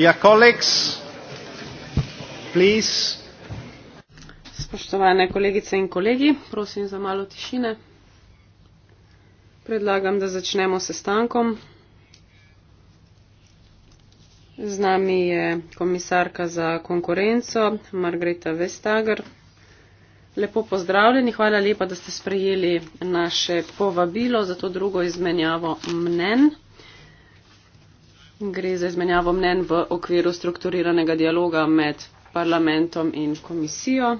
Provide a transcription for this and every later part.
Dear colleagues, please. Spoštovane kolegice in kolegi, prosim za malo tišine. Predlagam, da začnemo s sestankom. Z nami je komisarka za konkurenco Margreta Vestager. Lepo pozdravljeni, hvala lepa, da ste sprejeli naše povabilo za to drugo izmenjavo mnen. Gre za izmenjavo mnen v okviru strukturiranega dialoga med parlamentom in komisijo.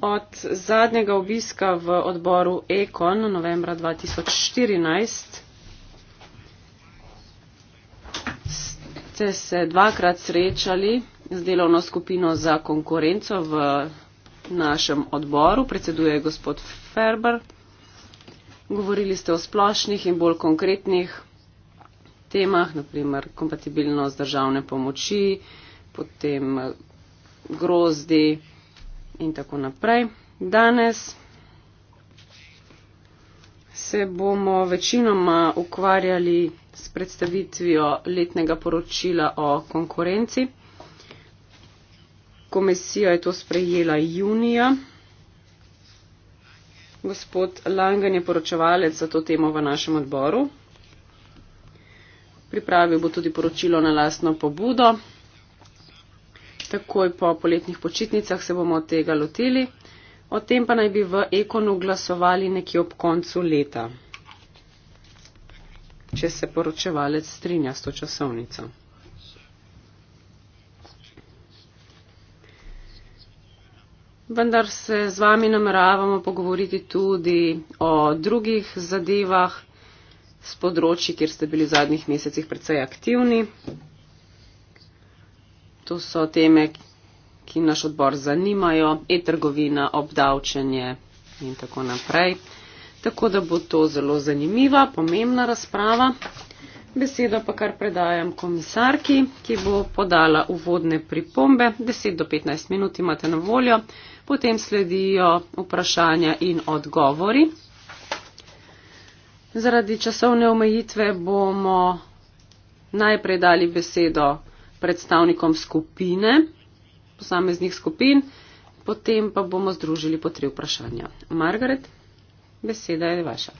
Od zadnjega obiska v odboru Ekon novembra 2014 ste se dvakrat srečali z delovno skupino za konkurenco v našem odboru, predseduje gospod Ferber. Govorili ste o splošnih in bolj konkretnih temah, naprimer kompatibilnost državne pomoči, potem eh, grozdi in tako naprej. Danes se bomo večinoma ukvarjali s predstavitvijo letnega poročila o konkurenci. Komisija je to sprejela junija Gospod Langen je poročevalec za to temo v našem odboru. Pripravil bo tudi poročilo na lastno pobudo. Takoj po poletnih počitnicah se bomo od tega lotili. O tem pa naj bi v Ekonu glasovali nekje ob koncu leta, če se poročevalec strinja s to časovnico. vendar se z vami nameravamo pogovoriti tudi o drugih zadevah s področji, kjer ste bili v zadnjih mesecih precej aktivni. To so teme, ki naš odbor zanimajo, e-trgovina, obdavčenje in tako naprej. Tako da bo to zelo zanimiva, pomembna razprava besedo pa kar predajam komisarki, ki bo podala uvodne pripombe. 10 do 15 minut imate na voljo, potem sledijo vprašanja in odgovori. Zaradi časovne omejitve bomo najprej dali besedo predstavnikom skupine, posameznih skupin, potem pa bomo združili po tri vprašanja. Margaret, beseda je vaša.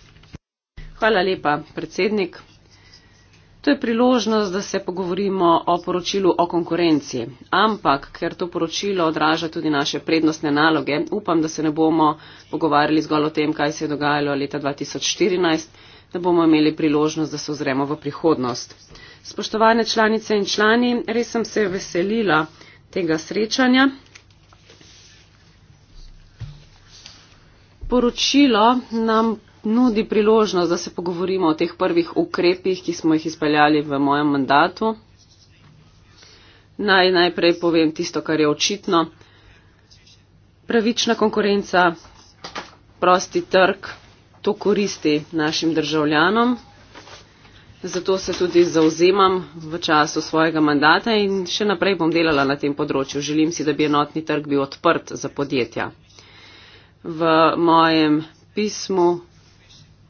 Hvala lepa, predsednik. To je priložnost, da se pogovorimo o poročilu o konkurenci. Ampak, ker to poročilo odraža tudi naše prednostne naloge, upam, da se ne bomo pogovarjali zgolj o tem, kaj se je dogajalo leta 2014, da bomo imeli priložnost, da se ozremo v prihodnost. Spoštovane članice in člani, res sem se veselila tega srečanja. Poročilo nam nudi priložnost, da se pogovorimo o teh prvih ukrepih, ki smo jih izpeljali v mojem mandatu. Naj najprej povem tisto, kar je očitno. Pravična konkurenca, prosti trg, to koristi našim državljanom. Zato se tudi zauzemam v času svojega mandata in še naprej bom delala na tem področju. Želim si, da bi enotni trg bil odprt za podjetja. V mojem pismu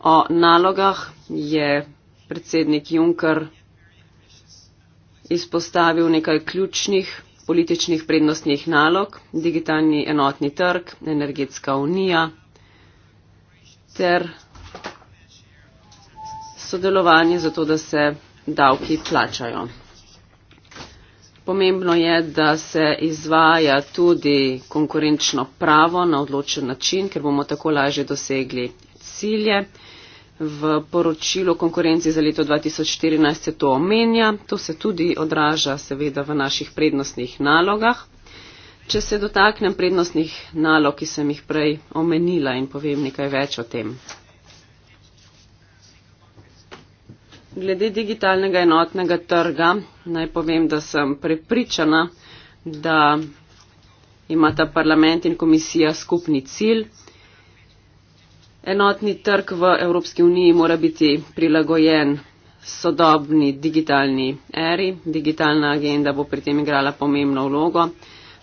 O nalogah je predsednik Juncker izpostavil nekaj ključnih političnih prednostnih nalog, digitalni enotni trg, energetska unija ter sodelovanje za to, da se davki plačajo. Pomembno je, da se izvaja tudi konkurenčno pravo na odločen način, ker bomo tako lažje dosegli cilje v poročilu konkurenci za leto 2014 se to omenja. To se tudi odraža seveda v naših prednostnih nalogah. Če se dotaknem prednostnih nalog, ki sem jih prej omenila in povem nekaj več o tem. Glede digitalnega enotnega trga naj povem, da sem prepričana, da imata parlament in komisija skupni cilj Enotni trg v Evropski uniji mora biti prilagojen sodobni digitalni eri. Digitalna agenda bo pri tem igrala pomembno vlogo.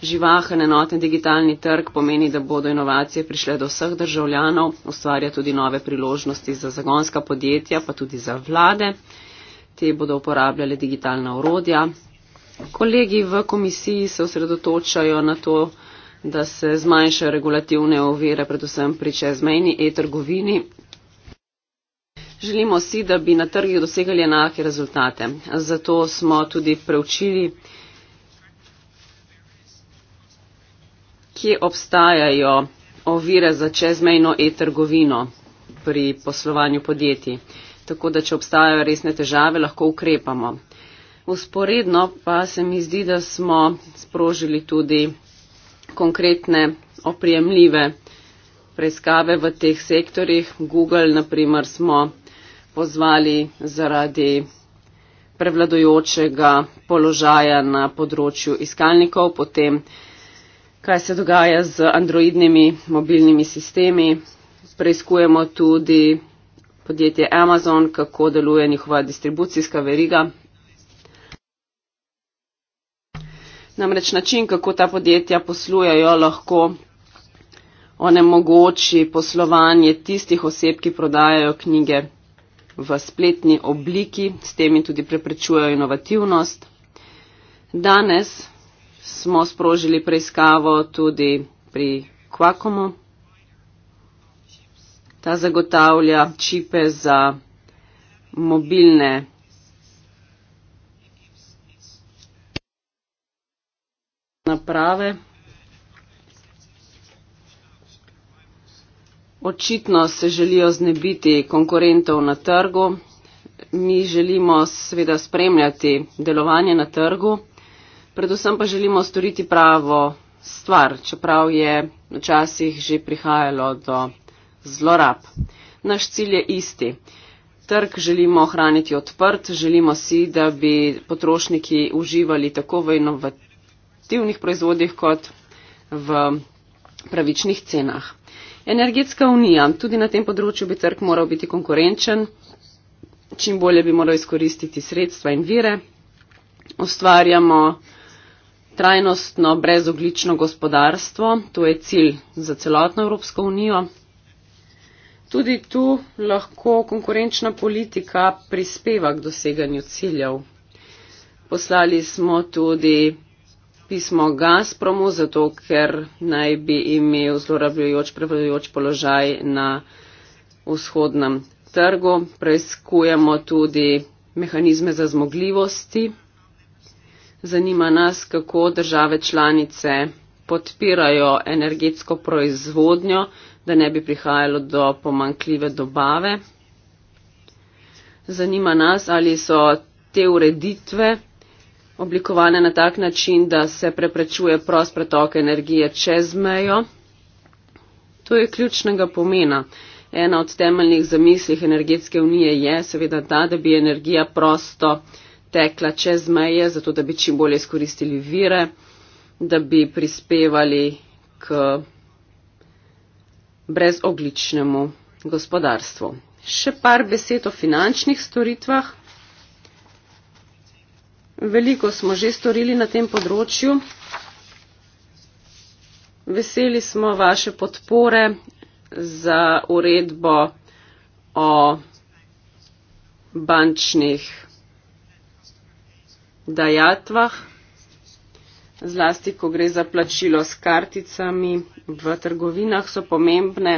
Živahen enoten digitalni trg pomeni, da bodo inovacije prišle do vseh državljanov, ustvarja tudi nove priložnosti za zagonska podjetja, pa tudi za vlade. Te bodo uporabljale digitalna urodja. Kolegi v komisiji se osredotočajo na to, da se zmanjšajo regulativne ovire, predvsem pri čezmejni e-trgovini. Želimo si, da bi na trgih dosegali enake rezultate. Zato smo tudi preučili, kje obstajajo ovire za čezmejno e-trgovino pri poslovanju podjetij. Tako da, če obstajajo resne težave, lahko ukrepamo. Usporedno pa se mi zdi, da smo sprožili tudi konkretne oprijemljive preiskave v teh sektorjih. Google, naprimer, smo pozvali zaradi prevladojočega položaja na področju iskalnikov, potem kaj se dogaja z androidnimi mobilnimi sistemi. Preiskujemo tudi podjetje Amazon, kako deluje njihova distribucijska veriga. Namreč način, kako ta podjetja poslujejo, lahko onemogoči poslovanje tistih oseb, ki prodajajo knjige v spletni obliki, s temi tudi preprečujejo inovativnost. Danes smo sprožili preiskavo tudi pri Kvakomu. Ta zagotavlja čipe za mobilne naprave. Očitno se želijo znebiti konkurentov na trgu. Mi želimo seveda spremljati delovanje na trgu, predvsem pa želimo storiti pravo stvar, čeprav je včasih že prihajalo do zlorab. Naš cilj je isti. Trg želimo ohraniti odprt, želimo si, da bi potrošniki uživali tako v inovativnosti, alternativnih proizvodih kot v pravičnih cenah. Energetska unija. Tudi na tem področju bi trg moral biti konkurenčen. Čim bolje bi moral izkoristiti sredstva in vire. Ustvarjamo trajnostno brezoglično gospodarstvo. To je cilj za celotno Evropsko unijo. Tudi tu lahko konkurenčna politika prispeva k doseganju ciljev. Poslali smo tudi pismo Gazpromu, zato ker naj bi imel zlorabljujoč prevladujoč položaj na vzhodnem trgu. Preizkujemo tudi mehanizme za zmogljivosti. Zanima nas, kako države članice podpirajo energetsko proizvodnjo, da ne bi prihajalo do pomankljive dobave. Zanima nas, ali so te ureditve oblikovane na tak način, da se preprečuje prost pretok energije čez mejo. To je ključnega pomena. Ena od temeljnih zamislih energetske unije je seveda ta, da bi energija prosto tekla čez meje, zato da bi čim bolje izkoristili vire, da bi prispevali k brezogličnemu gospodarstvu. Še par besed o finančnih storitvah. Veliko smo že storili na tem področju. Veseli smo vaše podpore za uredbo o bančnih dajatvah, zlasti ko gre za plačilo s karticami v trgovinah, so pomembne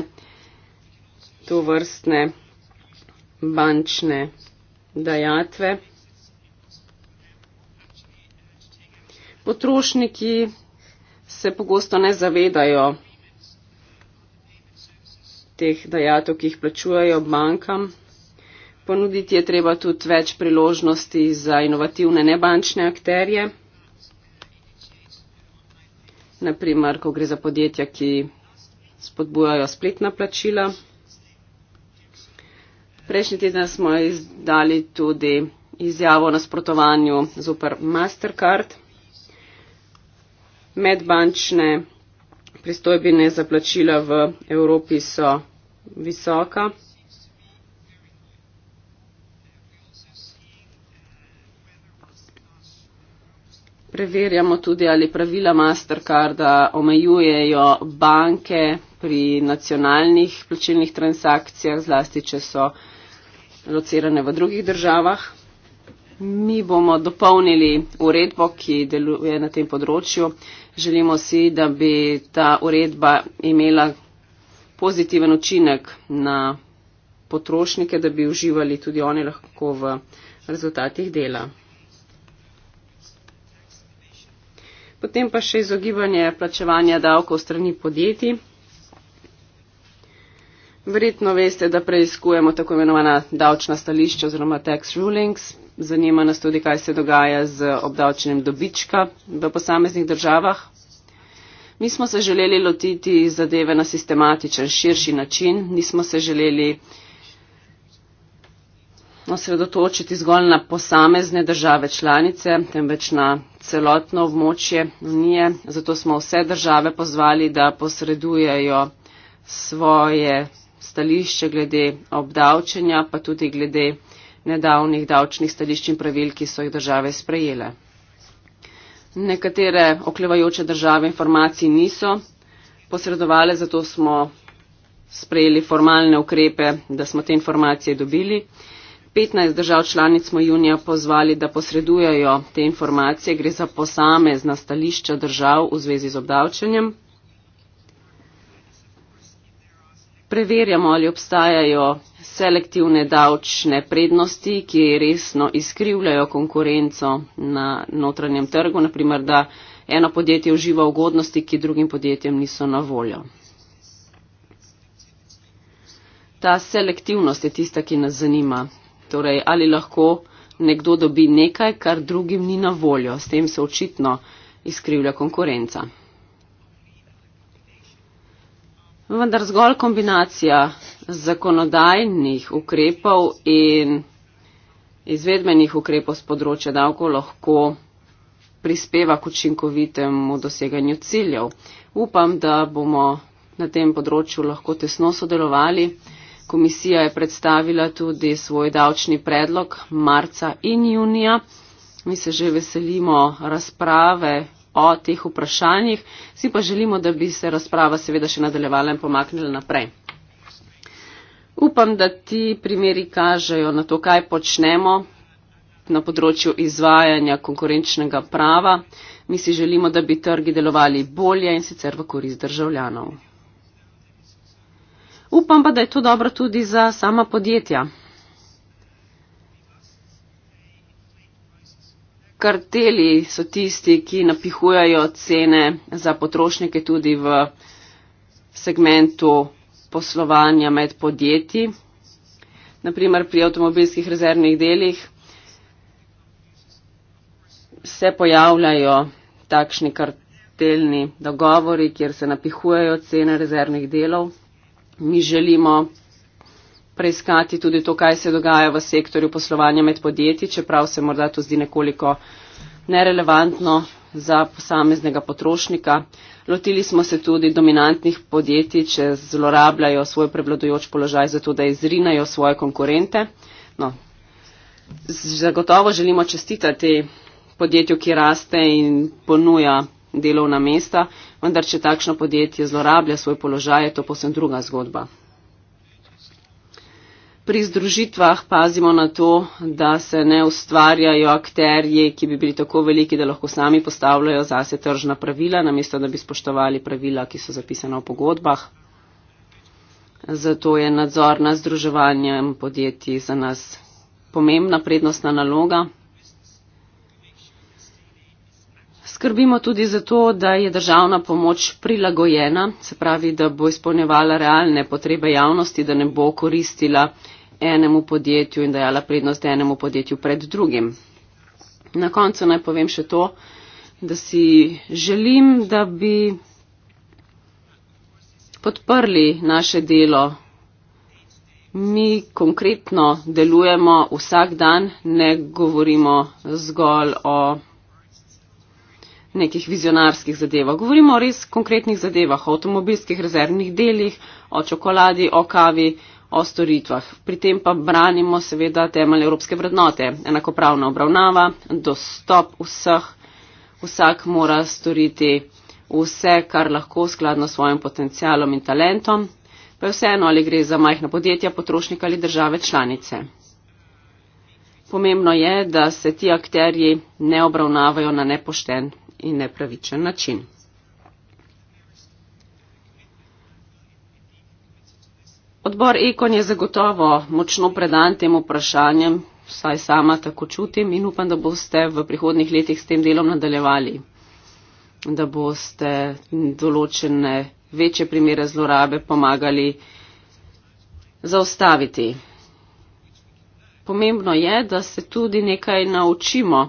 to vrstne bančne dajatve. potrošniki se pogosto ne zavedajo teh dajatov, ki jih plačujejo bankam. Ponuditi je treba tudi več priložnosti za inovativne nebančne akterje. Naprimer, ko gre za podjetja, ki spodbujajo spletna plačila. Prejšnji teden smo izdali tudi izjavo o nasprotovanju zoper Mastercard medbančne pristojbine za plačila v Evropi so visoka. Preverjamo tudi, ali pravila Mastercarda omejujejo banke pri nacionalnih plačilnih transakcijah, zlasti če so locirane v drugih državah. Mi bomo dopolnili uredbo, ki deluje na tem področju. Želimo si, da bi ta uredba imela pozitiven učinek na potrošnike, da bi uživali tudi oni lahko v rezultatih dela. Potem pa še izogibanje plačevanja davkov strani podjetij. Verjetno veste, da preizkujemo tako imenovana davčna stališča oziroma tax rulings, Zanima nas tudi, kaj se dogaja z obdavčenjem dobička v posameznih državah. Mi smo se želeli lotiti zadeve na sistematičen, širši način. Nismo se želeli osredotočiti zgolj na posamezne države članice, temveč na celotno območje unije. Zato smo vse države pozvali, da posredujejo svoje stališče glede obdavčenja, pa tudi glede nedavnih davčnih stališč in pravil, ki so jih države sprejele. Nekatere oklevajoče države informacij niso posredovali, zato smo sprejeli formalne ukrepe, da smo te informacije dobili. 15 držav članic smo junija pozvali, da posredujajo te informacije, gre za posamezna stališča držav v zvezi z obdavčenjem. preverjamo, ali obstajajo selektivne davčne prednosti, ki resno izkrivljajo konkurenco na notranjem trgu, naprimer, da eno podjetje uživa ugodnosti, ki drugim podjetjem niso na voljo. Ta selektivnost je tista, ki nas zanima. Torej, ali lahko nekdo dobi nekaj, kar drugim ni na voljo. S tem se očitno izkrivlja konkurenca vendar zgolj kombinacija zakonodajnih ukrepov in izvedbenih ukrepov z področja davkov lahko prispeva k učinkovitemu doseganju ciljev. Upam, da bomo na tem področju lahko tesno sodelovali. Komisija je predstavila tudi svoj davčni predlog marca in junija. Mi se že veselimo razprave o teh vprašanjih, si pa želimo, da bi se razprava seveda še nadaljevala in pomaknila naprej. Upam, da ti primeri kažejo na to, kaj počnemo na področju izvajanja konkurenčnega prava. Mi si želimo, da bi trgi delovali bolje in sicer v korist državljanov. Upam pa, da je to dobro tudi za sama podjetja. karteli so tisti, ki napihujajo cene za potrošnike tudi v segmentu poslovanja med podjetji. Naprimer pri avtomobilskih rezervnih delih se pojavljajo takšni kartelni dogovori, kjer se napihujajo cene rezervnih delov. Mi želimo preiskati tudi to, kaj se dogaja v sektorju poslovanja med podjetji, čeprav se morda to zdi nekoliko nerelevantno za posameznega potrošnika. Lotili smo se tudi dominantnih podjetij, če zlorabljajo svoj prevladojoč položaj za to, da izrinajo svoje konkurente. No, zagotovo želimo čestitati podjetju, ki raste in ponuja delovna mesta, vendar če takšno podjetje zlorablja svoj položaj, je to posebno druga zgodba pri združitvah pazimo na to, da se ne ustvarjajo akterji, ki bi bili tako veliki, da lahko sami postavljajo zase tržna pravila, namesto da bi spoštovali pravila, ki so zapisane v pogodbah. Zato je nadzor nad združevanjem podjetij za nas pomembna prednostna naloga. Skrbimo tudi za to, da je državna pomoč prilagojena, se pravi, da bo izpolnjevala realne potrebe javnosti, da ne bo koristila enemu podjetju in dajala prednost enemu podjetju pred drugim. Na koncu naj povem še to, da si želim, da bi podprli naše delo. Mi konkretno delujemo vsak dan, ne govorimo zgolj o nekih vizionarskih zadevah. Govorimo o res konkretnih zadevah, o avtomobilskih rezervnih delih, o čokoladi, o kavi o storitvah. Pri tem pa branimo seveda temelj evropske vrednote. Enakopravna obravnava, dostop vseh, vsak mora storiti vse, kar lahko skladno s svojim potencialom in talentom, pa je vseeno, ali gre za majhna podjetja, potrošnika ali države članice. Pomembno je, da se ti akterji ne obravnavajo na nepošten in nepravičen način. Odbor Ekon je zagotovo močno predan tem vprašanjem, vsaj sama tako čutim in upam, da boste v prihodnih letih s tem delom nadaljevali, da boste določene večje primere zlorabe pomagali zaustaviti. Pomembno je, da se tudi nekaj naučimo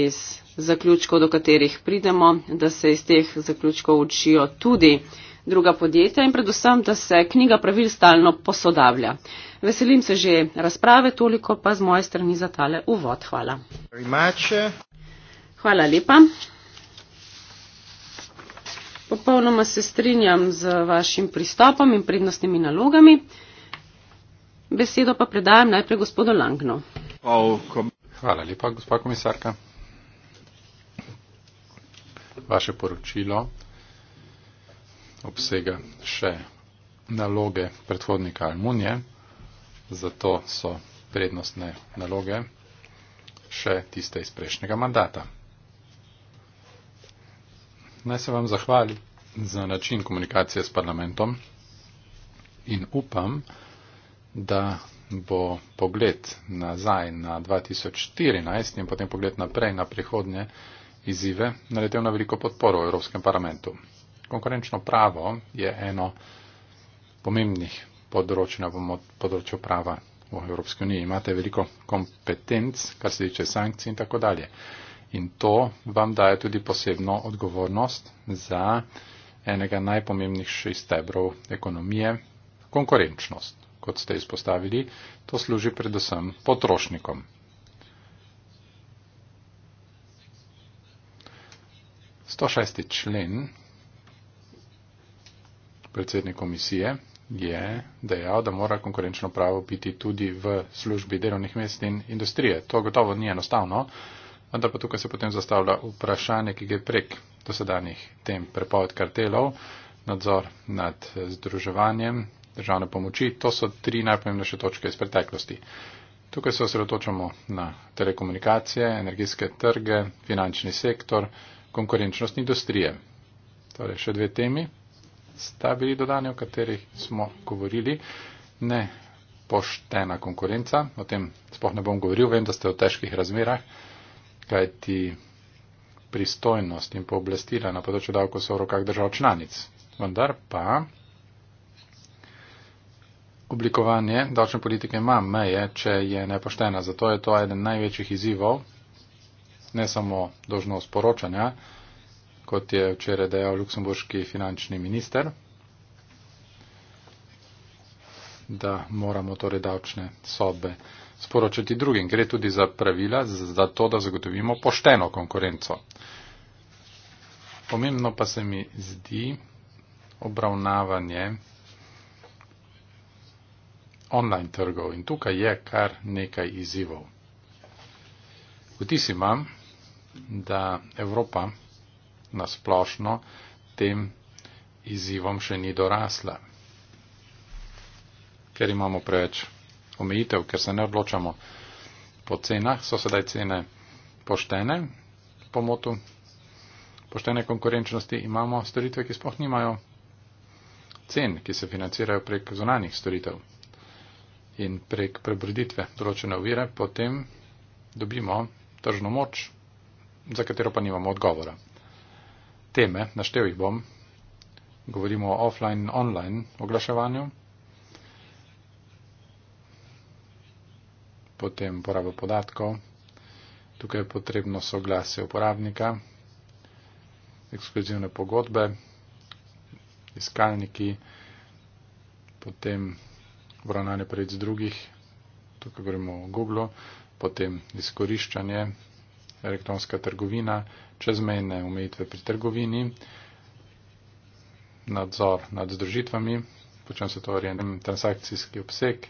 iz zaključkov, do katerih pridemo, da se iz teh zaključkov učijo tudi druga podjetja in predvsem, da se knjiga pravil stalno posodablja. Veselim se že razprave, toliko pa z moje strani za tale uvod. Hvala. Hvala lepa. Popolnoma se strinjam z vašim pristopom in prednostnimi nalogami. Besedo pa predajam najprej gospodu Langno. Hvala lepa, gospod komisarka. Vaše poročilo obsega še naloge predhodnika Almunije, zato so prednostne naloge še tiste iz prejšnjega mandata. Naj se vam zahvali za način komunikacije s parlamentom in upam, da bo pogled nazaj na 2014 in potem pogled naprej na prihodnje izzive naletel na veliko podporo v Evropskem parlamentu. Konkurenčno pravo je eno pomembnih področj na področju prava v Evropski uniji. Imate veliko kompetenc, kar se tiče sankcij in tako dalje. In to vam daje tudi posebno odgovornost za enega najpomembnejših stebrov ekonomije, konkurenčnost, kot ste izpostavili, to služi predvsem potrošnikom. 106. člen predsednik komisije je dejal, da mora konkurenčno pravo biti tudi v službi delovnih mest in industrije. To gotovo ni enostavno, vendar pa tukaj se potem zastavlja vprašanje, ki gre prek dosedanjih tem prepoved kartelov, nadzor nad združevanjem, državne pomoči. To so tri najpomembnejše točke iz preteklosti. Tukaj se osredotočamo na telekomunikacije, energijske trge, finančni sektor, konkurenčnost industrije. Torej, še dve temi, sta bili dodani, o katerih smo govorili. Ne poštena konkurenca, o tem spoh ne bom govoril, vem, da ste v težkih razmerah, kaj ti pristojnost in pooblastila na področju davkov so v rokah držav članic. Vendar pa oblikovanje davčne politike ima meje, če je nepoštena. Zato je to eden največjih izzivov, ne samo dožnost poročanja, kot je včeraj dejal luksemburški finančni minister, da moramo torej davčne sodbe sporočati drugim. Gre tudi za pravila, za to, da zagotovimo pošteno konkurenco. Pomembno pa se mi zdi obravnavanje online trgov in tukaj je kar nekaj izzivov. Vtis imam, da Evropa nasplošno tem izzivom še ni dorasla. Ker imamo preveč omejitev, ker se ne odločamo po cenah, so sedaj cene poštene, po motu poštene konkurenčnosti imamo storitve, ki sploh nimajo cen, ki se financirajo prek zunanih storitev in prek prebroditve določene ovire, potem dobimo tržno moč, za katero pa nimamo odgovora teme, naštel jih bom, govorimo o offline in online oglaševanju, potem poraba podatkov, tukaj je potrebno soglasje uporabnika, ekskluzivne pogodbe, iskalniki, potem obravnanje pred drugih, tukaj govorimo o Google, potem izkoriščanje, elektronska trgovina, čezmejne omejitve pri trgovini, nadzor nad združitvami, počem se to orientiram, transakcijski obseg,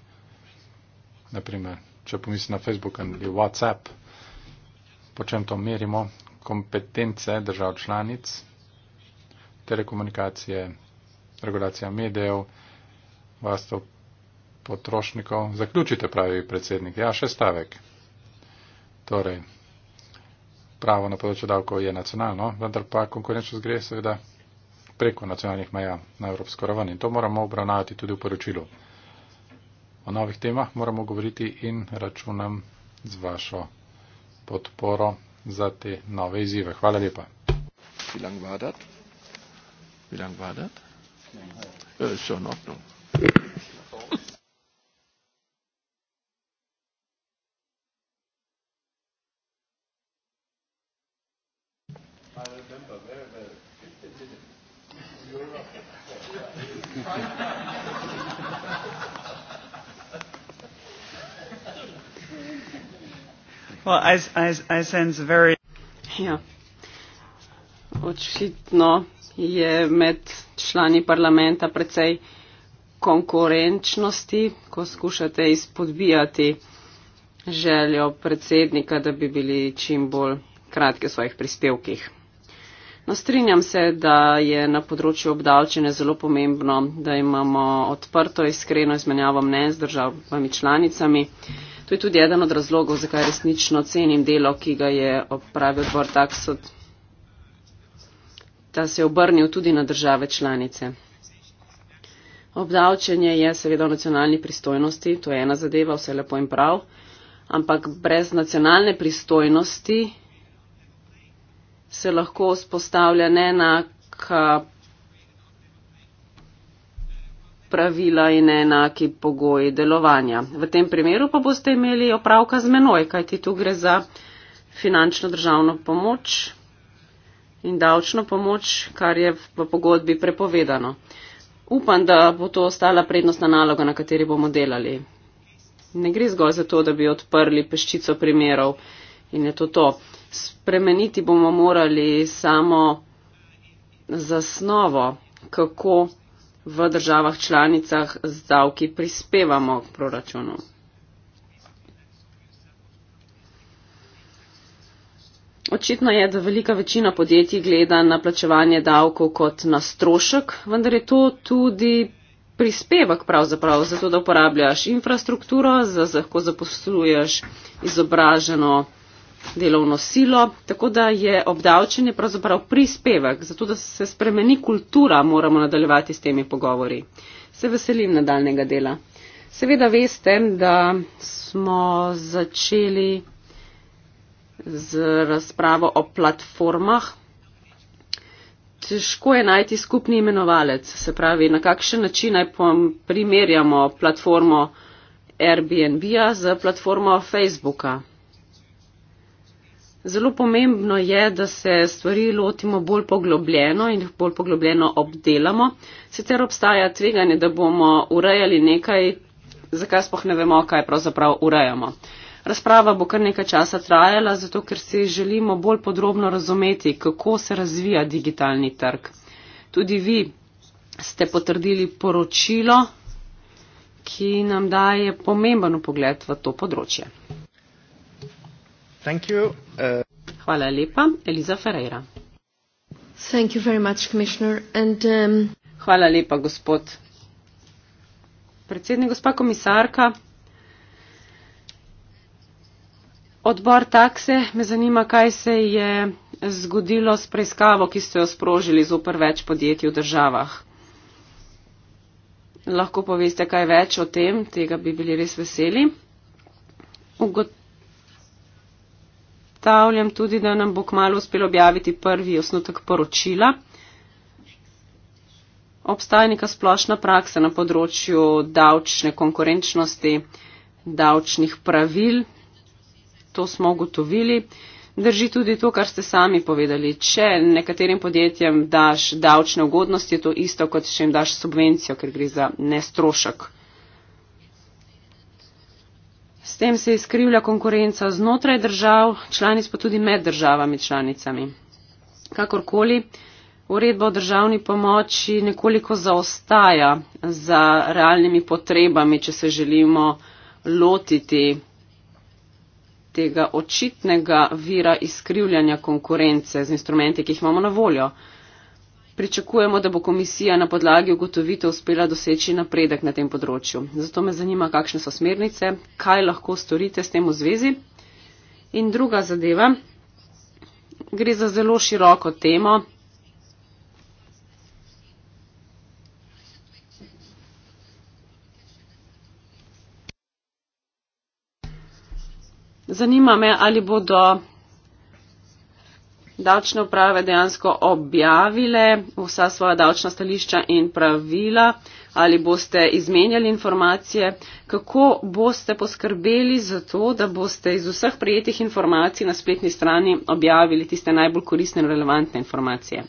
naprimer, če pomislim na Facebook ali WhatsApp, počem to merimo, kompetence držav članic, telekomunikacije, regulacija medijev, varstvo potrošnikov. Zaključite, pravi predsednik. Ja, še stavek. Torej, pravo na področju davkov je nacionalno, vendar pa konkurenčnost gre seveda preko nacionalnih meja na evropsko raven in to moramo obravnavati tudi v poročilu. O novih temah moramo govoriti in računam z vašo podporo za te nove izzive. Hvala lepa. Vielen Dank war das? Wie lang war das? Ja, ist schon in Ordnung. Well, I, I, I sense very... Ja. Očitno je med člani parlamenta precej konkurenčnosti, ko skušate izpodbijati željo predsednika, da bi bili čim bolj kratki v svojih prispevkih. No, strinjam se, da je na področju obdavčene zelo pomembno, da imamo odprto, iskreno izmenjavo mnen z državami članicami. To je tudi eden od razlogov, zakaj resnično cenim delo, ki ga je opravil odbor Taksot, da se je obrnil tudi na države članice. Obdavčenje je seveda v nacionalni pristojnosti, to je ena zadeva, vse lepo in prav, ampak brez nacionalne pristojnosti se lahko spostavlja neenaka pravila in enaki pogoji delovanja. V tem primeru pa boste imeli opravka z menoj, kajti tu gre za finančno državno pomoč in davčno pomoč, kar je v pogodbi prepovedano. Upam, da bo to ostala prednostna naloga, na kateri bomo delali. Ne gre zgolj za to, da bi odprli peščico primerov in je to to. Spremeniti bomo morali samo zasnovo, kako v državah članicah z davki prispevamo k proračunu. Očitno je, da velika večina podjetij gleda na plačevanje davkov kot na strošek, vendar je to tudi prispevek pravzaprav za to, da uporabljaš infrastrukturo, za lahko zaposluješ izobraženo delovno silo, tako da je obdavčenje pravzaprav prispevek, zato da se spremeni kultura, moramo nadaljevati s temi pogovori. Se veselim nadaljnega dela. Seveda veste, da smo začeli z razpravo o platformah. Težko je najti skupni imenovalec, se pravi, na kakšen način naj primerjamo platformo Airbnb-a z platformo Facebooka. Zelo pomembno je, da se stvari lotimo bolj poglobljeno in jih bolj poglobljeno obdelamo. Sicer obstaja tveganje, da bomo urejali nekaj, za kar spoh ne vemo, kaj pravzaprav urejamo. Razprava bo kar nekaj časa trajala, zato ker si želimo bolj podrobno razumeti, kako se razvija digitalni trg. Tudi vi ste potrdili poročilo, ki nam daje pomemben pogled v to področje. Thank you. Uh... Hvala lepa. Eliza Ferreira. Thank you very much, Commissioner. And, um... Hvala lepa, gospod. Predsednik, gospa komisarka, odbor takse me zanima, kaj se je zgodilo s preiskavo, ki ste jo sprožili z upr več podjetij v državah. Lahko poveste kaj več o tem, tega bi bili res veseli. Ugot predstavljam tudi, da nam bo kmalo uspelo objaviti prvi osnutek poročila. Obstaja neka splošna praksa na področju davčne konkurenčnosti, davčnih pravil. To smo ugotovili. Drži tudi to, kar ste sami povedali. Če nekaterim podjetjem daš davčne ugodnosti, je to isto, kot če jim daš subvencijo, ker gre za nestrošek. S tem se izkrivlja konkurenca znotraj držav, članic pa tudi med državami članicami. Kakorkoli, uredba o državni pomoči nekoliko zaostaja za realnimi potrebami, če se želimo lotiti tega očitnega vira izkrivljanja konkurence z instrumenti, ki jih imamo na voljo pričakujemo, da bo komisija na podlagi ugotovitev uspela doseči napredek na tem področju. Zato me zanima, kakšne so smernice, kaj lahko storite s tem v zvezi. In druga zadeva, gre za zelo široko temo. Zanima me, ali bodo davčne uprave dejansko objavile vsa svoja davčna stališča in pravila, ali boste izmenjali informacije, kako boste poskrbeli za to, da boste iz vseh prijetih informacij na spletni strani objavili tiste najbolj koristne in relevantne informacije.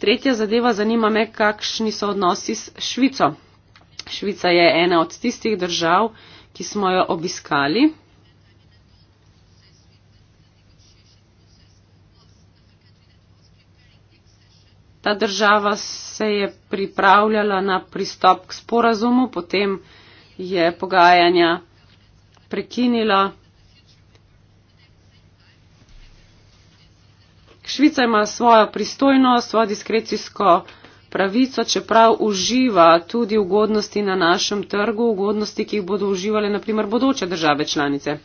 Tretja zadeva zanima me, kakšni so odnosi s Švico. Švica je ena od tistih držav, ki smo jo obiskali. Ta država se je pripravljala na pristop k sporazumu, potem je pogajanja prekinila. Švica ima svojo pristojnost, svojo diskrecijsko pravico, čeprav uživa tudi ugodnosti na našem trgu, ugodnosti, ki jih bodo uživale naprimer bodoče države članice.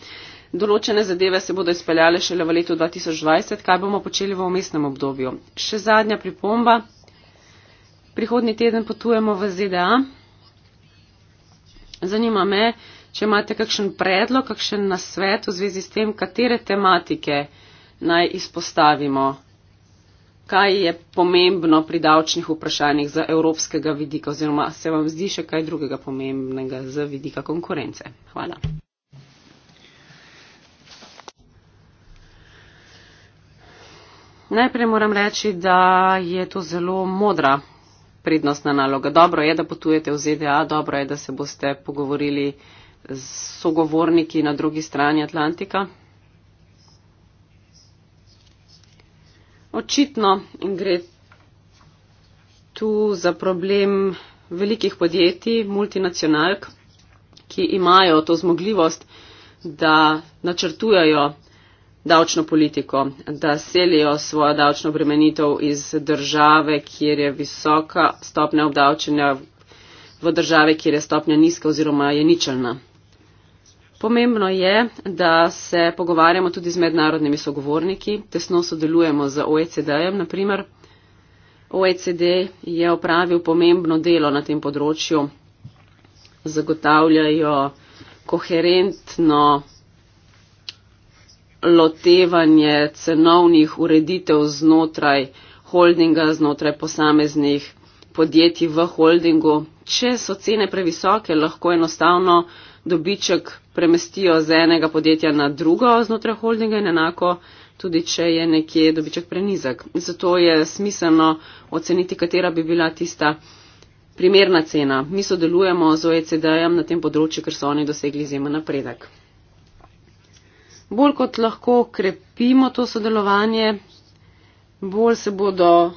Določene zadeve se bodo izpeljale šele v letu 2020, kaj bomo počeli v omestnem obdobju. Še zadnja pripomba. Prihodni teden potujemo v ZDA. Zanima me, če imate kakšen predlog, kakšen nasvet v zvezi s tem, katere tematike naj izpostavimo, kaj je pomembno pri davčnih vprašanjih za evropskega vidika oziroma se vam zdi še kaj drugega pomembnega za vidika konkurence. Hvala. Najprej moram reči, da je to zelo modra prednostna naloga. Dobro je, da potujete v ZDA, dobro je, da se boste pogovorili s sogovorniki na drugi strani Atlantika. Očitno in gre tu za problem velikih podjetij, multinacionalk, ki imajo to zmogljivost, da načrtujajo davčno politiko, da selijo svojo davčno bremenitev iz države, kjer je visoka stopnja obdavčenja v države, kjer je stopnja nizka oziroma je ničelna. Pomembno je, da se pogovarjamo tudi z mednarodnimi sogovorniki, tesno sodelujemo z OECD-jem, naprimer. OECD je opravil pomembno delo na tem področju, zagotavljajo koherentno lotevanje cenovnih ureditev znotraj holdinga, znotraj posameznih podjetij v holdingu. Če so cene previsoke, lahko enostavno dobiček premestijo z enega podjetja na drugo znotraj holdinga in enako tudi, če je nekje dobiček prenizek. Zato je smiselno oceniti, katera bi bila tista primerna cena. Mi sodelujemo z OECD-jem na tem področju, ker so oni dosegli izjemen napredek bolj kot lahko krepimo to sodelovanje, bolj se bodo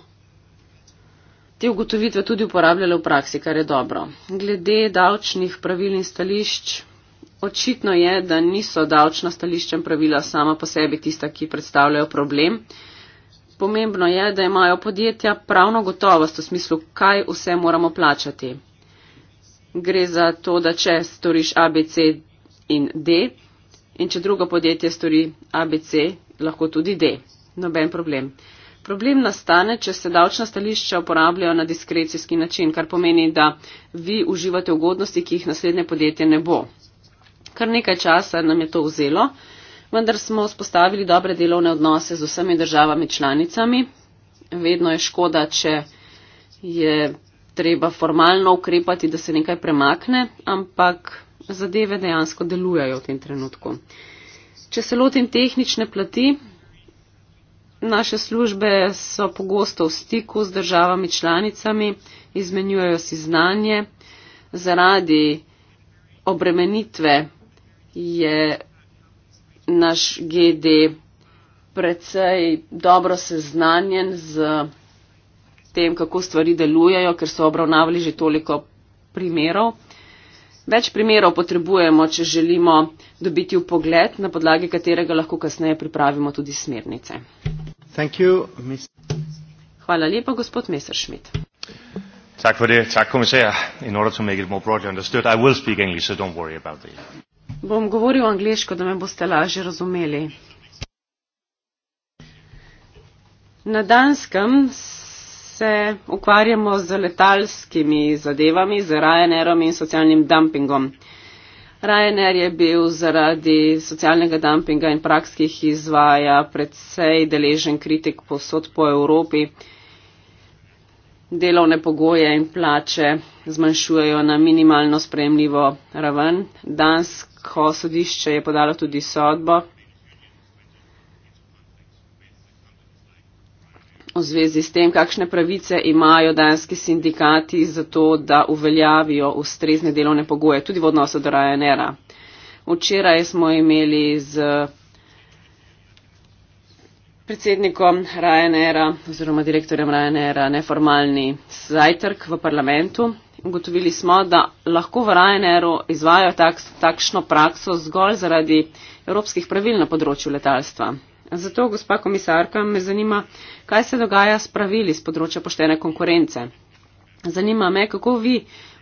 te ugotovitve tudi uporabljale v praksi, kar je dobro. Glede davčnih pravil in stališč, očitno je, da niso davčna stališča in pravila sama po sebi tista, ki predstavljajo problem. Pomembno je, da imajo podjetja pravno gotovost v smislu, kaj vse moramo plačati. Gre za to, da če storiš ABC in D, In če drugo podjetje stori ABC, lahko tudi D. Noben problem. Problem nastane, če se davčna stališča uporabljajo na diskrecijski način, kar pomeni, da vi uživate ugodnosti, ki jih naslednje podjetje ne bo. Kar nekaj časa nam je to vzelo, vendar smo spostavili dobre delovne odnose z vsemi državami članicami. Vedno je škoda, če je treba formalno ukrepati, da se nekaj premakne, ampak zadeve dejansko delujejo v tem trenutku. Če se lotim tehnične plati, naše službe so pogosto v stiku z državami članicami, izmenjujejo si znanje. Zaradi obremenitve je naš GD predvsej dobro seznanjen z tem, kako stvari delujejo, ker so obravnavali že toliko primerov. Več primerov potrebujemo, če želimo dobiti v pogled, na podlagi katerega lahko kasneje pripravimo tudi smernice. You, Ms... Hvala lepa, gospod Messerschmidt. Tak for det. Tak, kommissær. In order to make it more broadly understood, I will speak English, so don't worry about it. Bom govoril angliško, da me boste lažje razumeli. Na Danskem se ukvarjamo z letalskimi zadevami, z Ryanairom in socialnim dumpingom. Ryanair je bil zaradi socialnega dumpinga in praks, ki jih izvaja, predvsej deležen kritik posod po Evropi. Delovne pogoje in plače zmanjšujejo na minimalno sprejemljivo raven. Dansko sodišče je podalo tudi sodbo, v zvezi s tem, kakšne pravice imajo danski sindikati za to, da uveljavijo ustrezne delovne pogoje, tudi v odnosu do Ryanaira. Včeraj smo imeli z predsednikom Ryanaira oziroma direktorjem Ryanaira neformalni zajtrk v parlamentu. Ugotovili smo, da lahko v Ryanairu izvajo tak, takšno prakso zgolj zaradi evropskih pravil na področju letalstva. Zato, gospa komisarka, me zanima, kaj se dogaja s pravili z področja poštene konkurence. Zanima me, kako vi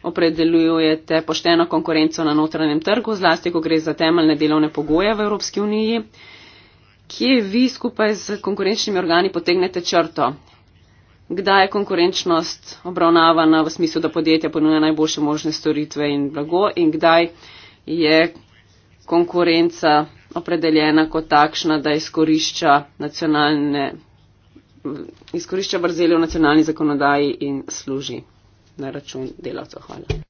opredeljujete pošteno konkurenco na notranjem trgu, zlasti, ko gre za temeljne delovne pogoje v Evropski uniji, kje vi skupaj z konkurenčnimi organi potegnete črto. Kdaj je konkurenčnost obravnavana v smislu, da podjetja ponuja najboljše možne storitve in blago in kdaj je konkurenca opredeljena kot takšna, da izkorišča nacionalne izkorišča brzeli v nacionalni zakonodaji in služi na račun delavcev. Hvala.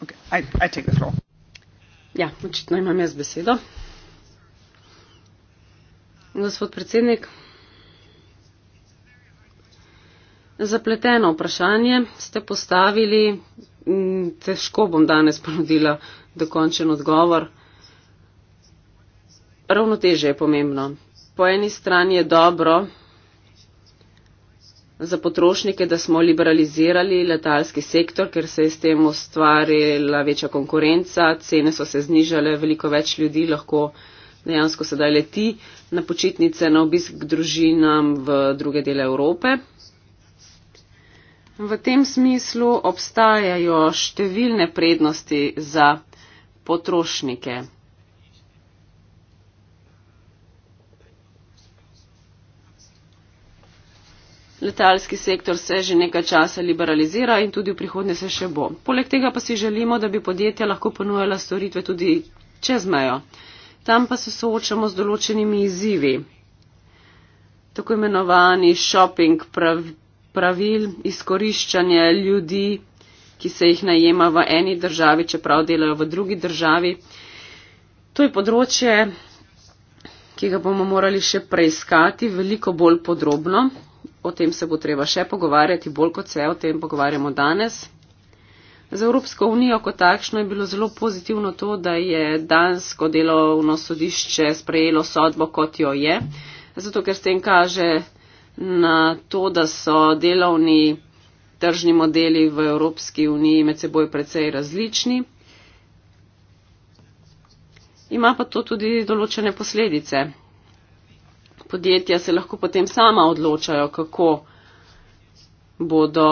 Okay, I, I ja, očitno imam jaz besedo. Gospod predsednik, zapleteno vprašanje ste postavili Mm, težko bom danes ponudila dokončen odgovor. Ravnoteže je pomembno. Po eni strani je dobro za potrošnike, da smo liberalizirali letalski sektor, ker se je s tem ustvarila večja konkurenca, cene so se znižale, veliko več ljudi lahko dejansko sedaj leti na počitnice, na obisk družinam v druge dele Evrope. V tem smislu obstajajo številne prednosti za potrošnike. Letalski sektor se že nekaj časa liberalizira in tudi v prihodnje se še bo. Poleg tega pa si želimo, da bi podjetja lahko ponujala storitve tudi čez mejo. Tam pa se soočamo z določenimi izzivi. Tako imenovani shopping pravi pravil, izkoriščanje ljudi, ki se jih najema v eni državi, čeprav delajo v drugi državi. To je področje, ki ga bomo morali še preiskati veliko bolj podrobno. O tem se bo treba še pogovarjati, bolj kot se o tem pogovarjamo danes. Za Evropsko unijo kot takšno je bilo zelo pozitivno to, da je dansko delovno sodišče sprejelo sodbo, kot jo je, zato ker s tem kaže, na to, da so delovni tržni modeli v Evropski uniji med seboj precej različni. Ima pa to tudi določene posledice. Podjetja se lahko potem sama odločajo, kako bodo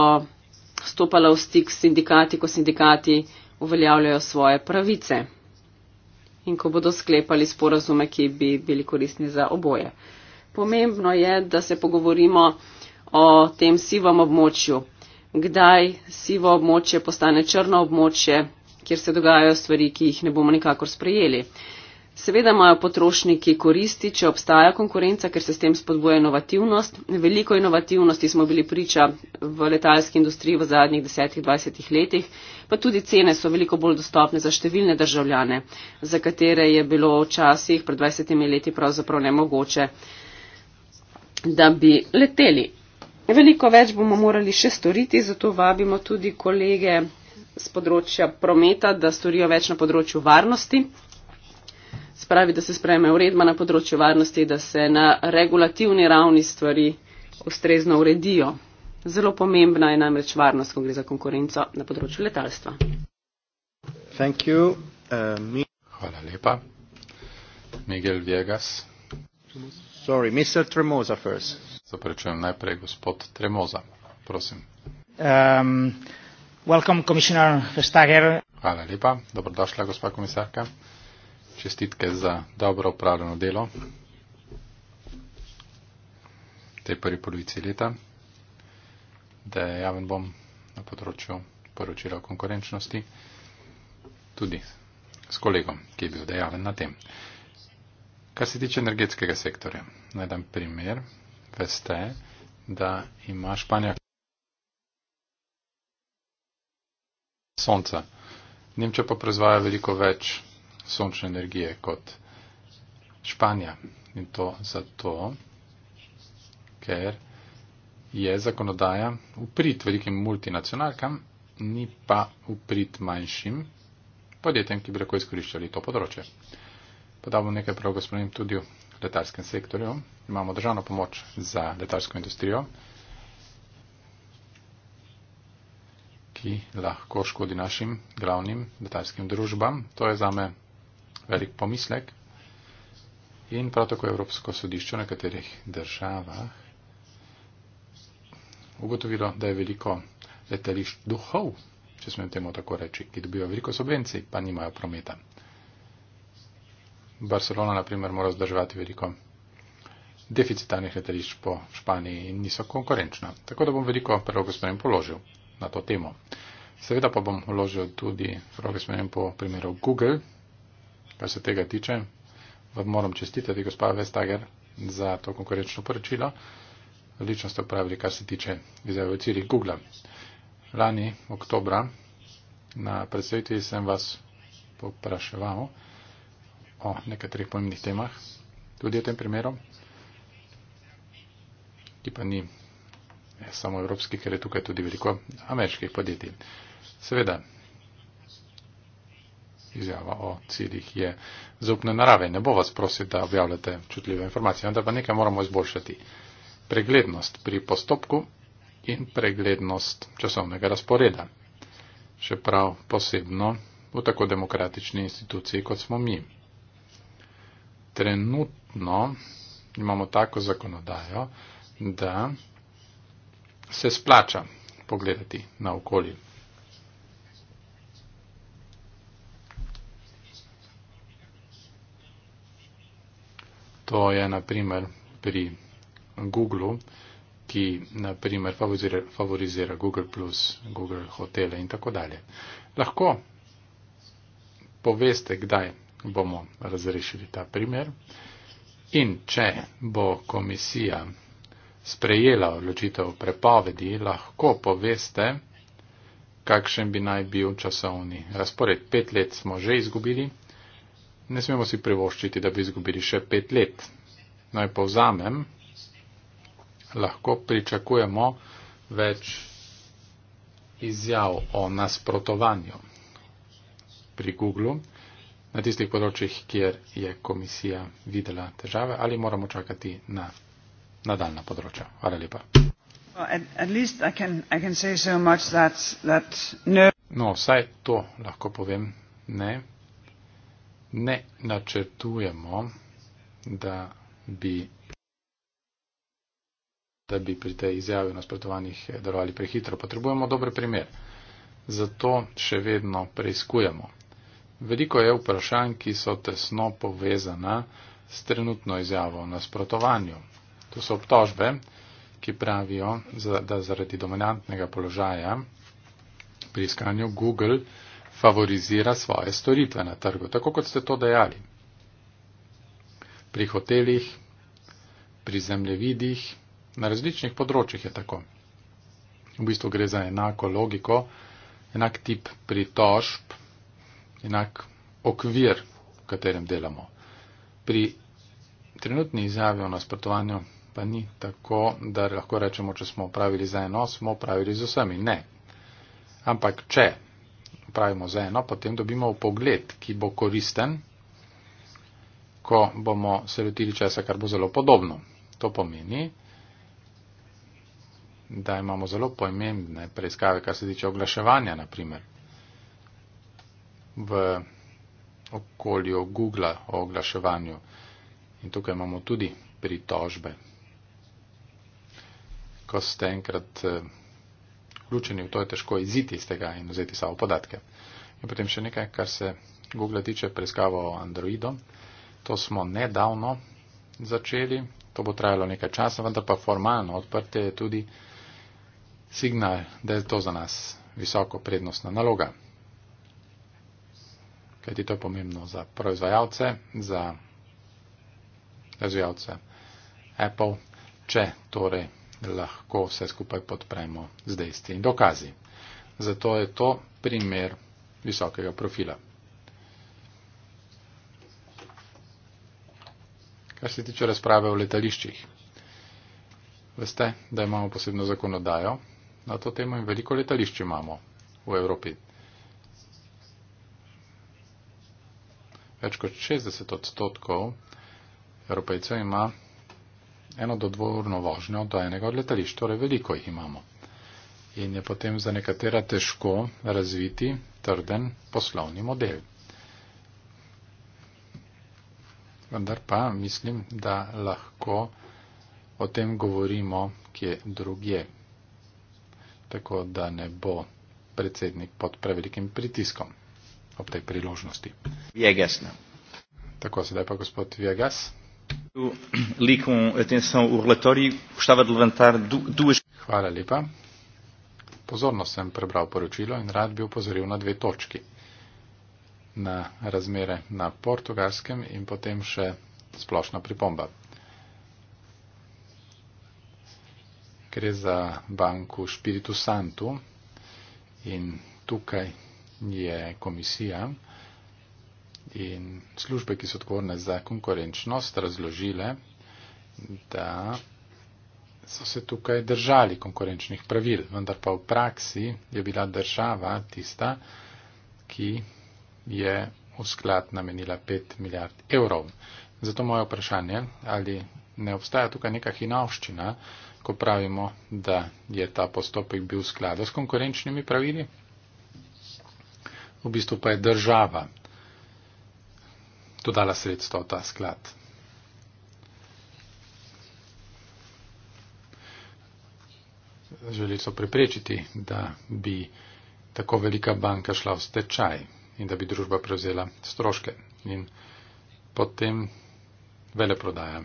stopala v stik s sindikati, ko sindikati uveljavljajo svoje pravice in ko bodo sklepali sporazume, ki bi bili koristni za oboje pomembno je, da se pogovorimo o tem sivem območju. Kdaj sivo območje postane črno območje, kjer se dogajajo stvari, ki jih ne bomo nikakor sprejeli. Seveda imajo potrošniki koristi, če obstaja konkurenca, ker se s tem spodbuja inovativnost. Veliko inovativnosti smo bili priča v letalski industriji v zadnjih 10-20 letih, pa tudi cene so veliko bolj dostopne za številne državljane, za katere je bilo včasih pred 20 leti pravzaprav nemogoče uh, da bi leteli. Veliko več bomo morali še storiti, zato vabimo tudi kolege z področja prometa, da storijo več na področju varnosti. Spravi, da se spreme uredba na področju varnosti, da se na regulativni ravni stvari ustrezno uredijo. Zelo pomembna je namreč varnost, ko gre za konkurenco na področju letalstva. You, uh, Hvala lepa. Miguel Viegas. Thank you. Sorry, Mr. Tremoza first. Zaprečujem najprej gospod Tremoza. Prosim. Um, welcome, Commissioner Vestager. Hvala lepa. Dobrodošla, gospa komisarka. Čestitke za dobro upravljeno delo tej prvi polovici leta. Da javen bom na področju poročila o konkurenčnosti tudi s kolegom, ki je bil dejaven na tem. Uh, Kar se tiče energetskega sektorja, naj dam primer, veste, da ima Španija sonca. Nemčija pa proizvaja veliko več sončne energije kot Španija. In to zato, ker je zakonodaja uprit velikim multinacionalkam, ni pa uprit manjšim podjetjem, ki bi lahko izkoriščali to področje. Podal bom nekaj prav gospodin tudi v letalskem sektorju. Imamo državno pomoč za letalsko industrijo, ki lahko škodi našim glavnim letalskim družbam. To je zame velik pomislek. In prav tako Evropsko sodišče v nekaterih državah ugotovilo, da je veliko letališč duhov, če smem temu tako reči, ki dobijo veliko subvencij, pa nimajo prometa. Barcelona, naprimer, mora zdržati veliko deficitarnih letališč po Španiji in niso konkurenčna. Tako da bom veliko prerogo spremem položil na to temo. Seveda pa bom položil tudi prerogo spremem po primeru Google, kar se tega tiče. Vam moram čestitati, gospod Vestager, za to konkurenčno poročilo. Odlično ste upravili, kar se tiče izjave ciljih Google. Lani, oktobra, na predstavitvi sem vas popraševal, o nekaterih pomembnih temah, tudi o tem primeru, ki pa ni samo evropski, ker je tukaj tudi veliko ameriških podjetij. Seveda, izjava o ciljih je zaupne narave. Ne bo vas prosil, da objavljate čutljive informacije, vendar pa nekaj moramo izboljšati. Preglednost pri postopku in preglednost časovnega razporeda. Še prav posebno v tako demokratični instituciji, kot smo mi trenutno imamo tako zakonodajo, da se splača pogledati na okolje. To je naprimer pri Google, ki naprimer favorizira Google, Google Hotel in tako dalje. Lahko poveste, kdaj bomo razrešili ta primer. In če bo komisija sprejela odločitev prepovedi, lahko poveste, kakšen bi naj bil časovni razpored. Pet let smo že izgubili, ne smemo si privoščiti, da bi izgubili še pet let. Naj povzamem, lahko pričakujemo več izjav o nasprotovanju pri Google na tistih področjih, kjer je komisija videla težave ali moramo čakati na nadaljna področja. Hvala lepa. No, vsaj to lahko povem. Ne, ne načrtujemo, da bi, da bi pri tej izjavi o nasprotovanjih delovali prehitro. Potrebujemo dober primer. Zato še vedno preizkujemo. Veliko je vprašanj, ki so tesno povezana s trenutno izjavo o nasprotovanju. To so obtožbe, ki pravijo, da zaradi dominantnega položaja pri iskanju Google favorizira svoje storitve na trgu, tako kot ste to dejali. Pri hotelih, pri zemljevidih, na različnih področjih je tako. V bistvu gre za enako logiko, enak tip pritožb enak okvir, v katerem delamo. Pri trenutni izjavi o nasprotovanju pa ni tako, da lahko rečemo, če smo pravili za eno, smo pravili za vsemi. Ne. Ampak če pravimo za eno, potem dobimo pogled, ki bo koristen, ko bomo se lotili česa, kar bo zelo podobno. To pomeni, da imamo zelo pomembne preiskave, kar se tiče oglaševanja, naprimer v okolju Google o oglaševanju. In tukaj imamo tudi pritožbe. Ko ste enkrat eh, vključeni v to, je težko iziti iz tega in vzeti samo podatke. In potem še nekaj, kar se Google tiče preiskavo o Androidu. To smo nedavno začeli, to bo trajalo nekaj časa, vendar pa formalno odprte je tudi signal, da je to za nas visoko prednostna naloga kajti to je pomembno za proizvajalce, za razvijalce Apple, če torej lahko vse skupaj podpremo z dejstvi in dokazi. Zato je to primer visokega profila. Kar se tiče razprave o letališčih, veste, da imamo posebno zakonodajo na to temo in veliko letališč imamo v Evropi. več kot 60 odstotkov Evropejcev ima eno do dvorno vožnjo do enega od letališč, torej veliko jih imamo. In je potem za nekatera težko razviti trden poslovni model. Vendar pa mislim, da lahko o tem govorimo kje drugje. Tako da ne bo predsednik pod prevelikim pritiskom ob tej priložnosti. Viegas. Tako, sedaj pa gospod Viegas. Hvala lepa. Pozorno sem prebral poročilo in rad bi upozoril na dve točki. Na razmere na portugalskem in potem še splošna pripomba. Gre za banko Spiritu Santu in tukaj je komisija in službe, ki so odgovorne za konkurenčnost, razložile, da so se tukaj držali konkurenčnih pravil, vendar pa v praksi je bila država tista, ki je v sklad namenila 5 milijard evrov. Zato moje vprašanje, ali ne obstaja tukaj neka hinavščina, ko pravimo, da je ta postopek bil v skladu s konkurenčnimi pravili? v bistvu pa je država dodala sredstvo v ta sklad. Želeli so preprečiti, da bi tako velika banka šla v stečaj in da bi družba prevzela stroške in potem veleprodaja.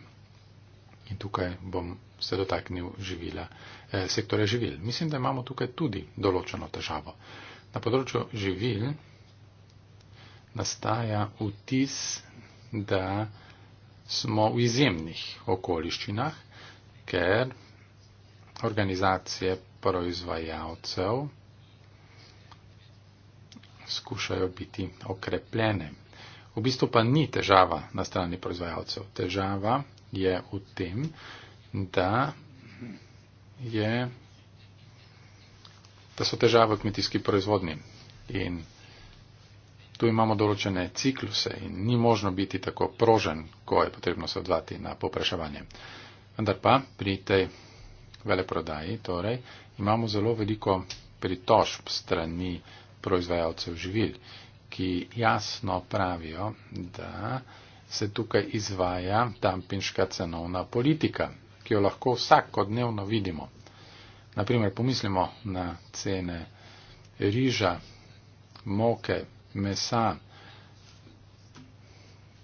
In tukaj bom se dotaknil živila, eh, sektore živil. Mislim, da imamo tukaj tudi določeno težavo. Na področju živil nastaja vtis, da smo v izjemnih okoliščinah, ker organizacije proizvajalcev skušajo biti okrepljene. V bistvu pa ni težava na strani proizvajalcev. Težava je v tem, da, je, da so težave v kmetijski proizvodni. In Tu imamo določene cikluse in ni možno biti tako prožen, ko je potrebno se odvati na popraševanje. Vendar pa pri tej veleprodaji torej, imamo zelo veliko pritožb strani proizvajalcev živil, ki jasno pravijo, da se tukaj izvaja dampinška cenovna politika, ki jo lahko vsakodnevno vidimo. Naprimer, pomislimo na cene riža, moke, mesa.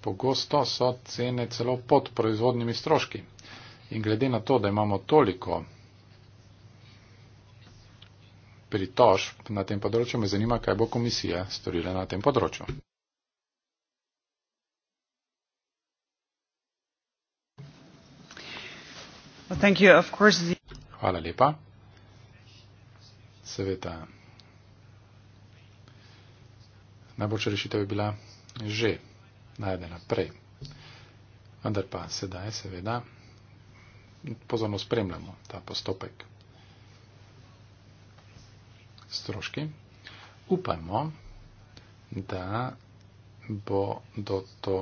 Pogosto so cene celo pod proizvodnimi stroški. In glede na to, da imamo toliko pritožb na tem področju, me zanima, kaj bo komisija storila na tem področju. Well, you, course... Hvala lepa. Seveda. Najboljša rešitev je bila že najdena prej. Vendar pa sedaj, seveda, pozorno spremljamo ta postopek stroški. Upajmo, da bodo to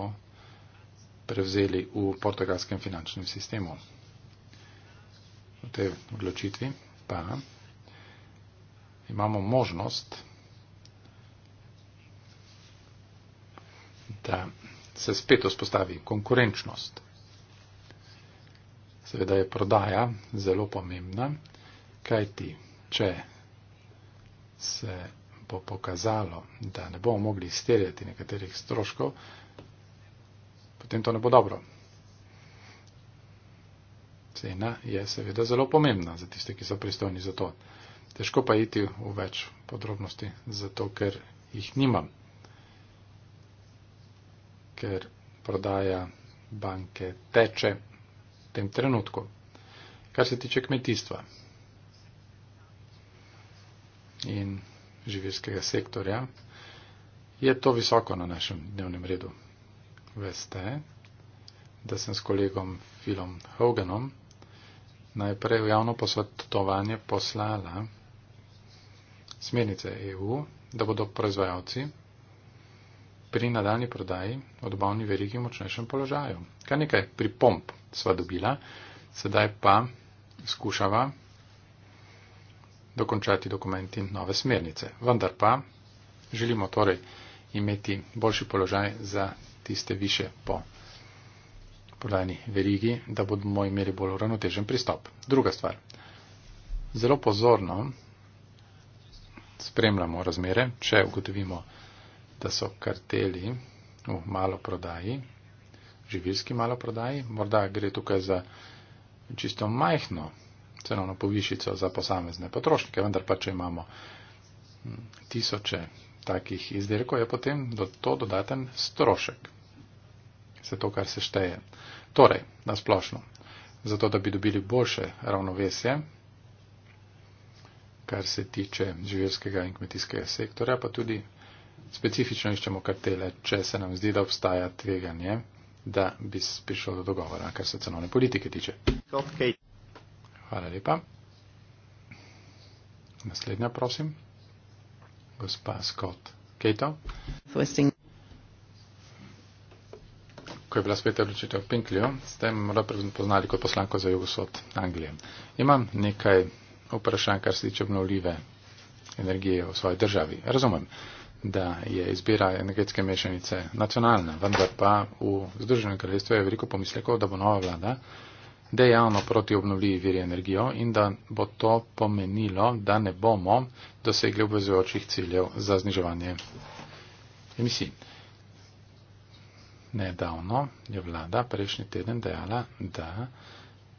prevzeli v portugalskem finančnem sistemu. V tej odločitvi pa imamo možnost, da se spet vzpostavi konkurenčnost. Seveda je prodaja zelo pomembna, kajti če se bo pokazalo, da ne bomo mogli izterjati nekaterih stroškov, potem to ne bo dobro. Cena je seveda zelo pomembna za tiste, ki so pristojni za to. Težko pa iti v več podrobnosti, zato ker jih nimam ker prodaja banke teče v tem trenutku. Kar se tiče kmetijstva in živirskega sektorja, je to visoko na našem dnevnem redu. Veste, da sem s kolegom Filom Hoganom najprej v javno posvetovanje poslala smernice EU, da bodo proizvajalci pri nadaljni prodaji v dobavni verigi v močnejšem položaju. Kar nekaj pripomp sva dobila, sedaj pa skušava dokončati dokument in nove smernice. Vendar pa želimo torej imeti boljši položaj za tiste više po prodajni verigi, da bomo imeli bolj uravnotežen pristop. Druga stvar. Zelo pozorno spremljamo razmere, če ugotovimo, da so karteli v maloprodaji, živilski maloprodaji, morda gre tukaj za čisto majhno cenovno povišico za posamezne potrošnike, vendar pa če imamo hm, tisoče takih izdelkov, je potem do to dodaten strošek. Vse to, kar se šteje. Torej, na splošno, zato da bi dobili boljše ravnovesje, kar se tiče živelskega in kmetijskega sektorja, pa tudi specifično iščemo kartele, če se nam zdi, da obstaja tveganje, da bi prišlo do dogovora, kar se cenovne politike tiče. Okay. Hvala lepa. Naslednja, prosim. Gospa Scott Kato. Ko je bila spet odločitev v Pinkliju, ste me morda prepoznali kot poslanko za jugosod Anglije. Imam nekaj vprašanj, kar se tiče obnovljive energije v svoji državi. Razumem da je izbira energetske mešanice nacionalna, vendar pa v Združenem kraljestvu je veliko pomislekov, da bo nova vlada dejavno proti obnovljivi viri energijo in da bo to pomenilo, da ne bomo dosegli obvezujočih ciljev za zniževanje emisij. Nedavno je vlada prejšnji teden dejala, da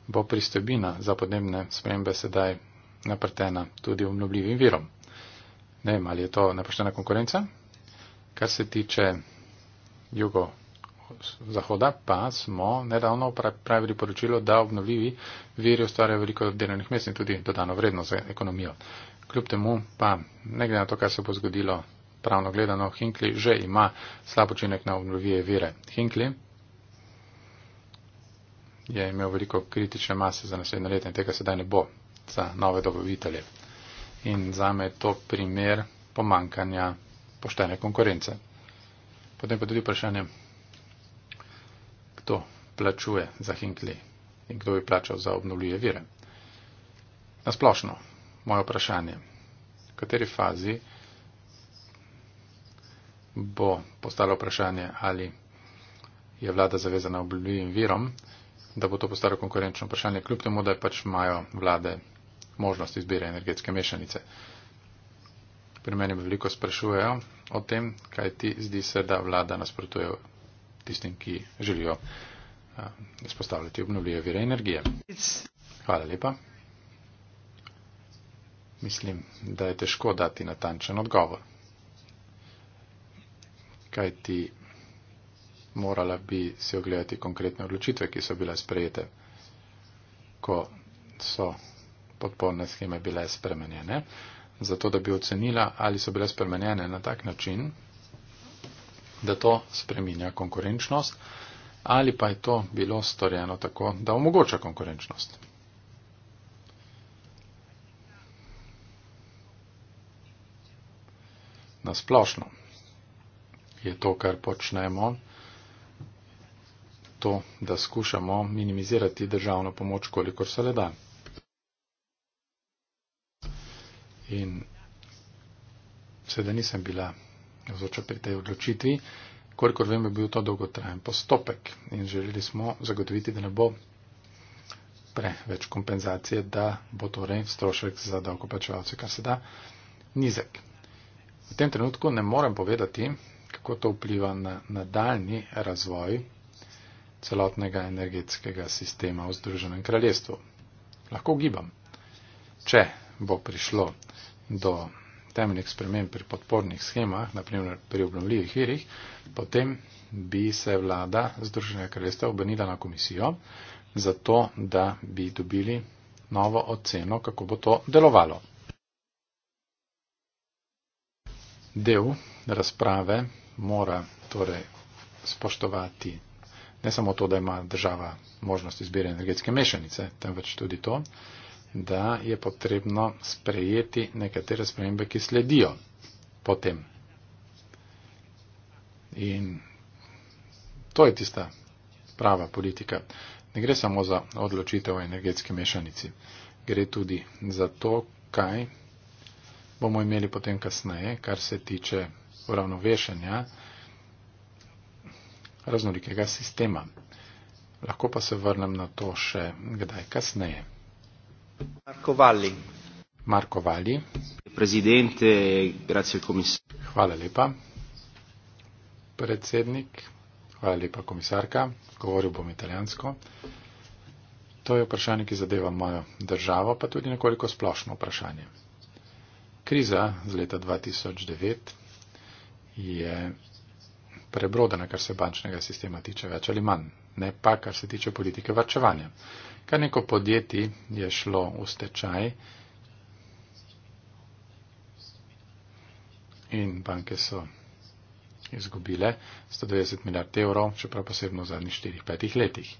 bo pristojbina za podnebne spremembe sedaj napretena tudi obnovljivim virom ne vem, ali je to nepoštena konkurenca. Kar se tiče jugo-zahoda, pa smo nedavno pravili poročilo, da obnovljivi viri ustvarjajo veliko delovnih mest in tudi dodano vredno za ekonomijo. Kljub temu pa, ne glede na to, kar se bo zgodilo pravno gledano, Hinkli že ima slab učinek na obnovljive vire. Hinkli je imel veliko kritične mase za naslednje leto in tega sedaj ne bo za nove dobavitelje in zame je to primer pomankanja poštene konkurence. Potem pa tudi vprašanje, kdo plačuje za Hinkley in kdo bi plačal za obnovljive vire. Nasplošno, moje vprašanje, v kateri fazi bo postalo vprašanje, ali je vlada zavezana obnovljivim virom, da bo to postalo konkurenčno vprašanje, kljub temu, da pač imajo vlade možnost izbire energetske mešanice. Pri meni veliko sprašujejo o tem, kaj ti zdi se, da vlada nasprotuje tistim, ki želijo eh, izpostavljati obnovljive vire energije. Hvala lepa. Mislim, da je težko dati natančen odgovor. Kaj ti morala bi se ogledati konkretne odločitve, ki so bile sprejete, ko so podporne scheme bile spremenjene, zato da bi ocenila, ali so bile spremenjene na tak način, da to spreminja konkurenčnost, ali pa je to bilo storjeno tako, da omogoča konkurenčnost. Na splošno je to, kar počnemo, to, da skušamo minimizirati državno pomoč, kolikor se le da. in seveda nisem bila vzoča pri tej odločitvi, kolikor vem, je bil to dolgotrajen postopek in želeli smo zagotoviti, da ne bo preveč kompenzacije, da bo torej strošek za davkoplačevalce, kar se da, nizek. V tem trenutku ne morem povedati, kako to vpliva na nadaljni razvoj celotnega energetskega sistema v Združenem kraljestvu. Lahko gibam. Če bo prišlo do temeljnih sprememb pri podpornih schemah, naprimer pri obnovljivih virih, potem bi se vlada Združenega kraljestva obrnila na komisijo, zato da bi dobili novo oceno, kako bo to delovalo. Del razprave mora torej spoštovati ne samo to, da ima država možnost izbire energetske mešanice, temveč tudi to, da je potrebno sprejeti nekatere spremembe, ki sledijo potem. In to je tista prava politika. Ne gre samo za odločitev o energetski mešanici, gre tudi za to, kaj bomo imeli potem kasneje, kar se tiče uravnovešanja raznolikega sistema. Lahko pa se vrnem na to še kdaj kasneje. Marco Valli. Marco Valli. Presidente, grazie al commissario. Hvala lepa, predsednik. Hvala lepa, komisarka. Govoril bom italijansko. To je vprašanje, ki zadeva mojo državo, pa tudi nekoliko splošno vprašanje. Kriza z leta 2009 je prebrodena, kar se bančnega sistema tiče več ali manj, ne pa, kar se tiče politike varčevanja. Kar neko podjetje je šlo v stečaj in banke so izgubile 120 milijard evrov, čeprav posebno v zadnjih 4-5 letih.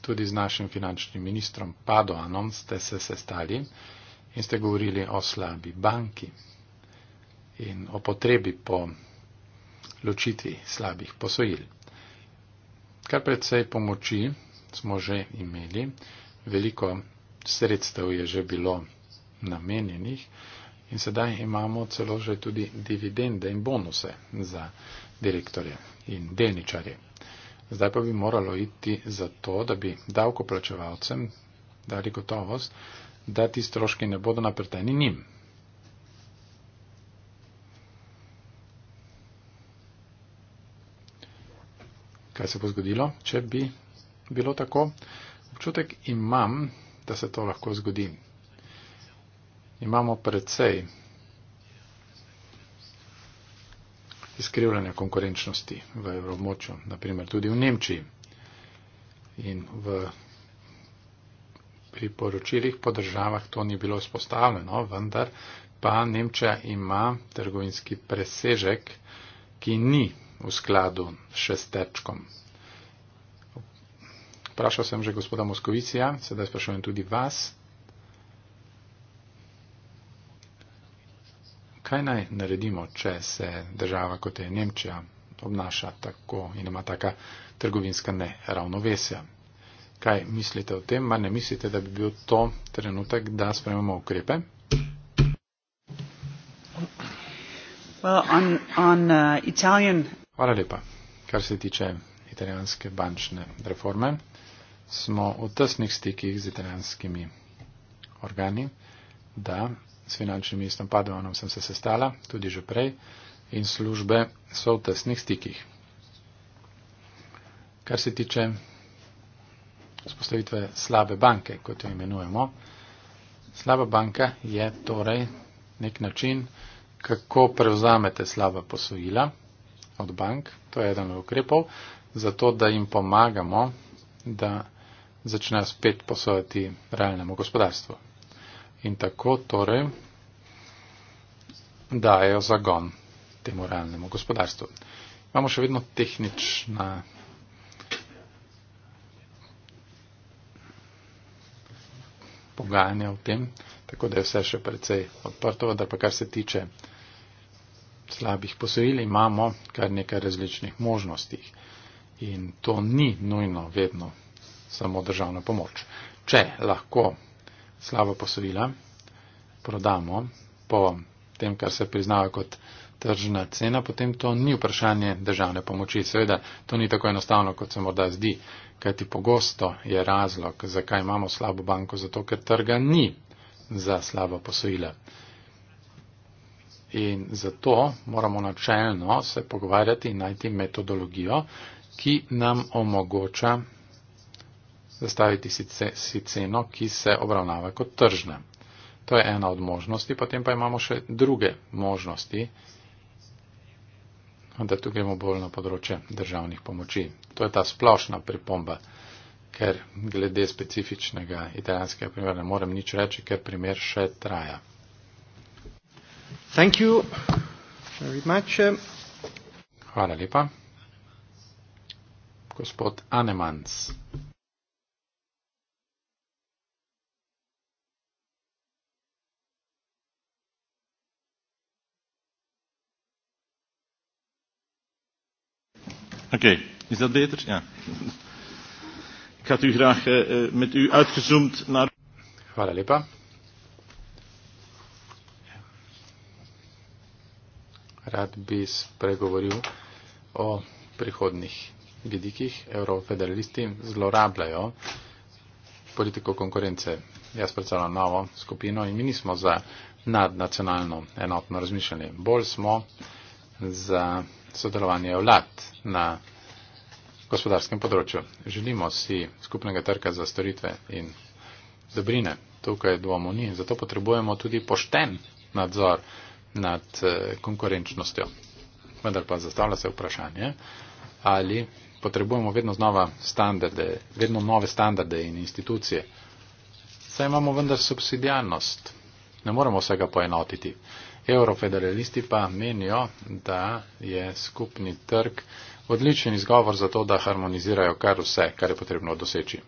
Tudi z našim finančnim ministrom Padoanom ste se sestali in ste govorili o slabi banki in o potrebi po ločitvi slabih posojil kar predvsej pomoči smo že imeli, veliko sredstev je že bilo namenjenih in sedaj imamo celo že tudi dividende in bonuse za direktorje in delničarje. Zdaj pa bi moralo iti za to, da bi davkoplačevalcem dali gotovost, da ti stroški ne bodo napreteni njim, kaj se bo zgodilo, če bi bilo tako. Občutek imam, da se to lahko zgodi. Imamo predvsej izkrivljanja konkurenčnosti v evromočju, naprimer tudi v Nemčiji in v pri poročilih po državah to ni bilo izpostavljeno, vendar pa Nemčija ima trgovinski presežek, ki ni v skladu s šestečkom. Vprašal sem že gospoda Moskovicija, sedaj sprašujem tudi vas. Kaj naj naredimo, če se država, kot je Nemčija, obnaša tako in ima taka trgovinska neravnovesja? Kaj mislite o tem? Mar ne mislite, da bi bil to trenutek, da sprememo ukrepe? Well, on, on uh, Italian Hvala lepa. Kar se tiče italijanske bančne reforme, smo v tesnih stikih z italijanskimi organi, da s finančnim ministrom Padovanom sem se sestala tudi že prej in službe so v tesnih stikih. Kar se tiče spostavitve slabe banke, kot jo imenujemo, slaba banka je torej nek način, kako prevzamete slaba posojila od bank. To je eden od ukrepov, zato da jim pomagamo, da začnejo spet posojati realnemu gospodarstvu. In tako torej dajo zagon temu realnemu gospodarstvu. Imamo še vedno tehnična. pogajanja o tem, tako da je vse še precej odprto, vendar pa kar se tiče slabih posojil imamo kar nekaj različnih možnosti. In to ni nujno vedno samo državna pomoč. Če lahko slabo posojila prodamo po tem, kar se priznava kot tržna cena, potem to ni vprašanje državne pomoči. Seveda, to ni tako enostavno, kot se morda zdi, kajti pogosto je razlog, zakaj imamo slabo banko, zato ker trga ni za slabo posojila. In zato moramo načelno se pogovarjati in najti metodologijo, ki nam omogoča zastaviti si ceno, ki se obravnava kot tržna. To je ena od možnosti, potem pa imamo še druge možnosti, da tu gremo bolj na področje državnih pomoči. To je ta splošna pripomba, ker glede specifičnega italijanskega primera ne morem nič reči, ker primer še traja. Hvala lepa. Gospod Anemans. Oké, okay. is dat beter? Ja. Ik had u graag uh, met u uitgezoomd naar. Voilà, rad bi spregovoril o prihodnih vidikih. Eurofederalisti zlorabljajo politiko konkurence. Jaz predstavljam novo skupino in mi nismo za nadnacionalno enotno razmišljanje. Bolj smo za sodelovanje vlad na gospodarskem področju. Želimo si skupnega trka za storitve in dobrine. Tukaj dvomov ni. Zato potrebujemo tudi pošten nadzor nad eh, konkurenčnostjo. Vendar pa zastavlja se vprašanje, ali potrebujemo vedno znova standarde, vedno nove standarde in institucije. Saj imamo vendar subsidijalnost. Ne moramo vsega poenotiti. Eurofederalisti pa menijo, da je skupni trg odličen izgovor za to, da harmonizirajo kar vse, kar je potrebno doseči.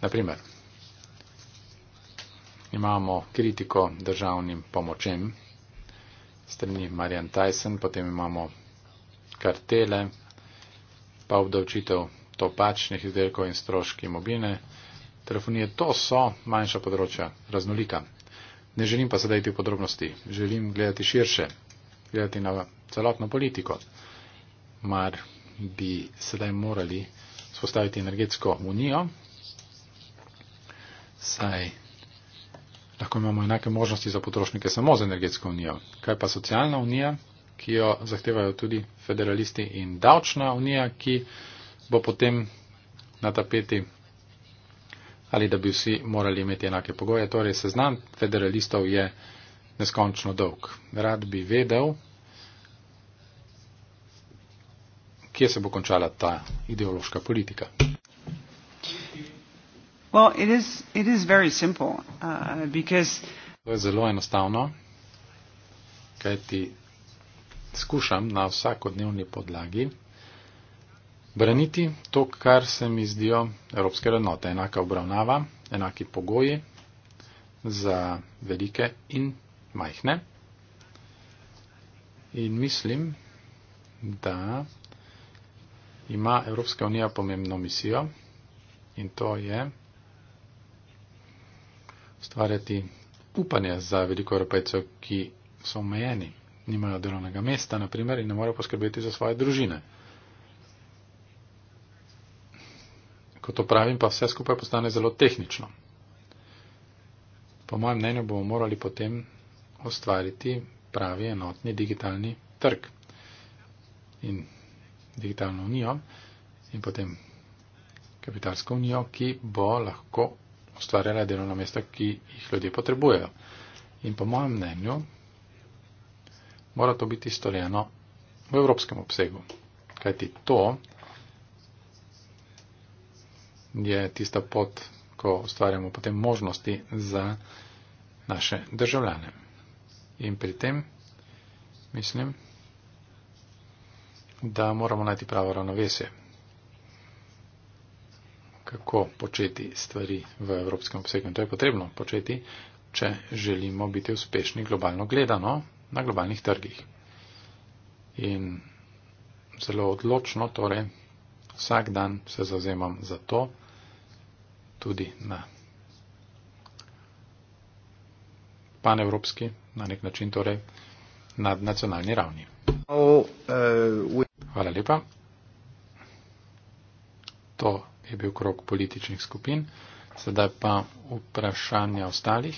Naprimer, imamo kritiko državnim pomočem, strani Marian Tyson, potem imamo kartele, pa obdavčitev topačnih izdelkov in stroški mobilne telefonije. To so manjša področja, raznolika. Ne želim pa sedaj iti v podrobnosti, želim gledati širše, gledati na celotno politiko. Mar bi sedaj morali spostaviti energetsko unijo, saj lahko imamo enake možnosti za potrošnike samo z energetsko unijo. Kaj pa socialna unija, ki jo zahtevajo tudi federalisti in davčna unija, ki bo potem na tapeti ali da bi vsi morali imeti enake pogoje. Torej, seznam federalistov je neskončno dolg. Rad bi vedel, kje se bo končala ta ideološka politika. Well, it is, it is very simple, uh, to je zelo enostavno, kajti skušam na vsakodnevni podlagi braniti to, kar se mi zdijo evropske vrednote. Enaka obravnava, enaki pogoji za velike in majhne. In mislim, da ima Evropska unija pomembno misijo in to je ustvarjati upanje za veliko evropejcev, ki so omejeni, nimajo delovnega mesta, naprimer, in ne morejo poskrbeti za svoje družine. Ko to pravim, pa vse skupaj postane zelo tehnično. Po mojem mnenju bomo morali potem ustvariti pravi enotni digitalni trg in digitalno unijo in potem kapitalsko unijo, ki bo lahko ustvarjena delovna mesta, ki jih ljudje potrebujejo. In po mojem mnenju mora to biti storjeno v evropskem obsegu. Kajti to je tista pot, ko ustvarjamo potem možnosti za naše državljane. In pri tem mislim, da moramo najti pravo ravnovesje kako početi stvari v evropskem obsegu. In to je potrebno početi, če želimo biti uspešni globalno gledano na globalnih trgih. In zelo odločno, torej vsak dan se zazemam za to, tudi na panevropski, na nek način torej nadnacionalni ravni. Oh, eh, Hvala lepa. To je bil krok političnih skupin, sedaj pa vprašanja ostalih,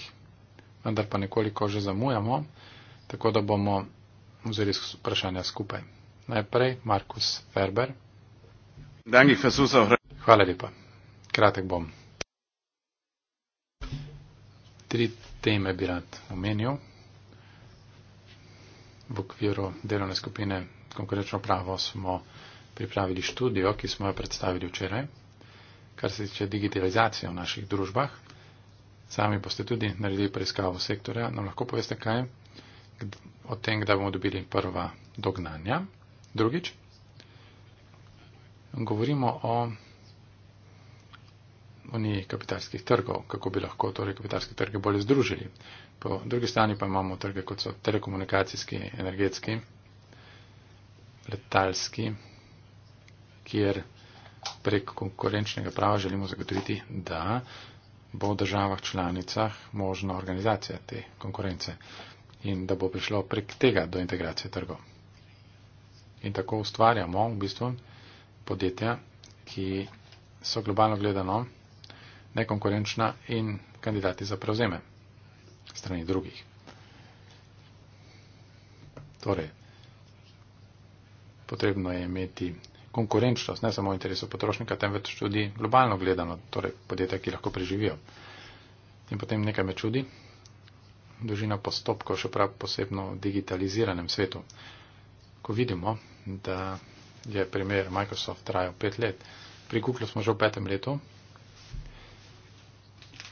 vendar pa nekoliko že zamujamo, tako da bomo vzeli vprašanja skupaj. Najprej Markus Ferber. Hvala lepa. Kratek bom. Tri teme bi rad omenil v okviru delovne skupine. Konkrečno pravo smo pripravili študijo, ki smo jo predstavili včeraj kar se tiče digitalizacije v naših družbah. Sami boste tudi naredili preiskavo sektorja. Nam lahko poveste kaj o tem, kdaj bomo dobili prva dognanja. Drugič, govorimo o uniji kapitalskih trgov, kako bi lahko torej kapitalske trge bolje združili. Po drugi strani pa imamo trge, kot so telekomunikacijski, energetski, letalski, kjer prek konkurenčnega prava želimo zagotoviti, da bo v državah članicah možna organizacija te konkurence in da bo prišlo prek tega do integracije trgov. In tako ustvarjamo v bistvu podjetja, ki so globalno gledano nekonkurenčna in kandidati za prevzeme strani drugih. Torej, potrebno je imeti konkurenčnost, ne samo v interesu potrošnika, temveč tudi globalno gledano, torej podjetja, ki lahko preživijo. In potem nekaj me čudi, dolžina postopkov, še prav posebno v digitaliziranem svetu. Ko vidimo, da je primer Microsoft trajal pet let, pri Google smo že v petem letu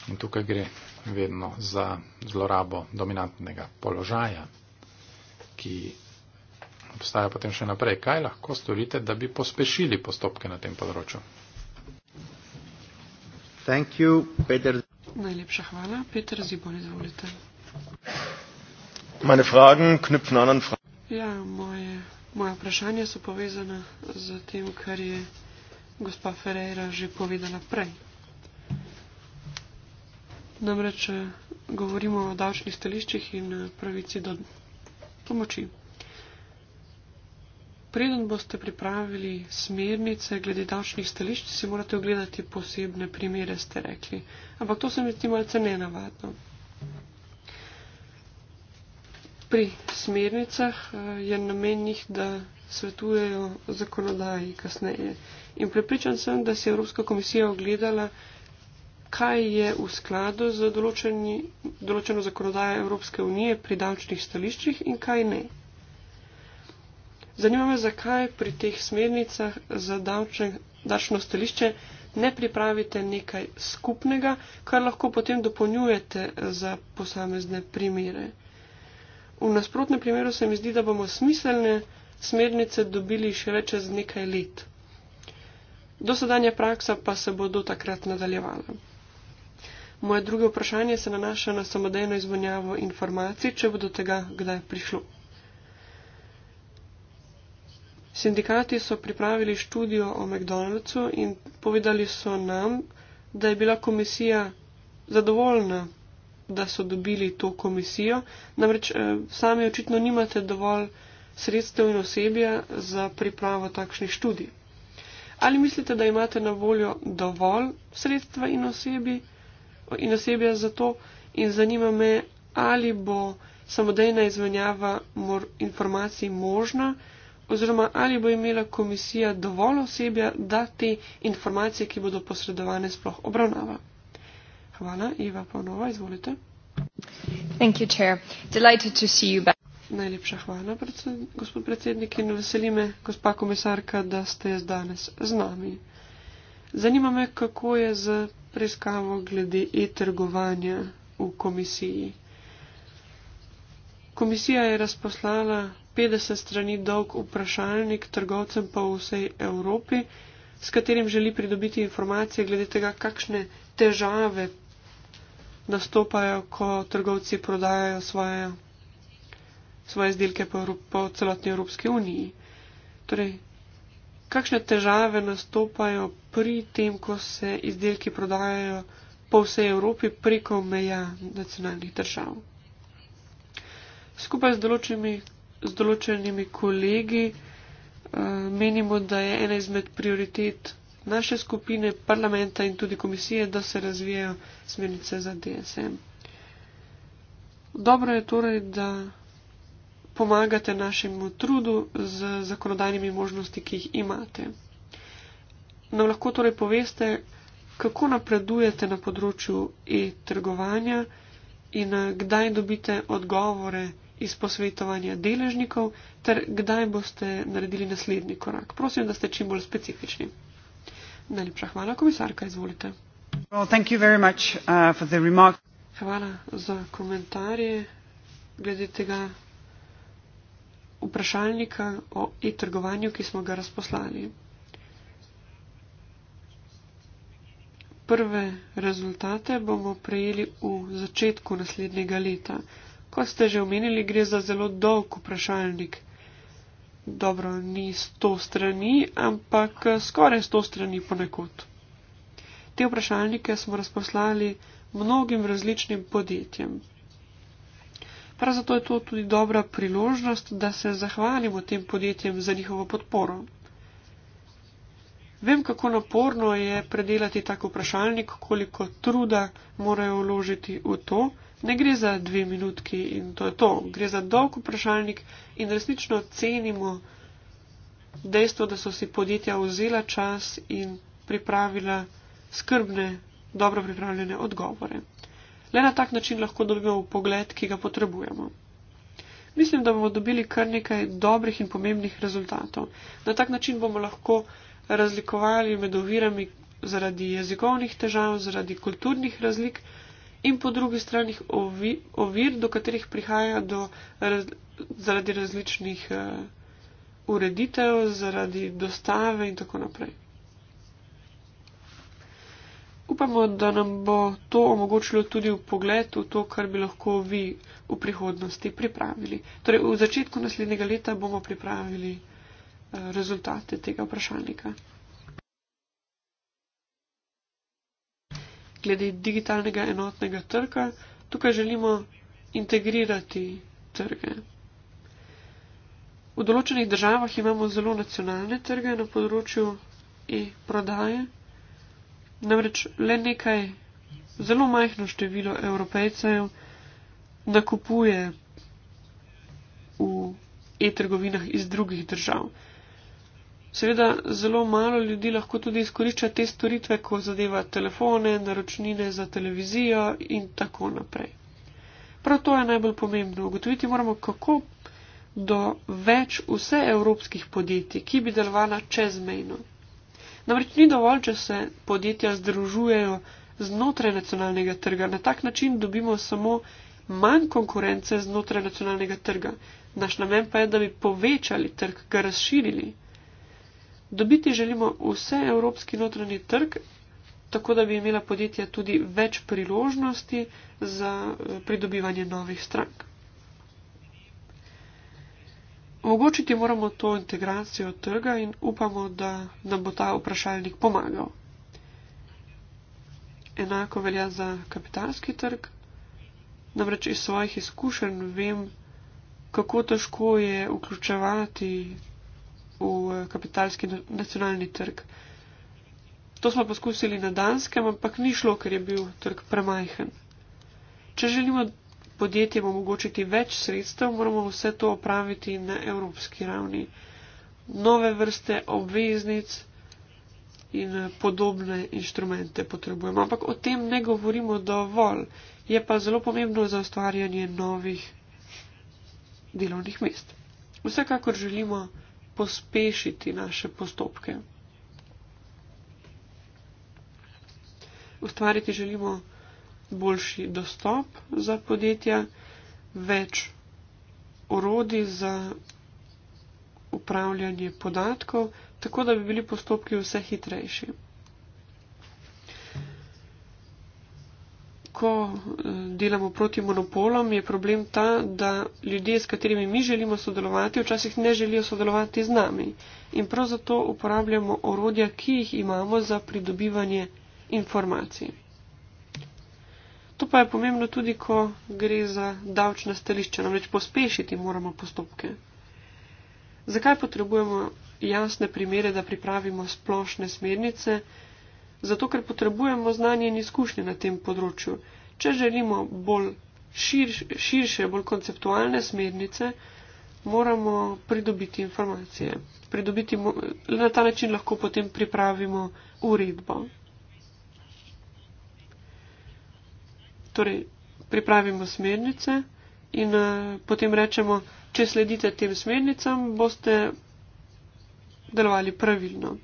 in tukaj gre vedno za zlorabo dominantnega položaja, ki postaja potem še naprej. Kaj lahko storite, da bi pospešili postopke na tem področju? You, Najlepša hvala. Peter Zibor, izvolite. Meine Fragen knüpfen an an Fragen. Ja, moje, moje vprašanje so povezana z tem, kar je gospa Ferreira že povedala prej. Namreč eh, govorimo o davčnih stališčih in eh, pravici do pomoči. Preden boste pripravili smernice glede davčnih stališč, si morate ogledati posebne primere, ste rekli. Ampak to se mi zdi malce nenavadno. Pri smernicah eh, je namenjih, da svetujejo zakonodaji kasneje. In prepričan sem, da se je Evropska komisija ogledala, kaj je v skladu z določeni, določeno zakonodajo Evropske unije pri davčnih stališčih in kaj ne. Zanima me, zakaj pri teh smernicah za davčne, davčno stališče ne pripravite nekaj skupnega, kar lahko potem dopolnjujete za posamezne primere. V nasprotnem primeru se mi zdi, da bomo smiselne smernice dobili še več čez nekaj let. Dosedanja praksa pa se bo do takrat nadaljevala. Moje drugo vprašanje se nanaša na samodejno izvonjavo informacij, če bo do tega kdaj prišlo. Sindikati so pripravili študijo o McDonald'su in povedali so nam, da je bila komisija zadovoljna, da so dobili to komisijo, namreč eh, sami očitno nimate dovolj sredstev in osebja za pripravo takšnih študij. Ali mislite, da imate na voljo dovolj sredstva in, osebi, in osebja za to in zanima me, ali bo samodejna izmenjava mor informacij možna? oziroma ali bo imela komisija dovolj osebja, da te informacije, ki bodo posredovane, sploh obravnava. Hvala, Iva Ponova, izvolite. You, Najlepša hvala, predsed, gospod predsednik, in veseli me, gospa komisarka, da ste danes z nami. Zanima me, kako je z preiskavo glede e-trgovanja v komisiji. Komisija je razposlala 50 strani dolg vprašalnik trgovcem po vsej Evropi, s katerim želi pridobiti informacije glede tega, kakšne težave nastopajo, ko trgovci prodajajo svoje, svoje izdelke po, po celotni Evropski uniji. Torej, kakšne težave nastopajo pri tem, ko se izdelki prodajajo po vsej Evropi preko meja nacionalnih držav. Skupaj z določenimi z določenimi kolegi eh, menimo, da je ena izmed prioritet naše skupine, parlamenta in tudi komisije, da se razvijajo smernice za DSM. Dobro je torej, da pomagate našemu trudu z zakonodajnimi možnosti, ki jih imate. Nam lahko torej poveste, kako napredujete na področju e-trgovanja in eh, kdaj dobite odgovore iz posvetovanja deležnikov, ter kdaj boste naredili naslednji korak. Prosim, da ste čim bolj specifični. Najlepša hvala, komisarka, izvolite. Well, much, uh, hvala za komentarje glede tega vprašalnika o e-trgovanju, ki smo ga razposlali. Prve rezultate bomo prejeli v začetku naslednjega leta. Kot ste že omenili, gre za zelo dolg vprašalnik. Dobro, ni sto strani, ampak skoraj sto strani ponekod. Te vprašalnike smo razposlali mnogim različnim podjetjem. Prav zato je to tudi dobra priložnost, da se zahvalimo tem podjetjem za njihovo podporo. Vem, kako naporno je predelati tako vprašalnik, koliko truda morajo vložiti v to, Ne gre za dve minutki in to je to, gre za dolg vprašalnik in resnično cenimo dejstvo, da so si podjetja vzela čas in pripravila skrbne, dobro pripravljene odgovore. Le na tak način lahko dobimo pogled, ki ga potrebujemo. Mislim, da bomo dobili kar nekaj dobrih in pomembnih rezultatov. Na tak način bomo lahko razlikovali med ovirami zaradi jezikovnih težav, zaradi kulturnih razlik in po drugi strani ovir, ovir do katerih prihaja do, raz, zaradi različnih uh, ureditev, zaradi dostave in tako naprej. Upamo, da nam bo to omogočilo tudi v pogled v to, kar bi lahko vi v prihodnosti pripravili. Torej, v začetku naslednjega leta bomo pripravili uh, rezultate tega vprašalnika. glede digitalnega enotnega trga, tukaj želimo integrirati trge. V določenih državah imamo zelo nacionalne trge na področju e-prodaje, namreč le nekaj, zelo majhno število evropejcev nakupuje v e-trgovinah iz drugih držav. Seveda zelo malo ljudi lahko tudi izkorišča te storitve, ko zadeva telefone, naročnine za televizijo in tako naprej. Prav to je najbolj pomembno. Ugotoviti moramo, kako do več vse evropskih podjetij, ki bi delovala čezmejno. Namreč ni dovolj, če se podjetja združujejo znotraj nacionalnega trga. Na tak način dobimo samo manj konkurence znotraj nacionalnega trga. Naš namen pa je, da bi povečali trg, ga razširili. Dobiti želimo vse evropski notranji trg, tako da bi imela podjetja tudi več priložnosti za eh, pridobivanje novih strank. Omogočiti moramo to integracijo trga in upamo, da nam bo ta vprašalnik pomagal. Enako velja za kapitalski trg. Namreč iz svojih izkušenj vem, kako težko je vključevati v eh, kapitalski nacionalni trg. To smo poskusili na danskem, ampak ni šlo, ker je bil trg premajhen. Če želimo podjetjem omogočiti več sredstev, moramo vse to opraviti na evropski ravni. Nove vrste obveznic in eh, podobne inštrumente potrebujemo, ampak o tem ne govorimo dovolj. Je pa zelo pomembno za ustvarjanje novih delovnih mest. Vsekakor želimo pospešiti naše postopke. Ustvariti želimo boljši dostop za podjetja, več orodi za upravljanje podatkov, tako da bi bili postopki vse hitrejši. ko eh, delamo proti monopolom, je problem ta, da ljudje, s katerimi mi želimo sodelovati, včasih ne želijo sodelovati z nami. In prav zato uporabljamo orodja, ki jih imamo za pridobivanje informacij. To pa je pomembno tudi, ko gre za davčna stališča, namreč pospešiti moramo postopke. Zakaj potrebujemo jasne primere, da pripravimo splošne smernice? zato ker potrebujemo znanje in izkušnje na tem področju. Če želimo bolj šir, širše, bolj konceptualne smernice, moramo pridobiti informacije. Pridobiti, na ta način lahko potem pripravimo uredbo. Torej, pripravimo smernice in uh, potem rečemo, če sledite tem smernicam, boste delovali pravilno.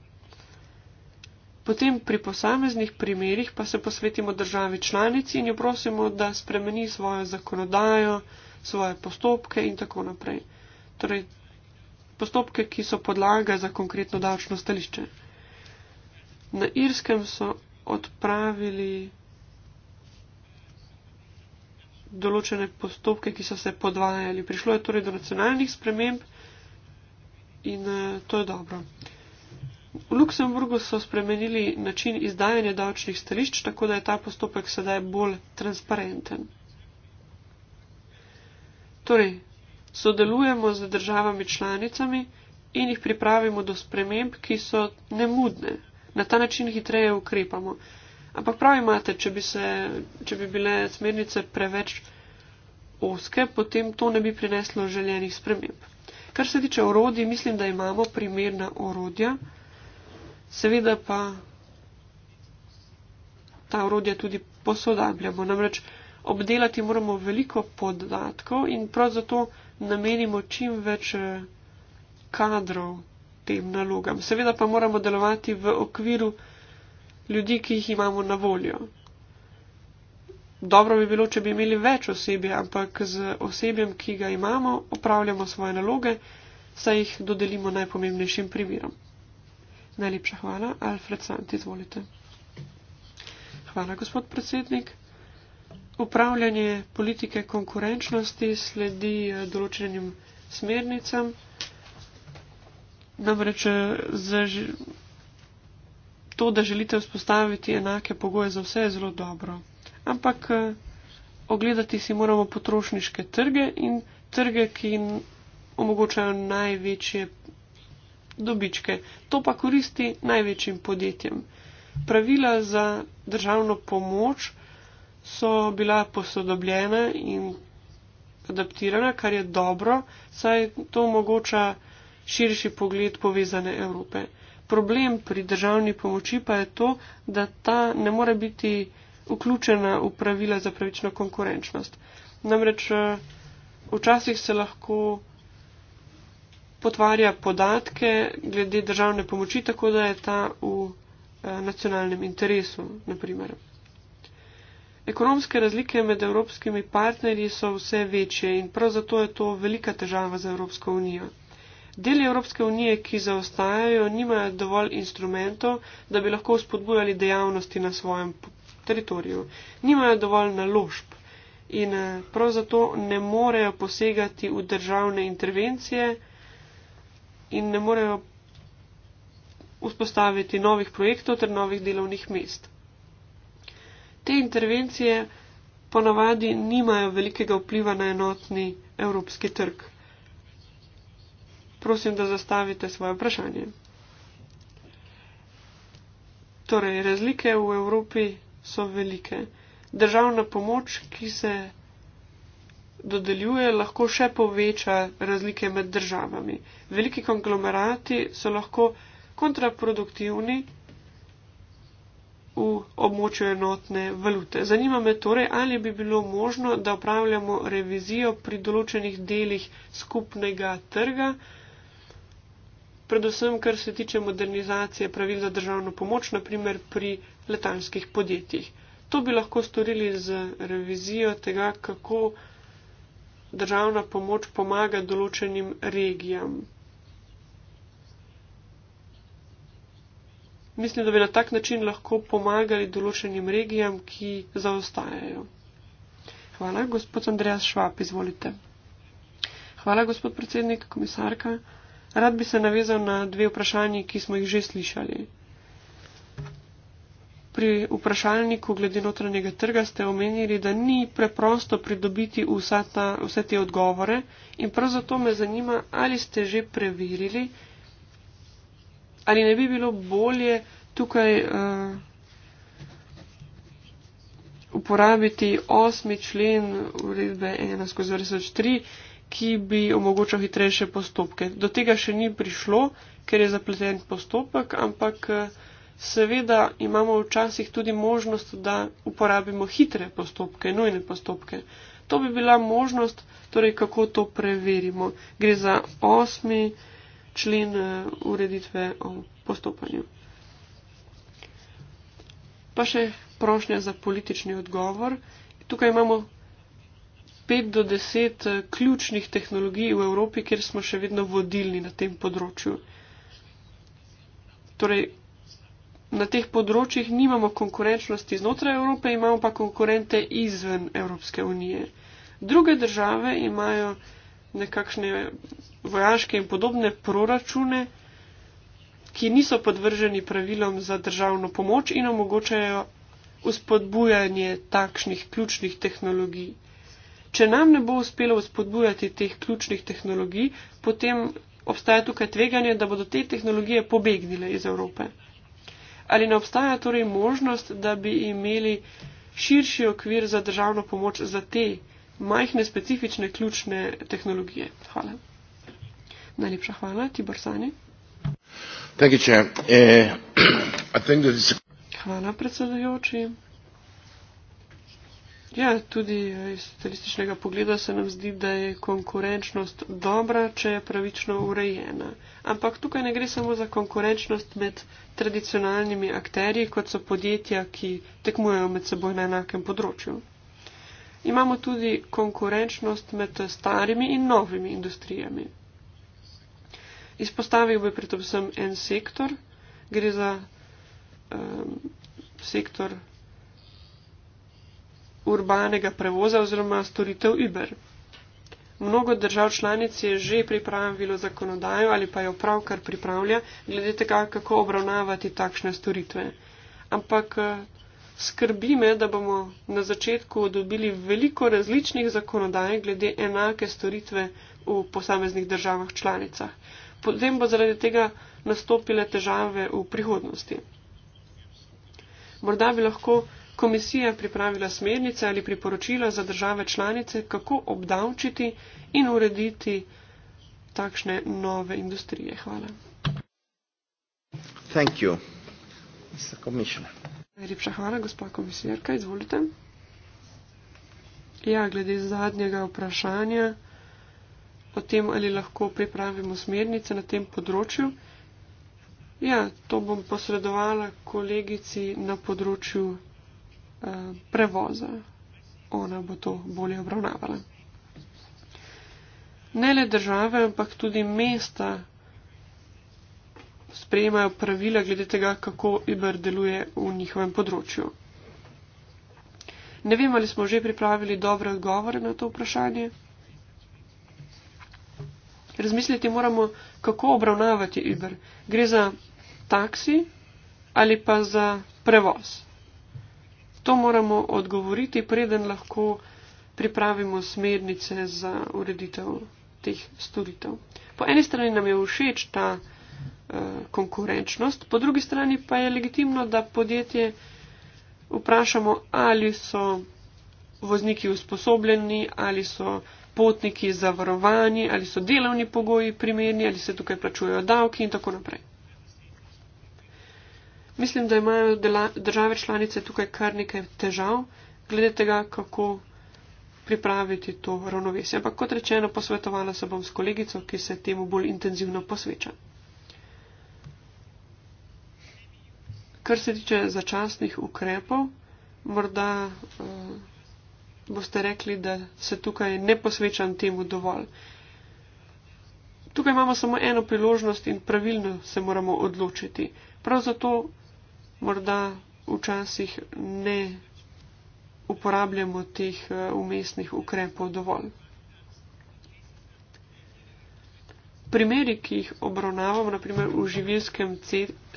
Potem pri posameznih primerjih pa se posvetimo državi članici in jo prosimo, da spremeni svojo zakonodajo, svoje postopke in tako naprej. Torej, postopke, ki so podlaga za konkretno davčno stališče. Na Irskem so odpravili določene postopke, ki so se podvajali. Prišlo je torej do nacionalnih sprememb in eh, to je dobro. V Luksemburgu so spremenili način izdajanja davčnih stališč, tako da je ta postopek sedaj bolj transparenten. Torej, sodelujemo z državami članicami in jih pripravimo do sprememb, ki so nemudne. Na ta način hitreje ukrepamo. Ampak prav imate, če bi, se, če bi bile smernice preveč oske, potem to ne bi prineslo željenih sprememb. Kar se tiče orodij, mislim, da imamo primerna orodja seveda pa ta orodja tudi posodabljamo. Namreč obdelati moramo veliko podatkov in prav zato namenimo čim več eh, kadrov tem nalogam. Seveda pa moramo delovati v okviru ljudi, ki jih imamo na voljo. Dobro bi bilo, če bi imeli več osebe, ampak z osebjem, ki ga imamo, opravljamo svoje naloge, saj jih dodelimo najpomembnejšim primerom. Najlepša hvala. Alfred Sant, izvolite. Hvala, gospod predsednik. Upravljanje politike konkurenčnosti sledi eh, določenim smernicam. Namreč eh, to, da želite vzpostaviti enake pogoje za vse, je zelo dobro. Ampak eh, ogledati si moramo potrošniške trge in trge, ki omogočajo največje dobičke. To pa koristi največjim podjetjem. Pravila za državno pomoč so bila posodobljena in adaptirana, kar je dobro, saj to omogoča širši pogled povezane Evrope. Problem pri državni pomoči pa je to, da ta ne more biti vključena v pravila za pravično konkurenčnost. Namreč eh, včasih se lahko potvarja podatke glede državne pomoči, tako da je ta v eh, nacionalnem interesu, naprimer. Ekonomske razlike med evropskimi partnerji so vse večje in prav zato je to velika težava za Evropsko unijo. Deli Evropske unije, ki zaostajajo, nimajo dovolj instrumentov, da bi lahko spodbujali dejavnosti na svojem teritoriju. Nimajo dovolj naložb in eh, prav zato ne morejo posegati v državne intervencije, in ne morejo vzpostaviti novih projektov ter novih delovnih mest. Te intervencije ponavadi nimajo velikega vpliva na enotni evropski trg. Prosim, da zastavite svoje vprašanje. Torej, razlike v Evropi so velike. Državna pomoč, ki se dodeljuje, lahko še poveča razlike med državami. Veliki konglomerati so lahko kontraproduktivni v območju enotne valute. Zanima me torej, ali bi bilo možno, da upravljamo revizijo pri določenih delih skupnega trga, predvsem kar se tiče modernizacije pravil za državno pomoč, naprimer pri letalskih podjetjih. To bi lahko storili z revizijo tega, kako državna pomoč pomaga določenim regijam. Mislim, da bi na tak način lahko pomagali določenim regijam, ki zaostajajo. Hvala, gospod Andreas Švab, izvolite. Hvala, gospod predsednik, komisarka. Rad bi se navezal na dve vprašanji, ki smo jih že slišali pri vprašalniku glede notranjega trga ste omenili, da ni preprosto pridobiti ta, vse te odgovore in prav zato me zanima, ali ste že preverili, ali ne bi bilo bolje tukaj uh, uporabiti osmi člen uredbe 1 skozi 2003, ki bi omogočal hitrejše postopke. Do tega še ni prišlo, ker je zapleten postopek, ampak. Uh, Seveda imamo včasih tudi možnost, da uporabimo hitre postopke, nujne postopke. To bi bila možnost, torej kako to preverimo. Gre za osmi člen eh, ureditve o postopanju. Pa še prošnja za politični odgovor. Tukaj imamo 5 do 10 eh, ključnih tehnologij v Evropi, kjer smo še vedno vodilni na tem področju. Torej, na teh področjih nimamo konkurenčnosti znotraj Evrope, imamo pa konkurente izven Evropske unije. Druge države imajo nekakšne vojaške in podobne proračune, ki niso podvrženi pravilom za državno pomoč in omogočajo uspodbujanje takšnih ključnih tehnologij. Če nam ne bo uspelo uspodbujati teh ključnih tehnologij, potem obstaja tukaj tveganje, da bodo te tehnologije pobegnile iz Evrope. Ali ne obstaja torej možnost, da bi imeli širši okvir za državno pomoč za te majhne, specifične, ključne tehnologije? Hvala. Najlepša hvala, Tibor Sani. Eh, hvala predsedujoči. Ja, tudi eh, iz statističnega pogleda se nam zdi, da je konkurenčnost dobra, če je pravično urejena. Ampak tukaj ne gre samo za konkurenčnost med tradicionalnimi akteri, kot so podjetja, ki tekmujejo med seboj na enakem področju. Imamo tudi konkurenčnost med starimi in novimi industrijami. Izpostavil bi predvsem en sektor, gre za um, sektor urbanega prevoza oziroma storitev Uber. Mnogo držav članic je že pripravilo zakonodajo ali pa jo pravkar pripravlja, glede tega, kako obravnavati takšne storitve. Ampak eh, skrbi me, da bomo na začetku dobili veliko različnih zakonodaj glede enake storitve v posameznih državah članicah. Potem bo zaradi tega nastopile težave v prihodnosti. Morda bi lahko komisija pripravila smernice ali priporočila za države članice, kako obdavčiti in urediti takšne nove industrije. Hvala. Thank you. Najlepša hvala, gospa komisarka. Izvolite. Ja, glede zadnjega vprašanja o tem, ali lahko pripravimo smernice na tem področju. Ja, to bom posredovala kolegici na področju Eh, prevoza. Ona bo to bolje obravnavala. Ne le države, ampak tudi mesta sprejemajo pravila glede tega, kako Uber deluje v njihovem področju. Ne vem, ali smo že pripravili dobre odgovore na to vprašanje. Razmisliti moramo, kako obravnavati Uber. Gre za taksi ali pa za prevoz to moramo odgovoriti, preden lahko pripravimo smernice za ureditev teh storitev. Po eni strani nam je všeč ta uh, konkurenčnost, po drugi strani pa je legitimno, da podjetje vprašamo, ali so vozniki usposobljeni, ali so potniki zavarovani, ali so delovni pogoji primerni, ali se tukaj plačujejo davki in tako naprej. Mislim, da imajo države članice tukaj kar nekaj težav, glede tega, kako pripraviti to ravnovesje. Ampak kot rečeno, posvetovala se bom s kolegico, ki se temu bolj intenzivno posveča. Kar se tiče začasnih ukrepov, morda eh, boste rekli, da se tukaj ne posvečam temu dovolj. Tukaj imamo samo eno priložnost in pravilno se moramo odločiti. Prav zato morda včasih ne uporabljamo teh eh, umestnih ukrepov dovolj. Primeri, ki jih obravnavamo, naprimer v živilskem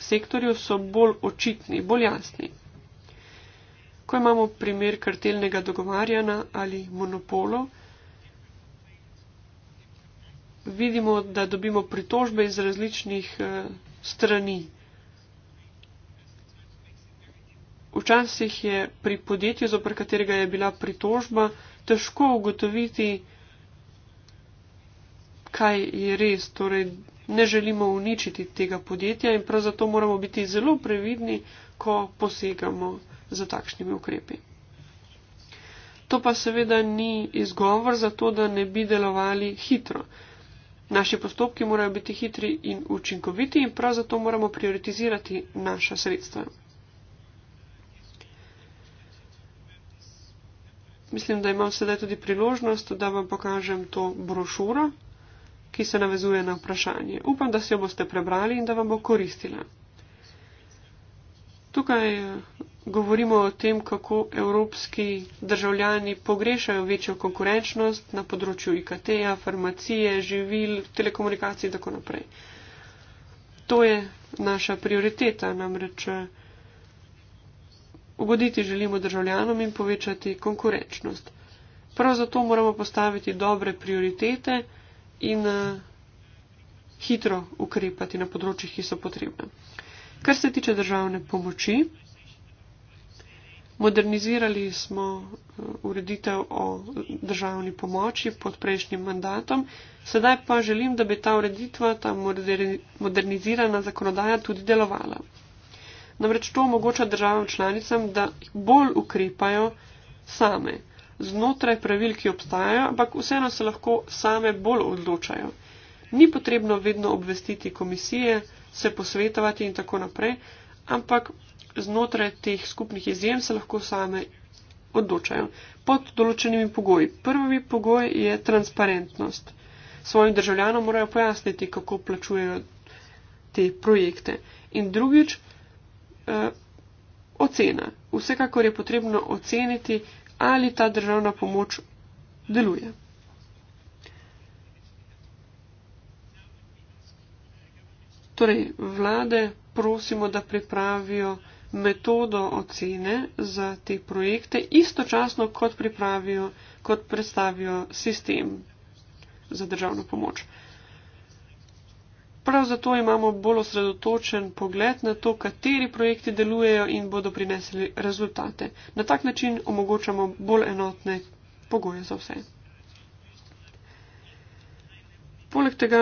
sektorju, so bolj očitni, bolj jasni. Ko imamo primer kartelnega dogovarjanja ali monopolov, vidimo, da dobimo pritožbe iz različnih eh, strani. Včasih je pri podjetju, zopr katerega je bila pritožba, težko ugotoviti, kaj je res. Torej, ne želimo uničiti tega podjetja in prav zato moramo biti zelo previdni, ko posegamo za takšnimi ukrepi. To pa seveda ni izgovor za to, da ne bi delovali hitro. Naši postopki morajo biti hitri in učinkoviti in prav zato moramo prioritizirati naša sredstva. mislim, da imam sedaj tudi priložnost, da vam pokažem to brošuro, ki se navezuje na vprašanje. Upam, da si jo boste prebrali in da vam bo koristila. Tukaj eh, govorimo o tem, kako evropski državljani pogrešajo večjo konkurenčnost na področju IKT-ja, farmacije, živil, telekomunikacij in tako naprej. To je naša prioriteta, namreč. Eh, Ugoditi želimo državljanom in povečati konkurenčnost. Prav zato moramo postaviti dobre prioritete in uh, hitro ukrepati na področjih, ki so potrebna. Kar se tiče državne pomoči, modernizirali smo uh, ureditev o eh, državni pomoči pod prejšnjim mandatom, sedaj pa želim, da bi ta ureditva, ta moderni, modernizirana zakonodaja tudi delovala. Namreč to omogoča državam članicam, da bolj ukrepajo same, znotraj pravil, ki obstajajo, ampak vseeno se lahko same bolj odločajo. Ni potrebno vedno obvestiti komisije, se posvetovati in tako naprej, ampak znotraj teh skupnih izjem se lahko same odločajo pod določenimi pogoji. Prvi pogoj je transparentnost. Svojim državljanom morajo pojasniti, kako plačujejo te projekte. In drugič, eh, ocena. Vsekakor je potrebno oceniti, ali ta državna pomoč deluje. Torej, vlade prosimo, da pripravijo metodo ocene za te projekte, istočasno kot pripravijo, kot predstavijo sistem za državno pomoč. Uh, Prav zato imamo bolj osredotočen pogled na to, kateri projekti delujejo in bodo prinesli rezultate. Na tak način omogočamo bolj enotne pogoje za vse. Poleg tega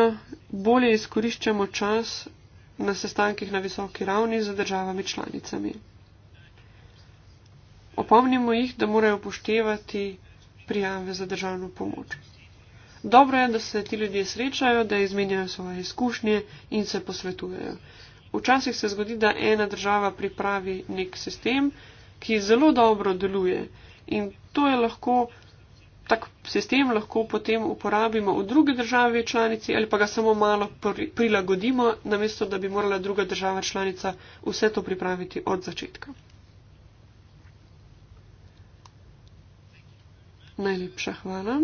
bolje izkoriščamo čas na sestankih na visoki ravni z državami članicami. Opomnimo jih, da morajo upoštevati prijave za državno pomoč. Dobro je, da se ti ljudje srečajo, da izmenjajo svoje izkušnje in se posvetujejo. Včasih se zgodi, da ena država pripravi nek sistem, ki zelo dobro deluje in to je lahko, tak sistem lahko potem uporabimo v drugi državi članici ali pa ga samo malo prilagodimo, namesto da bi morala druga država članica vse to pripraviti od začetka. Najlepša hvala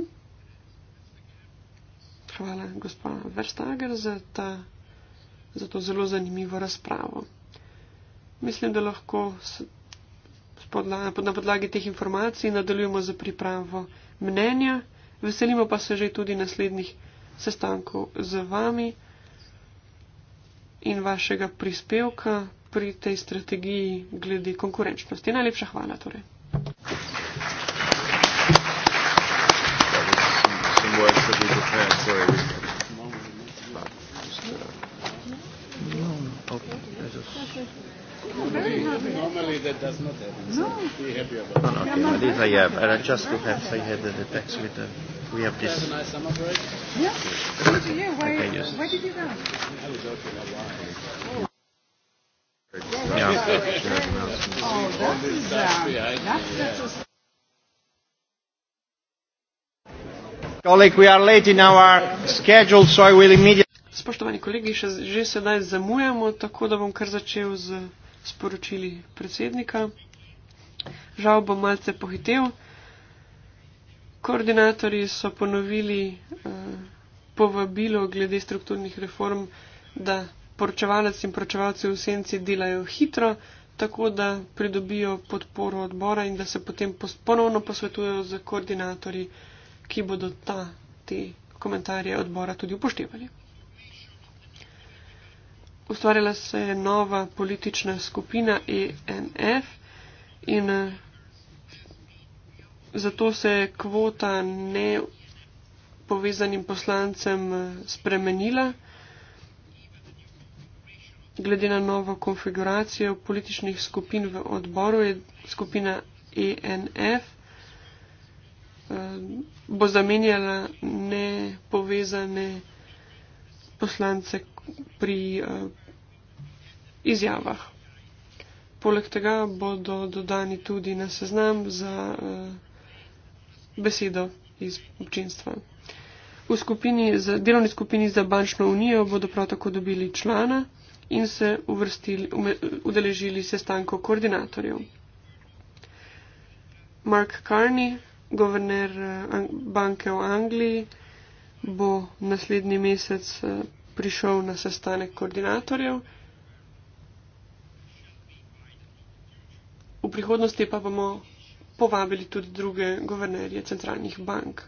hvala, gospa Verstager, za, ta, za to zelo zanimivo razpravo. Mislim, da lahko na podlagi teh informacij nadaljujemo za pripravo mnenja. Veselimo pa se že tudi naslednjih sestankov z vami in vašega prispevka pri tej strategiji glede konkurenčnosti. Najlepša hvala torej. that does not happen. So no. be happy about no, it. No, okay. Yeah, this I have. I just to have say had the tax with the we have this. Have a nice summer break. Yeah. Good to you. Where, okay, yes. where did you go? I was out oh, in Hawaii. Spoštovani kolegi, še, že sedaj zamujamo, tako da bom kar začel z sporočili predsednika. Žal bom malce pohitev. Koordinatorji so ponovili eh, povabilo glede strukturnih reform, da poročevalec in poročevalci v senci delajo hitro, tako da pridobijo podporo odbora in da se potem ponovno posvetujejo z koordinatorji, ki bodo ta, te komentarje odbora tudi upoštevali ustvarjala se je nova politična skupina ENF in eh, zato se je kvota ne povezanim poslancem eh, spremenila. Glede na novo konfiguracijo političnih skupin v odboru je skupina ENF eh, bo zamenjala ne povezane poslance pri eh, izjavah. Poleg tega bodo dodani tudi na seznam za eh, besedo iz občinstva. V skupini, za, delovni skupini za bančno unijo bodo prav tako dobili člana in se uvrstili, ume, udeležili sestankov koordinatorjev. Mark Carney, governor eh, banke v Angliji, bo naslednji mesec prišel na sestanek koordinatorjev. V prihodnosti pa bomo povabili tudi druge guvernerje centralnih bank.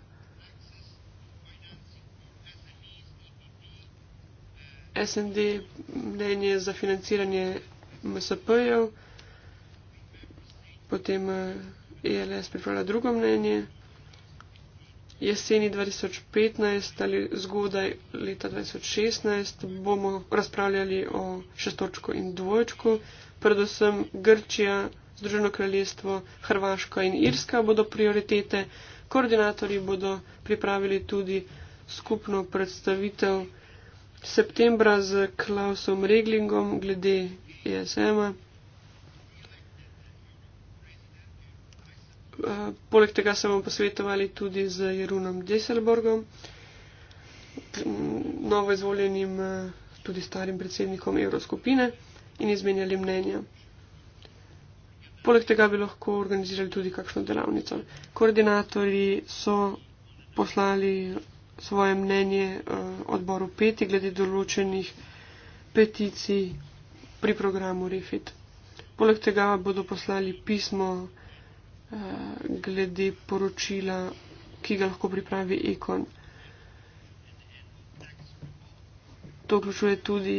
SND mnenje za financiranje MSP-jev, potem ELS eh, e pripravlja drugo mnenje jeseni 2015 ali zgodaj leta 2016 bomo razpravljali o šestočku in dvojčku. Predvsem Grčija, Združeno kraljestvo, Hrvaška in Irska bodo prioritete. Koordinatorji bodo pripravili tudi skupno predstavitev septembra z Klausom Reglingom glede ESM-a. Eh, poleg tega se bomo posvetovali tudi z Jerunom Deselborgom, novo izvoljenim, eh, tudi starim predsednikom Evroskupine in izmenjali mnenja. Poleg tega bi lahko organizirali tudi kakšno delavnico. Koordinatorji so poslali svoje mnenje eh, odboru peti glede določenih peticij pri programu Refit. Poleg tega bodo poslali pismo Eh, glede poročila, ki ga lahko pripravi ikon. To vključuje tudi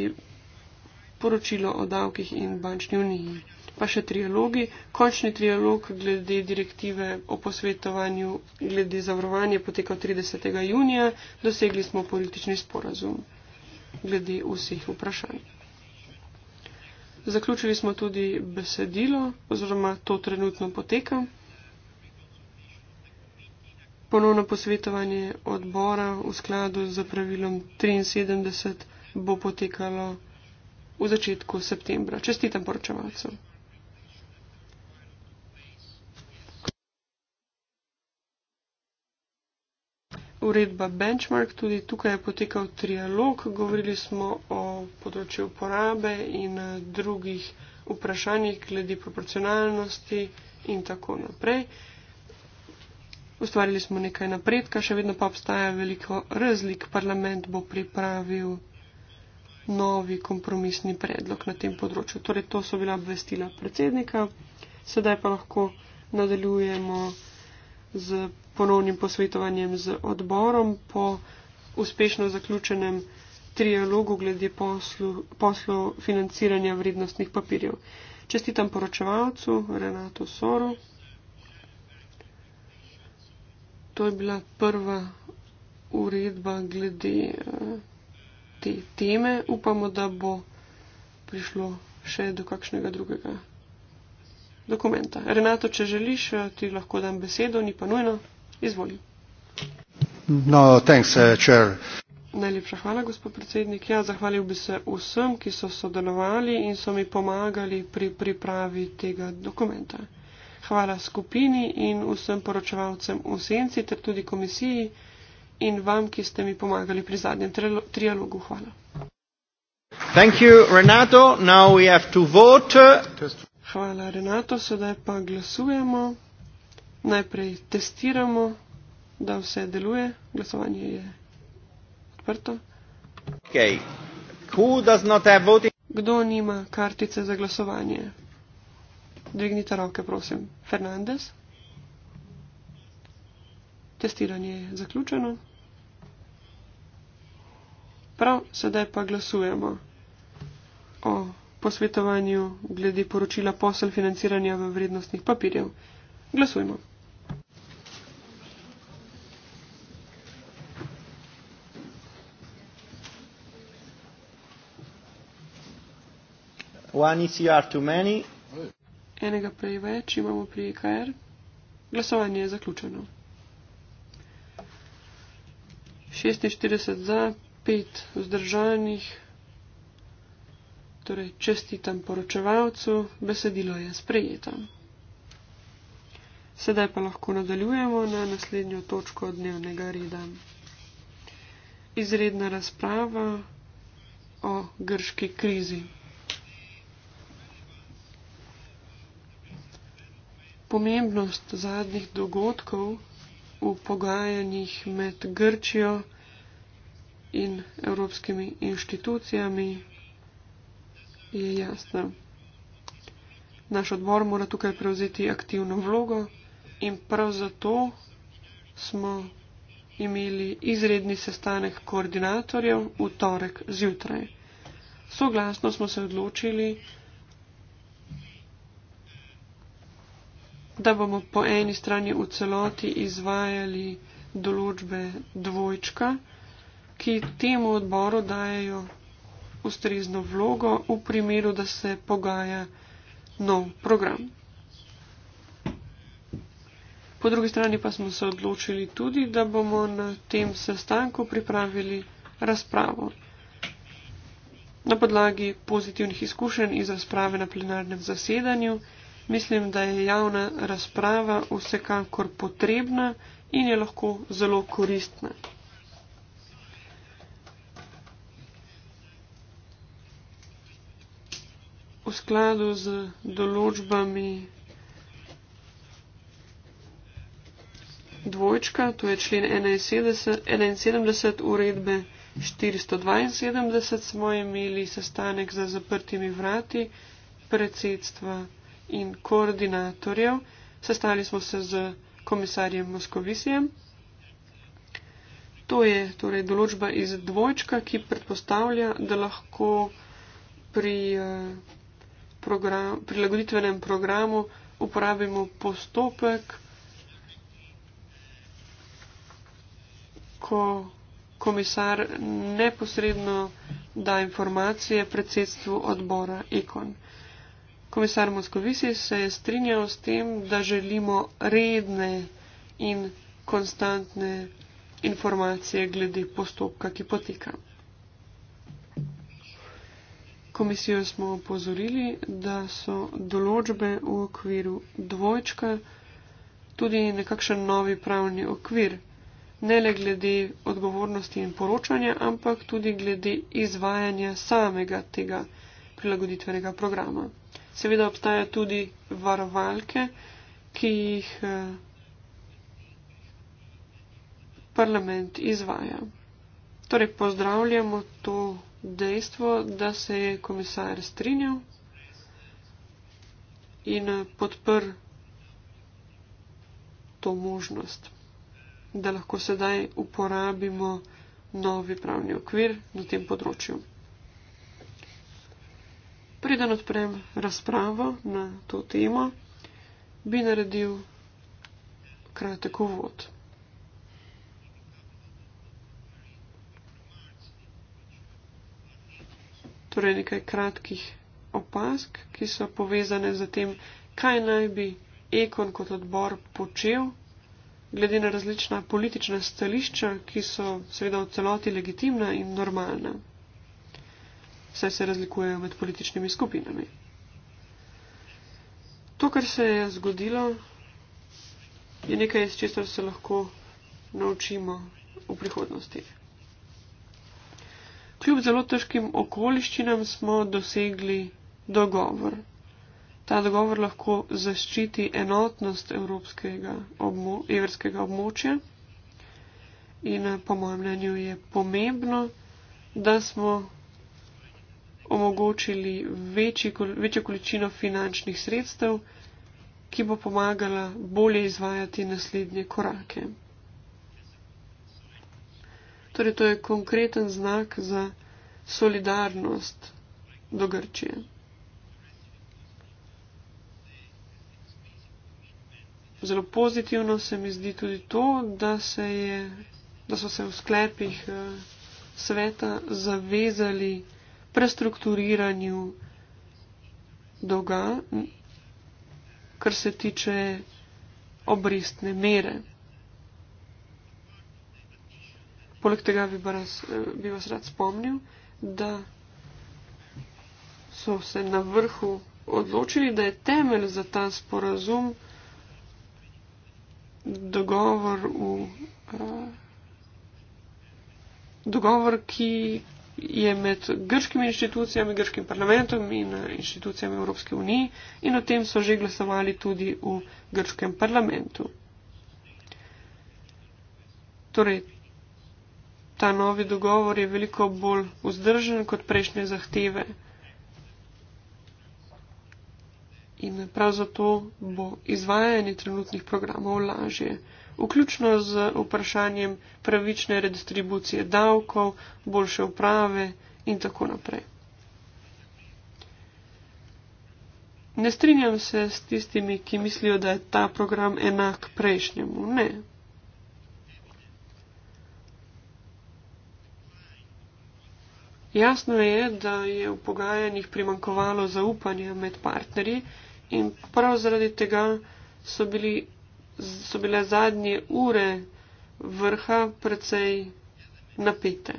poročilo o davkih in bančni uniji. Pa še trialogi, končni trialog glede direktive o posvetovanju glede zavarovanja poteka 30. junija, dosegli smo politični sporazum glede vseh vprašanj. Zaključili smo tudi besedilo, oziroma to trenutno poteka. Ponovno posvetovanje odbora v skladu z pravilom 73 bo potekalo v začetku septembra. Čestitam poročevalcem. Uredba Benchmark, tudi tukaj je potekal trialog, govorili smo o področju uporabe in drugih vprašanjih glede proporcionalnosti in tako naprej ustvarili smo nekaj napredka, še vedno pa obstaja veliko razlik. Parlament bo pripravil novi kompromisni predlog na tem področju. Torej, to so bila obvestila predsednika. Sedaj pa lahko nadaljujemo z ponovnim posvetovanjem z odborom po uspešno zaključenem trialogu glede poslu, poslu financiranja vrednostnih papirjev. Čestitam poročevalcu Renato Soru to je bila prva uredba glede eh, te teme. Upamo, da bo prišlo še do kakšnega drugega dokumenta. Renato, če želiš, eh, ti lahko dam besedo, ni pa nujno. Izvoli. No, thanks, uh, Najlepša hvala, gospod predsednik. Ja, zahvalil bi se vsem, ki so sodelovali in so mi pomagali pri pripravi tega dokumenta. Hvala skupini in vsem poročevalcem v senci ter tudi komisiji in vam, ki ste mi pomagali pri zadnjem trialogu. Hvala. You, Hvala Renato, sedaj pa glasujemo. Najprej testiramo, da vse deluje. Glasovanje je odprto. Okay. Kdo nima kartice za glasovanje? Dvignite roke, prosim. Fernandez. Testiranje je zaključeno. Prav, sedaj pa glasujemo o posvetovanju glede poročila posel financiranja v vrednostnih papirjev. Glasujemo. One ECR too many enega preveč imamo pri EKR. Glasovanje je zaključeno. 46 za, 5 vzdržanih, torej čestitam poročevalcu, besedilo je sprejeto. Sedaj pa lahko nadaljujemo na naslednjo točko dnevnega reda. Izredna razprava o grški krizi. pomembnost zadnjih dogodkov v pogajanjih med Grčijo in evropskimi inštitucijami, je jasna. Naš odbor mora tukaj prevzeti aktivno vlogo in prav zato smo imeli izredni sestanek koordinatorjev v torek zjutraj. Soglasno smo se odločili, da bomo po eni strani v celoti izvajali določbe dvojčka, ki temu odboru dajo ustrezno vlogo v primeru, da se pogaja nov program. Po drugi strani pa smo se odločili tudi, da bomo na tem sestanku pripravili razpravo. Na podlagi pozitivnih izkušenj iz razprave na plenarnem zasedanju Mislim, da je javna razprava vsekakor potrebna in je lahko zelo koristna. V skladu z določbami dvojčka, to je člen 71, 71 uredbe 472, smo imeli sestanek za zaprtimi vrati predsedstva in koordinatorjev, sestali smo se z komisarjem Moskovisijem. To je torej določba iz dvojčka, ki predpostavlja, da lahko pri eh, program, prilagoditvenem programu uporabimo postopek, ko komisar neposredno da informacije predsedstvu odbora ICON. Komisar Moskovici se je strinjal s tem, da želimo redne in konstantne informacije glede postopka, ki poteka. Komisijo smo opozorili, da so določbe v okviru dvojčka tudi nekakšen novi pravni okvir, ne le glede odgovornosti in poročanja, ampak tudi glede izvajanja samega tega prilagoditvenega programa. Seveda obstaja tudi varovalke, ki jih eh, parlament izvaja. Torej pozdravljamo to dejstvo, da se je komisar strinjal in eh, podpr to možnost, da lahko sedaj uporabimo novi pravni okvir na tem področju. Preden odprem razpravo na to temo, bi naredil kratek uvod. Torej nekaj kratkih opask, ki so povezane z tem, kaj naj bi Ekon kot odbor počel, glede na različna politična stališča, ki so seveda v celoti legitimna in normalna saj se razlikujejo med političnimi skupinami. To, kar se je zgodilo, je nekaj, iz česar se lahko naučimo v prihodnosti. Kljub zelo težkim okoliščinam smo dosegli dogovor. Ta dogovor lahko zaščiti enotnost evropskega obmo evrskega območja in po mojem mnenju je pomembno, da smo omogočili večji, večjo količino finančnih sredstev, ki bo pomagala bolje izvajati naslednje korake. Torej, to je konkreten znak za solidarnost do Grčije. Zelo pozitivno se mi zdi tudi to, da, se je, da so se v sklepih eh, sveta zavezali, prestrukturiranju dolga, kar se tiče obrestne mere. Poleg tega bi, raz, bi vas rad spomnil, da so se na vrhu odločili, da je temelj za ta sporazum dogovor, v, uh, dogovor ki, je med grškimi inštitucijami, grškim parlamentom in eh, inštitucijami Evropske unije in o tem so že glasovali tudi v grškem parlamentu. Torej, ta novi dogovor je veliko bolj vzdržen kot prejšnje zahteve. In prav zato bo izvajanje trenutnih programov lažje vključno z vprašanjem pravične redistribucije davkov, boljše uprave in tako naprej. Ne strinjam se s tistimi, ki mislijo, da je ta program enak prejšnjemu. Ne. Jasno je, da je v pogajanjih primankovalo zaupanja med partnerji in prav zaradi tega so bili so bile zadnje ure vrha precej napete.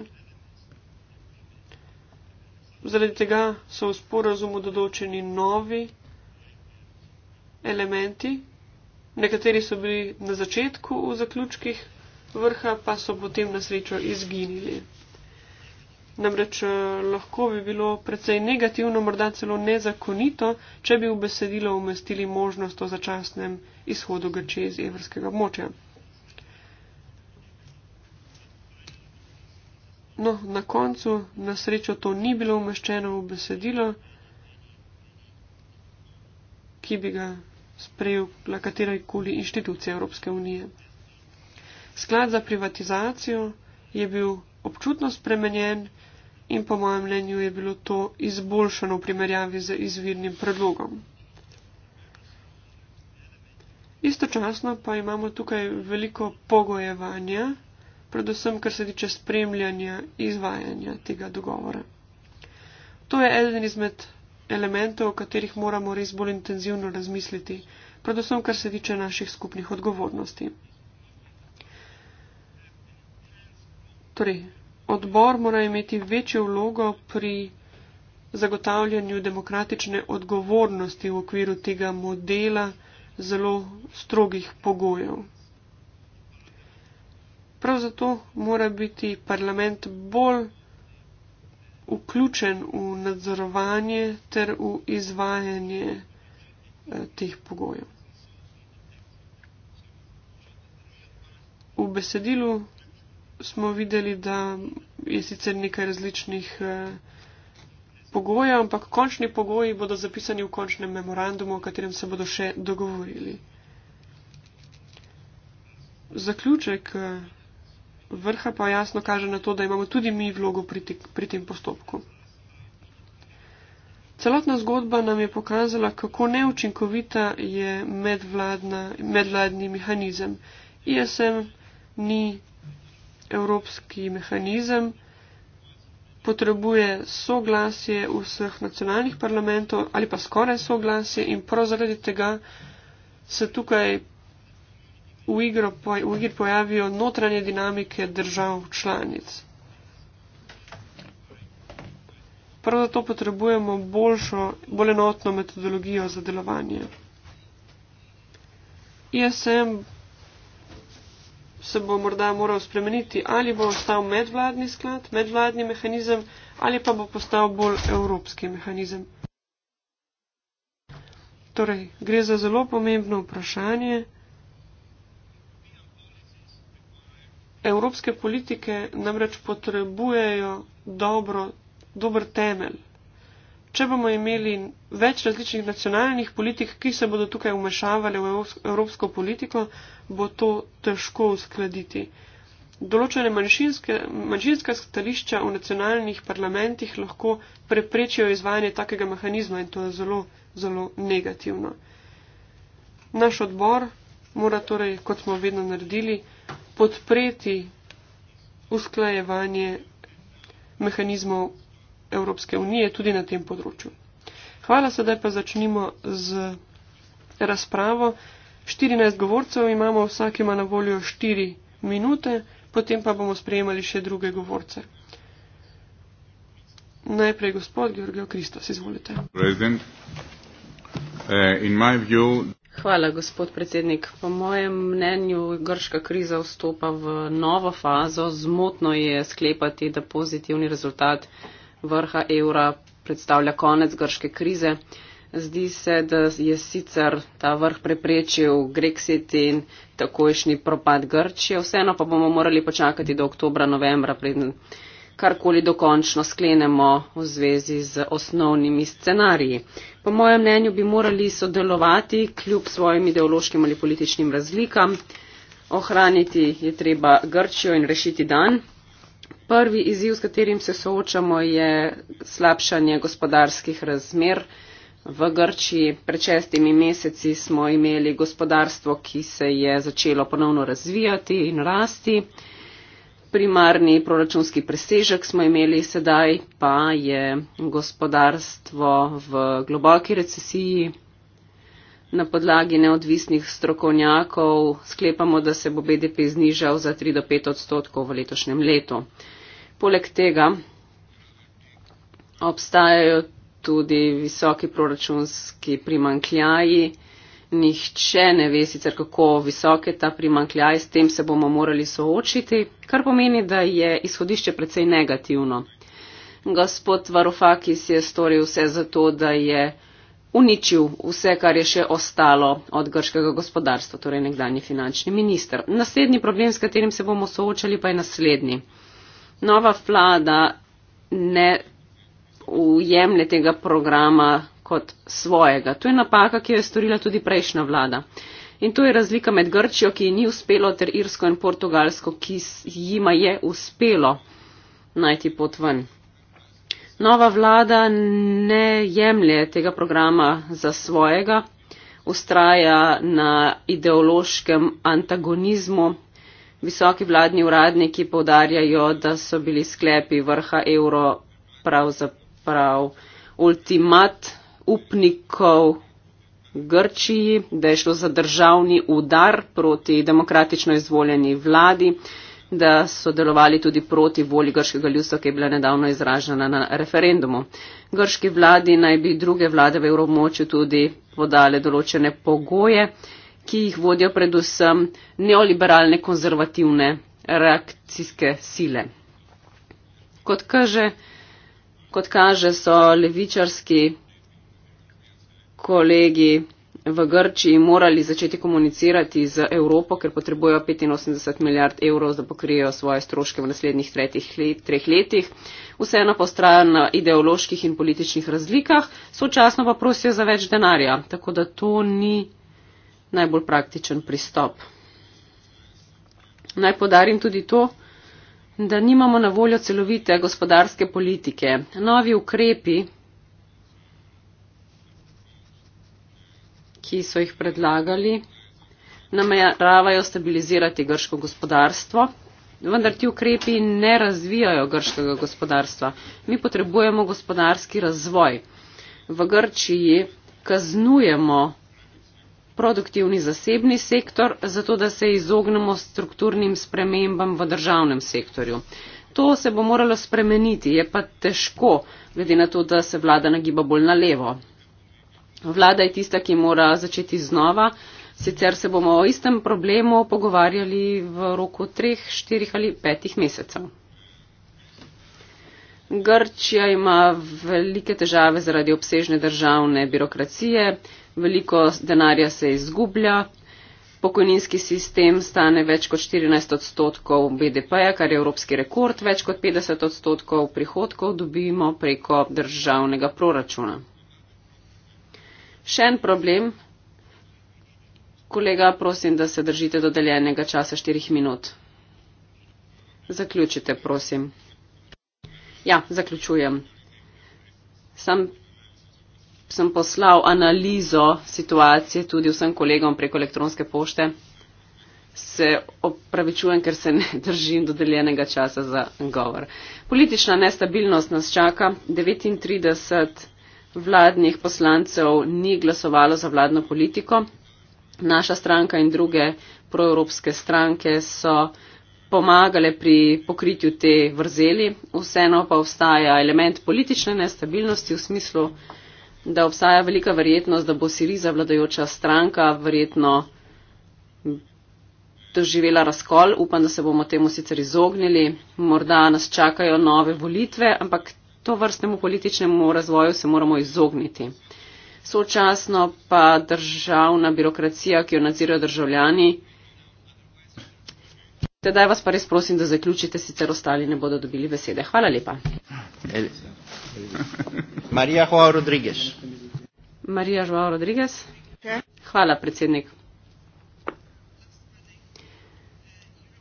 Zaradi tega so v sporazumu določeni novi elementi, nekateri so bili na začetku v zaključkih vrha, pa so potem na srečo izginili. Namreč eh, lahko bi bilo precej negativno, morda celo nezakonito, če bi v besedilo umestili možnost o začasnem izginu izhodu Grčije iz evrskega območja. No, na koncu, na srečo, to ni bilo umeščeno v besedilo, ki bi ga sprejela katerajkoli inštitucija Evropske unije. Sklad za privatizacijo je bil občutno spremenjen in po mojem mnenju je bilo to izboljšano v primerjavi z izvirnim predlogom. Istočasno pa imamo tukaj veliko pogojevanja, predvsem kar se tiče spremljanja izvajanja tega dogovora. To je eden izmed elementov, o katerih moramo res bolj intenzivno razmisliti, predvsem kar se tiče naših skupnih odgovornosti. Torej, odbor mora imeti večjo vlogo pri zagotavljanju demokratične odgovornosti v okviru tega modela, zelo strogih pogojev. Prav zato mora biti parlament bolj vključen v nadzorovanje ter v izvajanje eh, teh pogojev. V besedilu smo videli, da je sicer nekaj različnih eh, pogoje, ampak končni pogoji bodo zapisani v končnem memorandumu, o katerem se bodo še dogovorili. Zaključek eh, vrha pa jasno kaže na to, da imamo tudi mi vlogo pri, te, pri tem postopku. Celotna zgodba nam je pokazala, kako neučinkovita je medvladna, medvladni mehanizem. ISM ni evropski mehanizem potrebuje soglasje vseh nacionalnih parlamentov ali pa skoraj soglasje in prav zaradi tega se tukaj v igro v igr pojavijo notranje dinamike držav članic. Prav zato potrebujemo boljšo, bolj enotno metodologijo za delovanje. ISM se bo morda moral spremeniti, ali bo ostal medvladni sklad, medvladni mehanizem, ali pa bo postal bolj evropski mehanizem. Torej, gre za zelo pomembno vprašanje. Evropske politike namreč potrebujejo dobro, dober temelj če bomo imeli več različnih nacionalnih politik, ki se bodo tukaj umešavale v evropsko politiko, bo to težko uskladiti. Določene manjšinska stališča v nacionalnih parlamentih lahko preprečijo izvajanje takega mehanizma in to je zelo, zelo negativno. Naš odbor mora torej, kot smo vedno naredili, podpreti usklajevanje mehanizmov Evropske unije tudi na tem področju. Hvala, sedaj pa začnimo z razpravo. 14 govorcev imamo, vsak ima na voljo 4 minute, potem pa bomo sprejemali še druge govorce. Najprej gospod Georgijo Kristos, izvolite. Eh, Hvala, gospod predsednik. Po mojem mnenju grška kriza vstopa v novo fazo. Zmotno je sklepati, da pozitivni rezultat vrha evra predstavlja konec grške krize. Zdi se, da je sicer ta vrh preprečil Grexit in takojšnji propad Grčije, vseeno pa bomo morali počakati do oktobra, novembra, preden karkoli dokončno sklenemo v zvezi z osnovnimi scenariji. Po mojem mnenju bi morali sodelovati kljub svojim ideološkim ali političnim razlikam. Ohraniti je treba Grčijo in rešiti dan prvi izziv, s katerim se soočamo, je slabšanje gospodarskih razmer. V Grčiji pred šestimi meseci smo imeli gospodarstvo, ki se je začelo ponovno razvijati in rasti. Primarni proračunski presežek smo imeli, sedaj pa je gospodarstvo v globoki recesiji. Na podlagi neodvisnih strokovnjakov sklepamo, da se bo BDP znižal za 3 do 5 odstotkov v letošnjem letu. Poleg tega obstajajo tudi visoki proračunski primankljaji. Nihče ne ve sicer, kako visok je ta primankljaj, s tem se bomo morali soočiti, kar pomeni, da je izhodišče precej negativno. Gospod Varofakis je storil vse zato, da je uničil vse, kar je še ostalo od grškega gospodarstva, torej nekdanji finančni minister. Naslednji problem, s katerim se bomo soočali, pa je naslednji nova vlada ne ujemlje tega programa kot svojega. To je napaka, ki jo je storila tudi prejšnja vlada. In to je razlika med Grčijo, ki ji ni uspelo, ter Irsko in Portugalsko, ki jima je uspelo najti pot ven. Nova vlada ne jemlje tega programa za svojega, ustraja na ideološkem antagonizmu Visoki vladni uradniki povdarjajo, da so bili sklepi vrha evro pravzaprav ultimat upnikov Grčiji, da je šlo za državni udar proti demokratično izvoljeni vladi, da so delovali tudi proti volji grškega ljudstva, ki je bila nedavno izražena na referendumu. Grški vladi naj bi druge vlade v evromoči tudi podale določene pogoje ki jih vodijo predvsem neoliberalne konzervativne reakcijske sile. Kot kaže, kot kaže so levičarski kolegi v Grčiji morali začeti komunicirati z Evropo, ker potrebujejo 85 milijard evrov, da pokrijejo svoje stroške v naslednjih tretjih, treh letih. Vseeno pa ustrajajo na ideoloških in političnih razlikah, sočasno pa prosijo za več denarja. Tako da to ni najbolj praktičen pristop. Naj podarim tudi to, da nimamo na voljo celovite gospodarske politike. Novi ukrepi, ki so jih predlagali, nameravajo stabilizirati grško gospodarstvo, vendar ti ukrepi ne razvijajo grškega gospodarstva. Mi potrebujemo gospodarski razvoj. V Grčiji kaznujemo produktivni zasebni sektor, zato da se izognemo strukturnim spremembam v državnem sektorju. To se bo moralo spremeniti, je pa težko, glede na to, da se vlada nagiba bolj na levo. Vlada je tista, ki mora začeti znova, sicer se bomo o istem problemu pogovarjali v roku treh, štirih ali petih mesecev. Grčija ima velike težave zaradi obsežne državne birokracije, veliko denarja se izgublja, pokojninski sistem stane več kot 14 odstotkov BDP-ja, kar je evropski rekord, več kot 50 odstotkov prihodkov dobimo preko državnega proračuna. Še en problem. Kolega, prosim, da se držite dodeljenega časa 4 minut. Zaključite, prosim. Ja, zaključujem. Sam sem poslal analizo situacije tudi vsem kolegom preko elektronske pošte. Se opravičujem, ker se ne držim dodeljenega časa za govor. Politična nestabilnost nas čaka. 39 vladnih poslancev ni glasovalo za vladno politiko. Naša stranka in druge proevropske stranke so pomagale pri pokritju te vrzeli. Vseeno pa obstaja element politične nestabilnosti v smislu, da obstaja velika verjetnost, da bo Siriza vladajoča stranka verjetno doživela razkol. Upam, da se bomo temu sicer izognili. Morda nas čakajo nove volitve, ampak to vrstnemu političnemu razvoju se moramo izogniti. Sočasno pa državna birokracija, ki jo nadzirajo državljani, Tedaj vas pa res prosim, da zaključite, sicer ostali ne bodo dobili besede. Hvala lepa. Marija Joao Rodriguez. Marija Joao Rodriguez. Ja. Hvala, predsednik.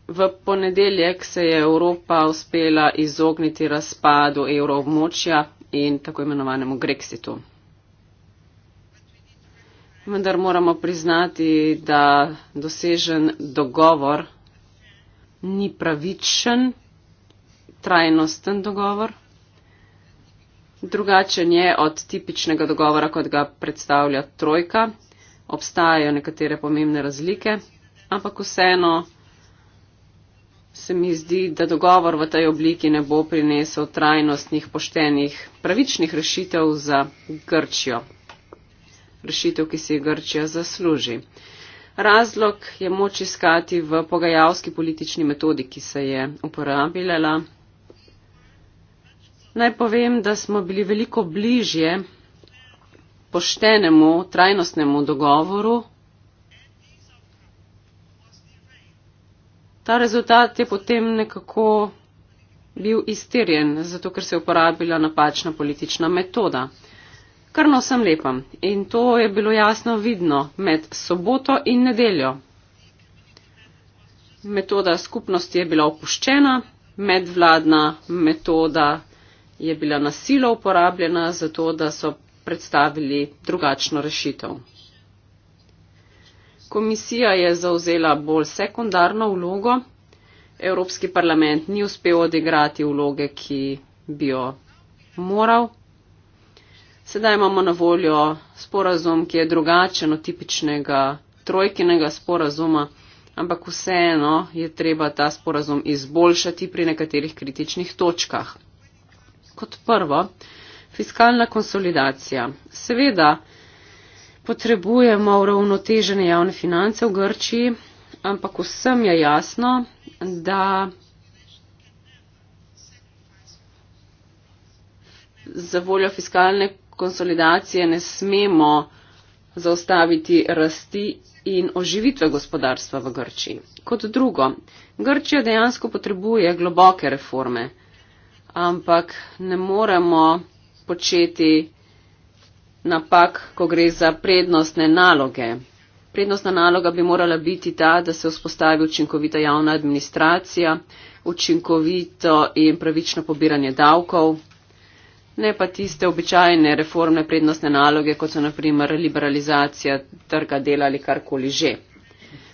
V ponedeljek se je Evropa uspela izogniti razpadu evroobmočja in tako imenovanemu Grexitu. Vendar moramo priznati, da dosežen dogovor ni pravičen, trajnosten dogovor. Drugačen je od tipičnega dogovora, kot ga predstavlja trojka. Obstajajo nekatere pomembne razlike, ampak vseeno se mi zdi, da dogovor v tej obliki ne bo prinesel trajnostnih, poštenih, pravičnih rešitev za Grčijo. Rešitev, ki si Grčija zasluži. Razlog je moč iskati v pogajalski politični metodi, ki se je uporabljala. Naj povem, da smo bili veliko bližje poštenemu, trajnostnemu dogovoru. Ta rezultat je potem nekako bil iztirjen, zato ker se je uporabila napačna politična metoda kar nosem lepam. In to je bilo jasno vidno med soboto in nedeljo. Metoda skupnosti je bila opuščena, medvladna metoda je bila nasilo uporabljena za to, da so predstavili drugačno rešitev. Komisija je zauzela bolj sekundarno vlogo, Evropski parlament ni uspel odigrati vloge, ki bi jo moral. Sedaj imamo na voljo sporazum, ki je drugačen od tipičnega trojkinega sporazuma, ampak vseeno je treba ta sporazum izboljšati pri nekaterih kritičnih točkah. Kot prvo, fiskalna konsolidacija. Seveda potrebujemo uravnotežene javne finance v Grčiji, ampak vsem je jasno, da. Za voljo fiskalne konsolidacije ne smemo zaustaviti rasti in oživitve gospodarstva v Grčiji. Kot drugo, Grčija dejansko potrebuje globoke reforme, ampak ne moremo početi napak, ko gre za prednostne naloge. Prednostna naloga bi morala biti ta, da se vzpostavi učinkovita javna administracija, učinkovito in pravično pobiranje davkov, ne pa tiste običajne reformne prednostne naloge, kot so naprimer liberalizacija trga dela ali karkoli že.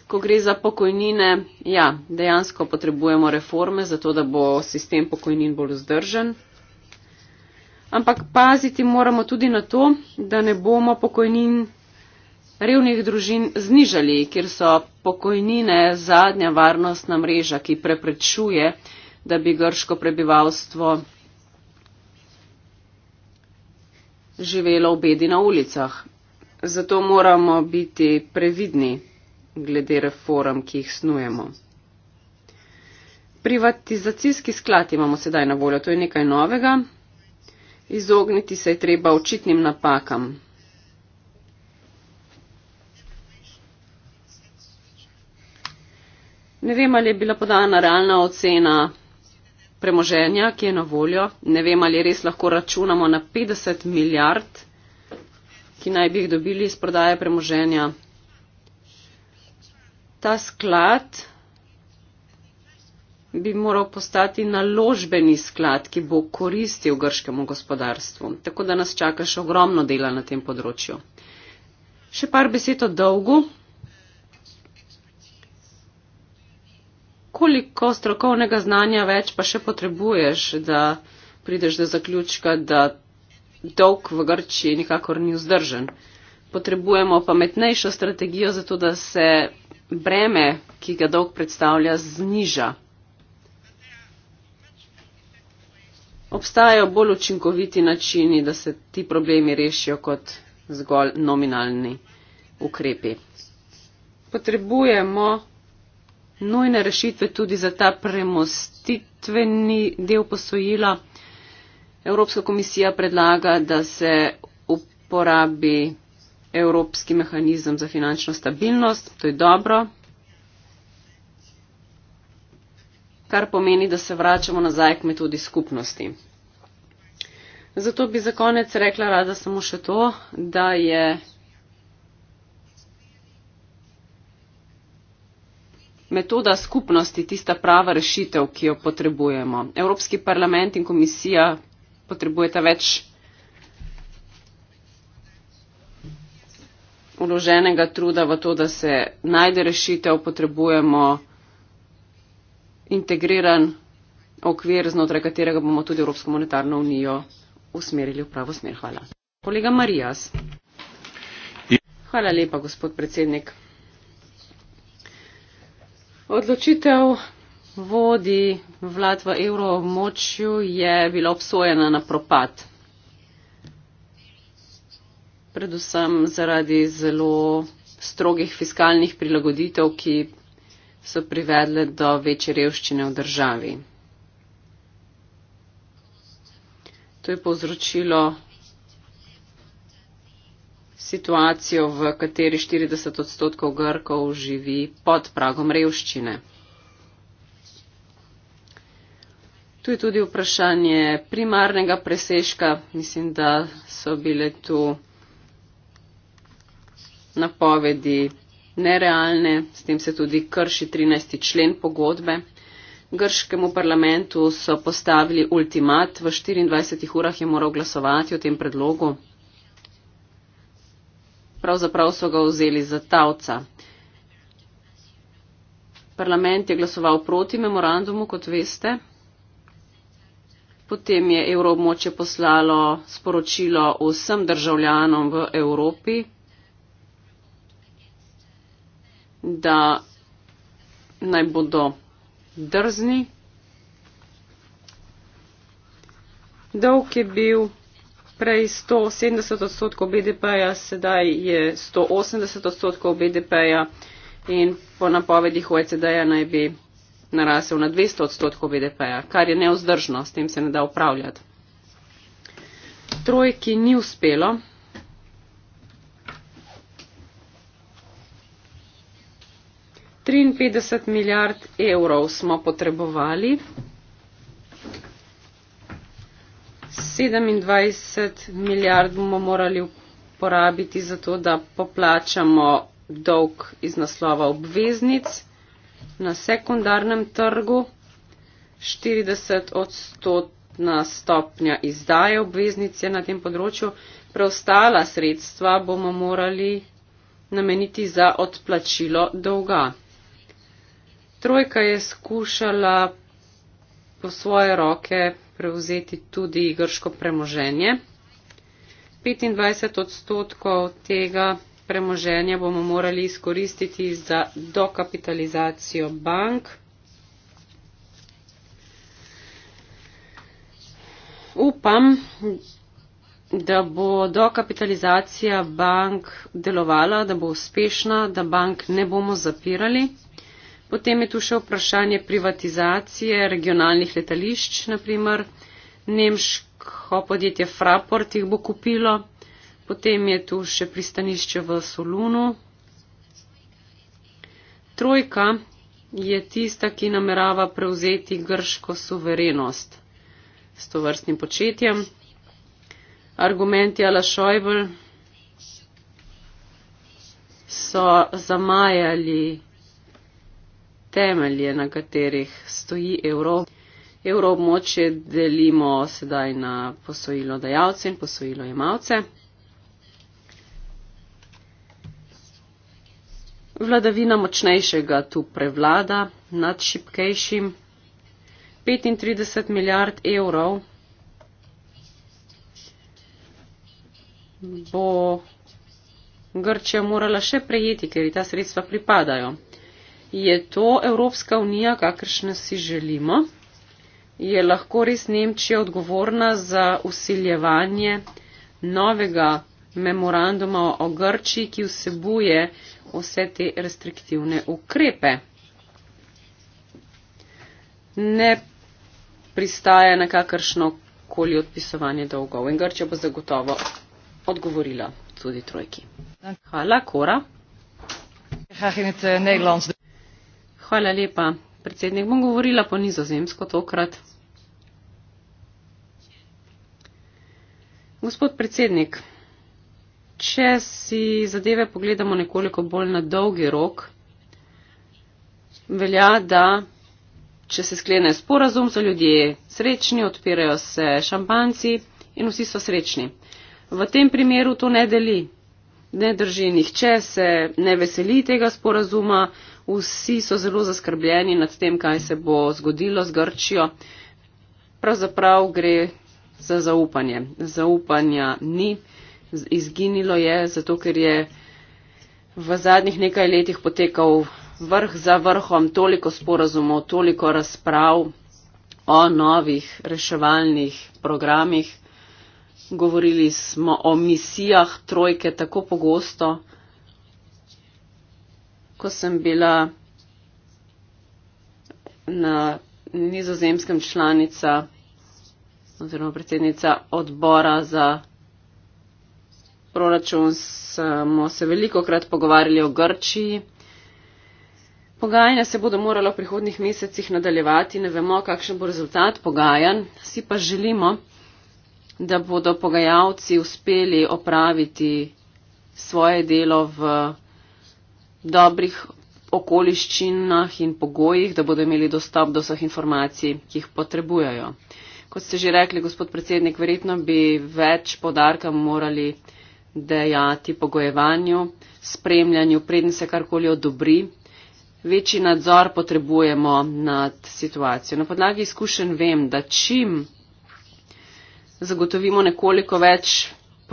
Ko gre za pokojnine, ja, dejansko potrebujemo reforme, zato da bo sistem pokojnin bolj vzdržen. Ampak paziti moramo tudi na to, da ne bomo pokojnin revnih družin znižali, ker so pokojnine zadnja varnostna mreža, ki preprečuje, da bi grško prebivalstvo živelo v bedi na ulicah. Zato moramo biti previdni glede reform, ki jih snujemo. Privatizacijski sklad imamo sedaj na voljo, to je nekaj novega. Izogniti se je treba očitnim napakam. Ne vem, ali je bila podana realna ocena premoženja, ki je na voljo. Ne vem, ali res lahko računamo na 50 milijard, ki naj bi jih dobili iz prodaje premoženja. Ta sklad bi moral postati naložbeni sklad, ki bo koristil grškemu gospodarstvu. Tako da nas čaka še ogromno dela na tem področju. Še par besed o dolgu. koliko strokovnega znanja več pa še potrebuješ, da prideš do zaključka, da dolg v Grčiji nikakor ni vzdržen. Potrebujemo pametnejšo strategijo, zato da se breme, ki ga dolg predstavlja, zniža. Obstajajo bolj učinkoviti načini, da se ti problemi rešijo kot zgolj nominalni ukrepi. Potrebujemo nujne rešitve tudi za ta premostitveni del posojila. Evropska komisija predlaga, da se uporabi Evropski mehanizem za finančno stabilnost. To je dobro. kar pomeni, da se vračamo nazaj k metodi skupnosti. Zato bi za konec rekla rada samo še to, da je metoda skupnosti tista prava rešitev, ki jo potrebujemo. Evropski parlament in komisija potrebujeta več uloženega truda v to, da se najde rešitev, potrebujemo integriran okvir, znotraj katerega bomo tudi Evropsko monetarno unijo usmerili v pravo smer. Hvala. Kolega Marijas. Hvala lepa, gospod predsednik. Odločitev vodi vlad v evroobmočju je bila obsojena na propad. Predvsem zaradi zelo strogih fiskalnih prilagoditev, ki so privedle do večje revščine v državi. To je povzročilo situacijo, v kateri 40 odstotkov Grkov živi pod pragom revščine. Tu je tudi vprašanje primarnega preseška. Mislim, da so bile tu napovedi nerealne, s tem se tudi krši 13. člen pogodbe. Grškemu parlamentu so postavili ultimat, v 24 urah je moral glasovati o tem predlogu pravzaprav so ga vzeli za tavca. Parlament je glasoval proti memorandumu, kot veste. Potem je Evroobmoče poslalo sporočilo vsem državljanom v Evropi, da naj bodo drzni. Dolg je bil prej 170 odstotkov BDP-ja, sedaj je 180 odstotkov BDP-ja in po napovedih OECD-ja naj bi narasel na 200 odstotkov BDP-ja, kar je neozdržno, s tem se ne da upravljati. Trojki ni uspelo. Trinpetdeset milijard evrov smo potrebovali. 27 milijard bomo morali uporabiti za to, da poplačamo dolg iz naslova obveznic na sekundarnem trgu, 40 odstotna stopnja izdaje obveznice na tem področju, preostala sredstva bomo morali nameniti za odplačilo dolga. Trojka je skušala po svoje roke prevzeti tudi grško premoženje. 25 odstotkov tega premoženja bomo morali izkoristiti za dokapitalizacijo bank. Upam, da bo dokapitalizacija bank delovala, da bo uspešna, da bank ne bomo zapirali. Potem je tu še vprašanje privatizacije regionalnih letališč, naprimer nemško podjetje Fraport jih bo kupilo, potem je tu še pristanišče v Solunu. Trojka je tista, ki namerava prevzeti grško suverenost s to vrstnim početjem. Argumenti Ala Šojbel so zamajali temelje, na katerih stoji evro. Evroobmočje delimo sedaj na posojilo dajalce in posojilo jemalce. Vladavina močnejšega tu prevlada nad šipkejšim. 35 milijard evrov bo Grčija morala še prejeti, ker ji ta sredstva pripadajo je to Evropska unija, kakršne si želimo? Je lahko res Nemčija odgovorna za usiljevanje novega memoranduma o Grčiji, ki vsebuje vse te restriktivne ukrepe? Ne pristaje na kakršno koli odpisovanje dolgov in Grčija bo zagotovo odgovorila tudi trojki. Hvala, Kora. Graag in het uh, Nederlands. Hvala lepa. Predsednik, bom govorila po nizozemsko tokrat. Gospod predsednik, če si zadeve pogledamo nekoliko bolj na dolgi rok, velja, da če se sklene sporazum, so ljudje srečni, odpirajo se šampanci in vsi so srečni. V tem primeru to ne deli. Ne drži nihče, se ne veseli tega sporazuma, Vsi so zelo zaskrbljeni nad tem, kaj se bo zgodilo z Grčijo. Pravzaprav gre za zaupanje. Zaupanja ni, izginilo je, zato ker je v zadnjih nekaj letih potekal vrh za vrhom toliko sporazumov, toliko razprav o novih reševalnih programih. Govorili smo o misijah trojke tako pogosto, ko sem bila na nizozemskem članica oziroma predsednica odbora za proračun, smo se veliko krat pogovarjali o Grčiji. Pogajanja se bodo morala v prihodnih mesecih nadaljevati, ne vemo, kakšen bo rezultat pogajanj, si pa želimo, da bodo pogajalci uspeli opraviti svoje delo v dobrih okoliščinah in pogojih, da bodo imeli dostop do vseh informacij, ki jih potrebujejo. Kot ste že rekli, gospod predsednik, verjetno bi več podarka morali dejati pogojevanju, spremljanju, preden se karkoli odobri. Večji nadzor potrebujemo nad situacijo. Na podlagi izkušenj vem, da čim zagotovimo nekoliko več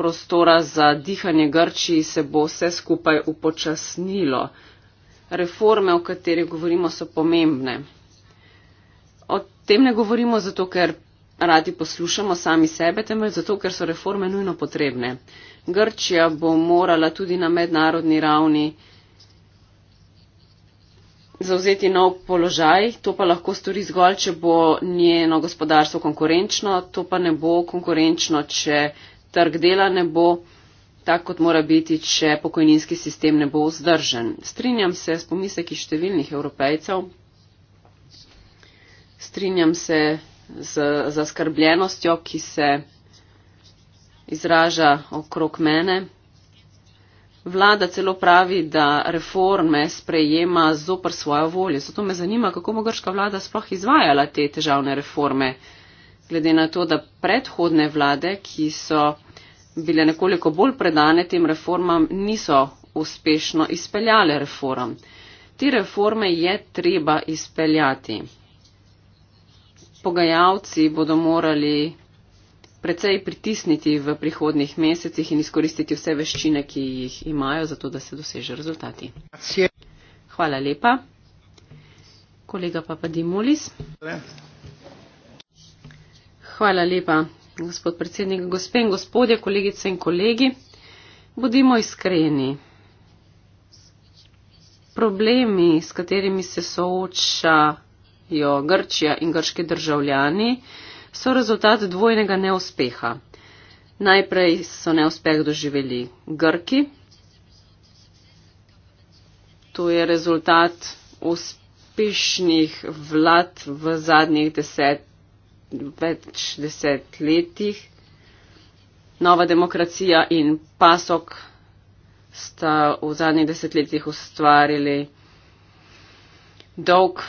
prostora za dihanje Grčiji, se bo vse skupaj upočasnilo. Reforme, o katerih govorimo, so pomembne. O tem ne govorimo zato, ker radi poslušamo sami sebe, temveč zato, ker so reforme nujno potrebne. Grčija bo morala tudi na mednarodni ravni zauzeti nov položaj, to pa lahko stori zgolj, če bo njeno gospodarstvo konkurenčno, to pa ne bo konkurenčno, če trg dela ne bo tak, kot mora biti, če pokojninski sistem ne bo vzdržen. Strinjam se s pomisleki številnih evropejcev, strinjam se z zaskrbljenostjo, ki se izraža okrog mene. Vlada celo pravi, da reforme sprejema zopr svojo voljo. Zato me zanima, kako bo grška vlada sploh izvajala te težavne reforme glede na to, da predhodne vlade, ki so bile nekoliko bolj predane tem reformam, niso uspešno izpeljale reform. Te reforme je treba izpeljati. Pogajalci bodo morali precej pritisniti v prihodnih mesecih in izkoristiti vse veščine, ki jih imajo, zato da se doseže rezultati. Hvala lepa. Kolega Papadimulis. Hvala. Hvala lepa, gospod predsednik, gospe in gospodje, kolegice in kolegi. Budimo iskreni. Problemi, s katerimi se soočajo Grčija in grški državljani, so rezultat dvojnega neuspeha. Najprej so neuspeh doživeli Grki. To je rezultat uspešnih vlad v zadnjih deset več desetletjih. Nova demokracija in Pasok sta v zadnjih desetletjih ustvarili dolg.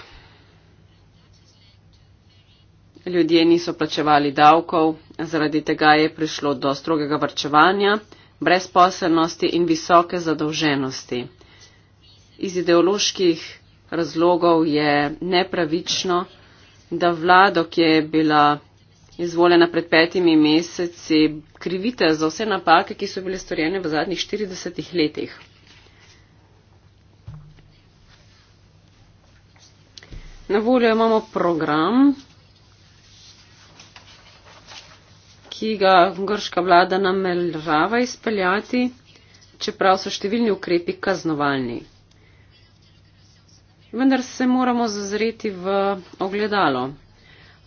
Ljudje niso plačevali davkov, zaradi tega je prišlo do strogega vrčevanja, brezposelnosti in visoke zadolženosti. Iz ideoloških razlogov je nepravično, da vlado, ki je bila izvoljena pred petimi meseci, krivite za vse napake, ki so bile storjene v zadnjih 40 letih. Na voljo imamo program, ki ga grška vlada namerava izpeljati, čeprav so številni ukrepi kaznovalni vendar se moramo zazreti v ogledalo.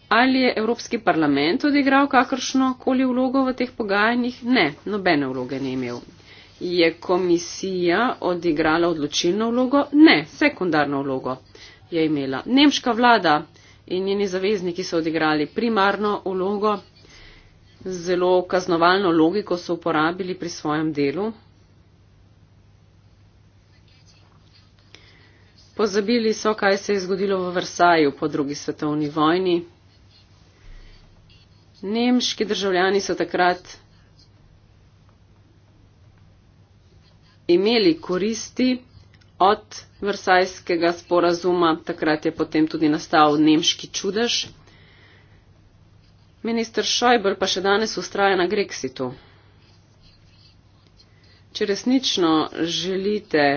Ali je Evropski parlament odigral kakršno koli vlogo v teh pogajanjih? Ne, nobene vloge ni imel. Je komisija odigrala odločilno vlogo? Ne, sekundarno vlogo je imela. Nemška vlada in njeni zavezniki so odigrali primarno vlogo, zelo kaznovalno logiko so uporabili pri svojem delu, Pozabili so, kaj se je zgodilo v Vrsaju po drugi svetovni vojni. Nemški državljani so takrat imeli koristi od Vrsajskega sporazuma, takrat je potem tudi nastal nemški čudež. Ministr Šojbr pa še danes ustraja na Greksitu. Če resnično želite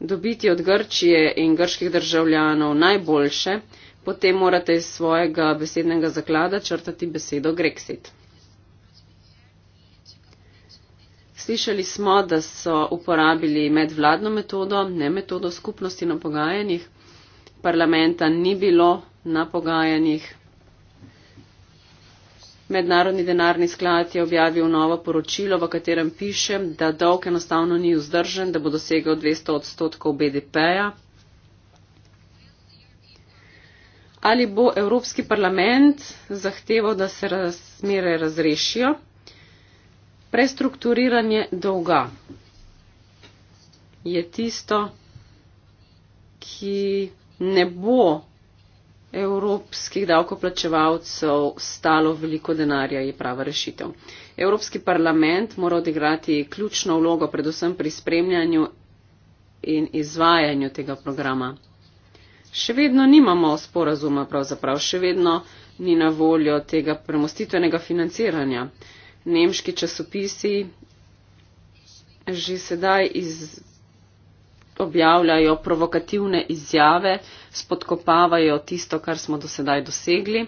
dobiti od Grčije in grških državljanov najboljše, potem morate iz svojega besednega zaklada črtati besedo Grexit. Slišali smo, da so uporabili medvladno metodo, ne metodo skupnosti na pogajanjih. Parlamenta ni bilo na pogajanjih, Mednarodni denarni sklad je objavil novo poročilo, v katerem piše, da dolg enostavno ni vzdržen, da bo dosegel 200 odstotkov BDP-ja. Ali bo Evropski parlament zahteval, da se razmere razrešijo? Prestrukturiranje dolga je tisto, ki ne bo evropskih davkoplačevalcev stalo veliko denarja, je prava rešitev. Evropski parlament mora odigrati ključno vlogo predvsem pri spremljanju in izvajanju tega programa. Še vedno nimamo sporazuma, pravzaprav še vedno ni na voljo tega premostitvenega financiranja. Nemški časopisi že sedaj iz objavljajo provokativne izjave, spodkopavajo tisto, kar smo dosedaj dosegli.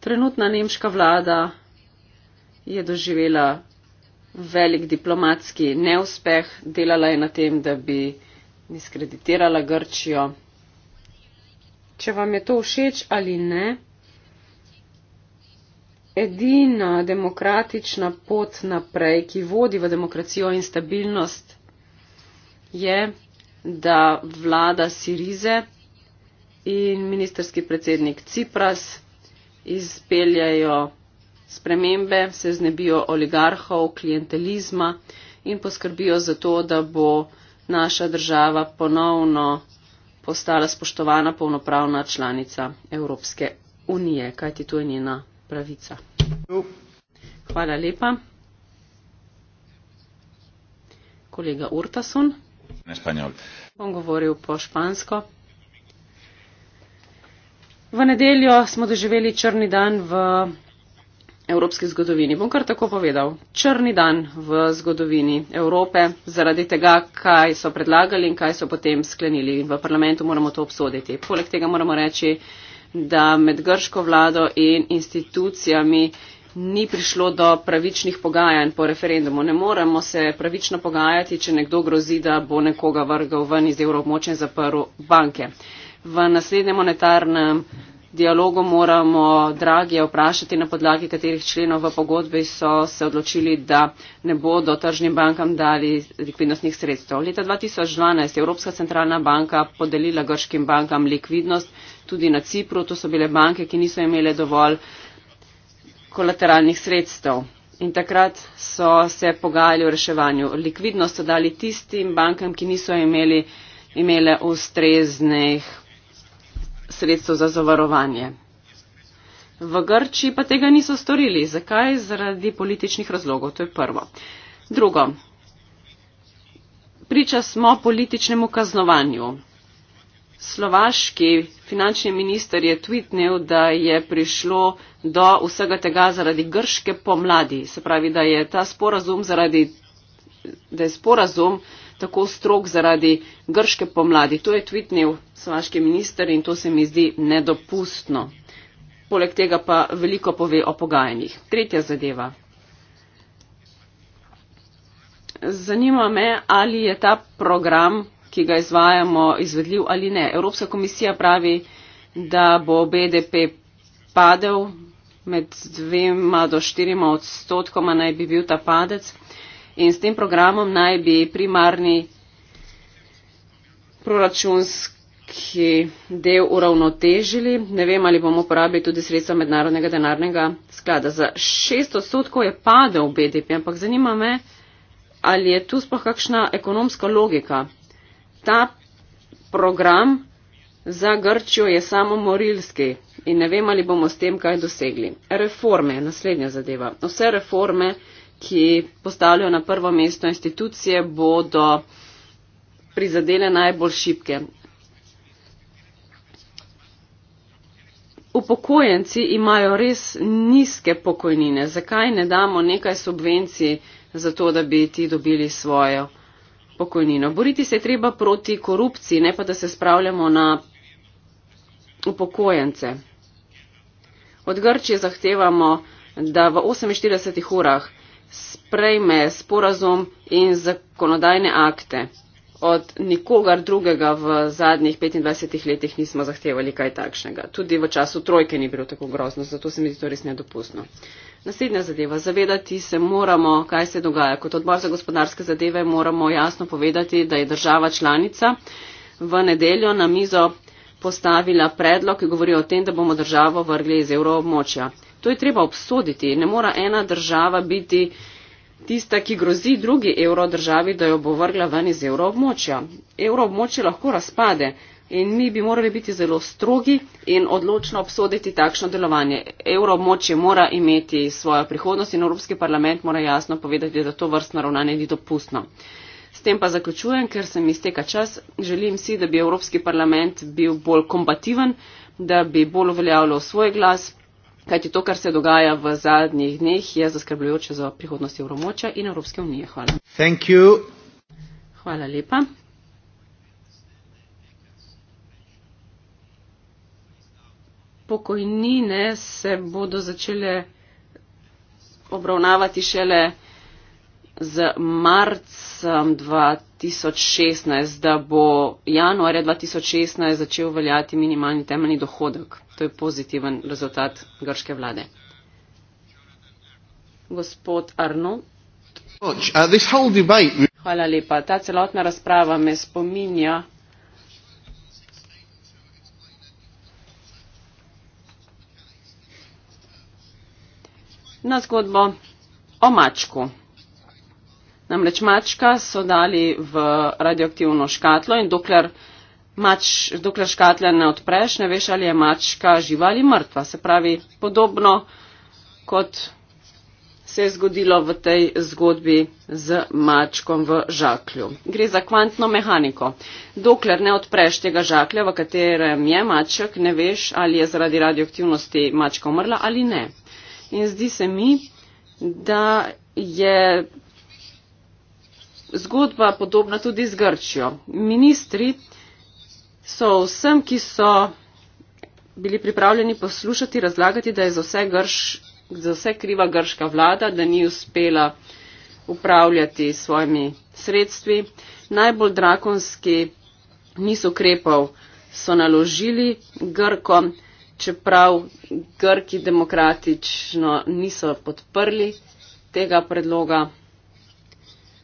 Trenutna nemška vlada je doživela velik diplomatski neuspeh, delala je na tem, da bi diskreditirala Grčijo. Če vam je to všeč ali ne, edina demokratična pot naprej, ki vodi v demokracijo in stabilnost, je, da vlada Sirize in ministerski predsednik Cipras izpeljajo spremembe, se znebijo oligarhov, klientelizma in poskrbijo za to, da bo naša država ponovno postala spoštovana polnopravna članica Evropske unije, kajti to je njena pravica. No. Hvala lepa. Kolega Urtason. Bom govoril po špansko. V nedeljo smo doživeli črni dan v evropski zgodovini. Bom kar tako povedal. Črni dan v zgodovini Evrope zaradi tega, kaj so predlagali in kaj so potem sklenili. In v parlamentu moramo to obsoditi. Poleg tega moramo reči, da med grško vlado in institucijami ni prišlo do pravičnih pogajanj po referendumu. Ne moremo se pravično pogajati, če nekdo grozi, da bo nekoga vrgal ven iz evroobmočja in zaprl banke. V naslednjem monetarnem dialogu moramo dragije vprašati, na podlagi katerih členov v pogodbi so se odločili, da ne bodo tržnim bankam dali likvidnostnih sredstev. Leta 2012 je Evropska centralna banka podelila grškim bankam likvidnost tudi na Cipru, to so bile banke, ki niso imele dovolj kolateralnih sredstev. In takrat so se pogajali o reševanju. Likvidnost so dali tistim bankam, ki niso imeli, imele ustreznih sredstev za zavarovanje. V Grči pa tega niso storili. Zakaj? Zaradi političnih razlogov. To je prvo. Drugo. Priča smo političnemu kaznovanju. Slovaški finančni minister je tweetnil, da je prišlo do vsega tega zaradi grške pomladi. Se pravi, da je ta sporazum zaradi, da je sporazum tako strok zaradi grške pomladi. To je tweetnil slovaški minister in to se mi zdi nedopustno. Poleg tega pa veliko pove o pogajanjih. Tretja zadeva. Zanima me, ali je ta program ki ga izvajamo, izvedljiv ali ne. Evropska komisija pravi, da bo BDP padel med dvema do štirima odstotkoma naj bi bil ta padec in s tem programom naj bi primarni proračunski del uravnotežili. Ne vem, ali bomo uporabili tudi sredstva mednarodnega denarnega sklada. Za šest odstotkov je padel BDP, ampak zanima me, ali je tu sploh kakšna ekonomska logika ta program za Grčijo je samo morilski in ne vem, ali bomo s tem kaj dosegli. Reforme, naslednja zadeva. Vse reforme, ki postavljajo na prvo mesto institucije, bodo prizadele najbolj šibke. Upokojenci imajo res nizke pokojnine. Zakaj ne damo nekaj subvencij za to, da bi ti dobili svojo pokojnino. Boriti se je treba proti korupciji, ne pa da se spravljamo na upokojence. Od Grčije zahtevamo, da v 48 urah sprejme sporazum in zakonodajne akte. Od nikogar drugega v zadnjih 25 letih nismo zahtevali kaj takšnega. Tudi v času trojke ni bilo tako grozno, zato se mi zdi to res nedopustno. Uh, Naslednja zadeva. Zavedati se moramo, kaj se dogaja. Kot odbor za gospodarske zadeve moramo jasno povedati, da je država članica v nedeljo na mizo postavila predlog, ki govori o tem, da bomo državo vrgli iz evroobmočja. To je treba obsoditi. Ne mora ena država biti tista, ki grozi drugi evro državi, da jo bo vrgla ven iz evroobmočja. Evroobmočje lahko razpade. In mi bi morali biti zelo strogi in odločno obsoditi takšno delovanje. Evroobmočje mora imeti svojo prihodnost in Evropski parlament mora jasno povedati, da to vrstno ravnanje ni dopustno. S tem pa zaključujem, ker se mi steka čas. Želim si, da bi Evropski parlament bil bolj kompativen, da bi bolj uveljavljal svoj glas, kajti to, kar se dogaja v zadnjih dneh, je zaskrbljujoče za prihodnost Evroobmočja in Evropske unije. Hvala. Hvala lepa. pokojnine se bodo začele obravnavati šele z marcem 2016, da bo januarja 2016 začel veljati minimalni temeljni dohodek. To je pozitiven rezultat grške vlade. Gospod Arno. Uh, Hvala lepa. Ta celotna razprava me spominja na zgodbo o mačku. Namreč mačka so dali v radioaktivno škatlo in dokler, mač, dokler škatle ne odpreš, ne veš, ali je mačka živa ali mrtva. Se pravi, podobno kot se je zgodilo v tej zgodbi z mačkom v žaklju. Gre za kvantno mehaniko. Dokler ne odpreš tega žaklja, v katerem je maček, ne veš, ali je zaradi radioaktivnosti mačka umrla ali ne. In zdi se mi, da je zgodba podobna tudi z Grčijo. Ministri so vsem, ki so bili pripravljeni poslušati, razlagati, da je za vse, grš, za vse kriva grška vlada, da ni uspela upravljati svojimi sredstvi. Najbolj drakonski niz ukrepov so naložili Grkom čeprav Grki demokratično niso podprli tega predloga.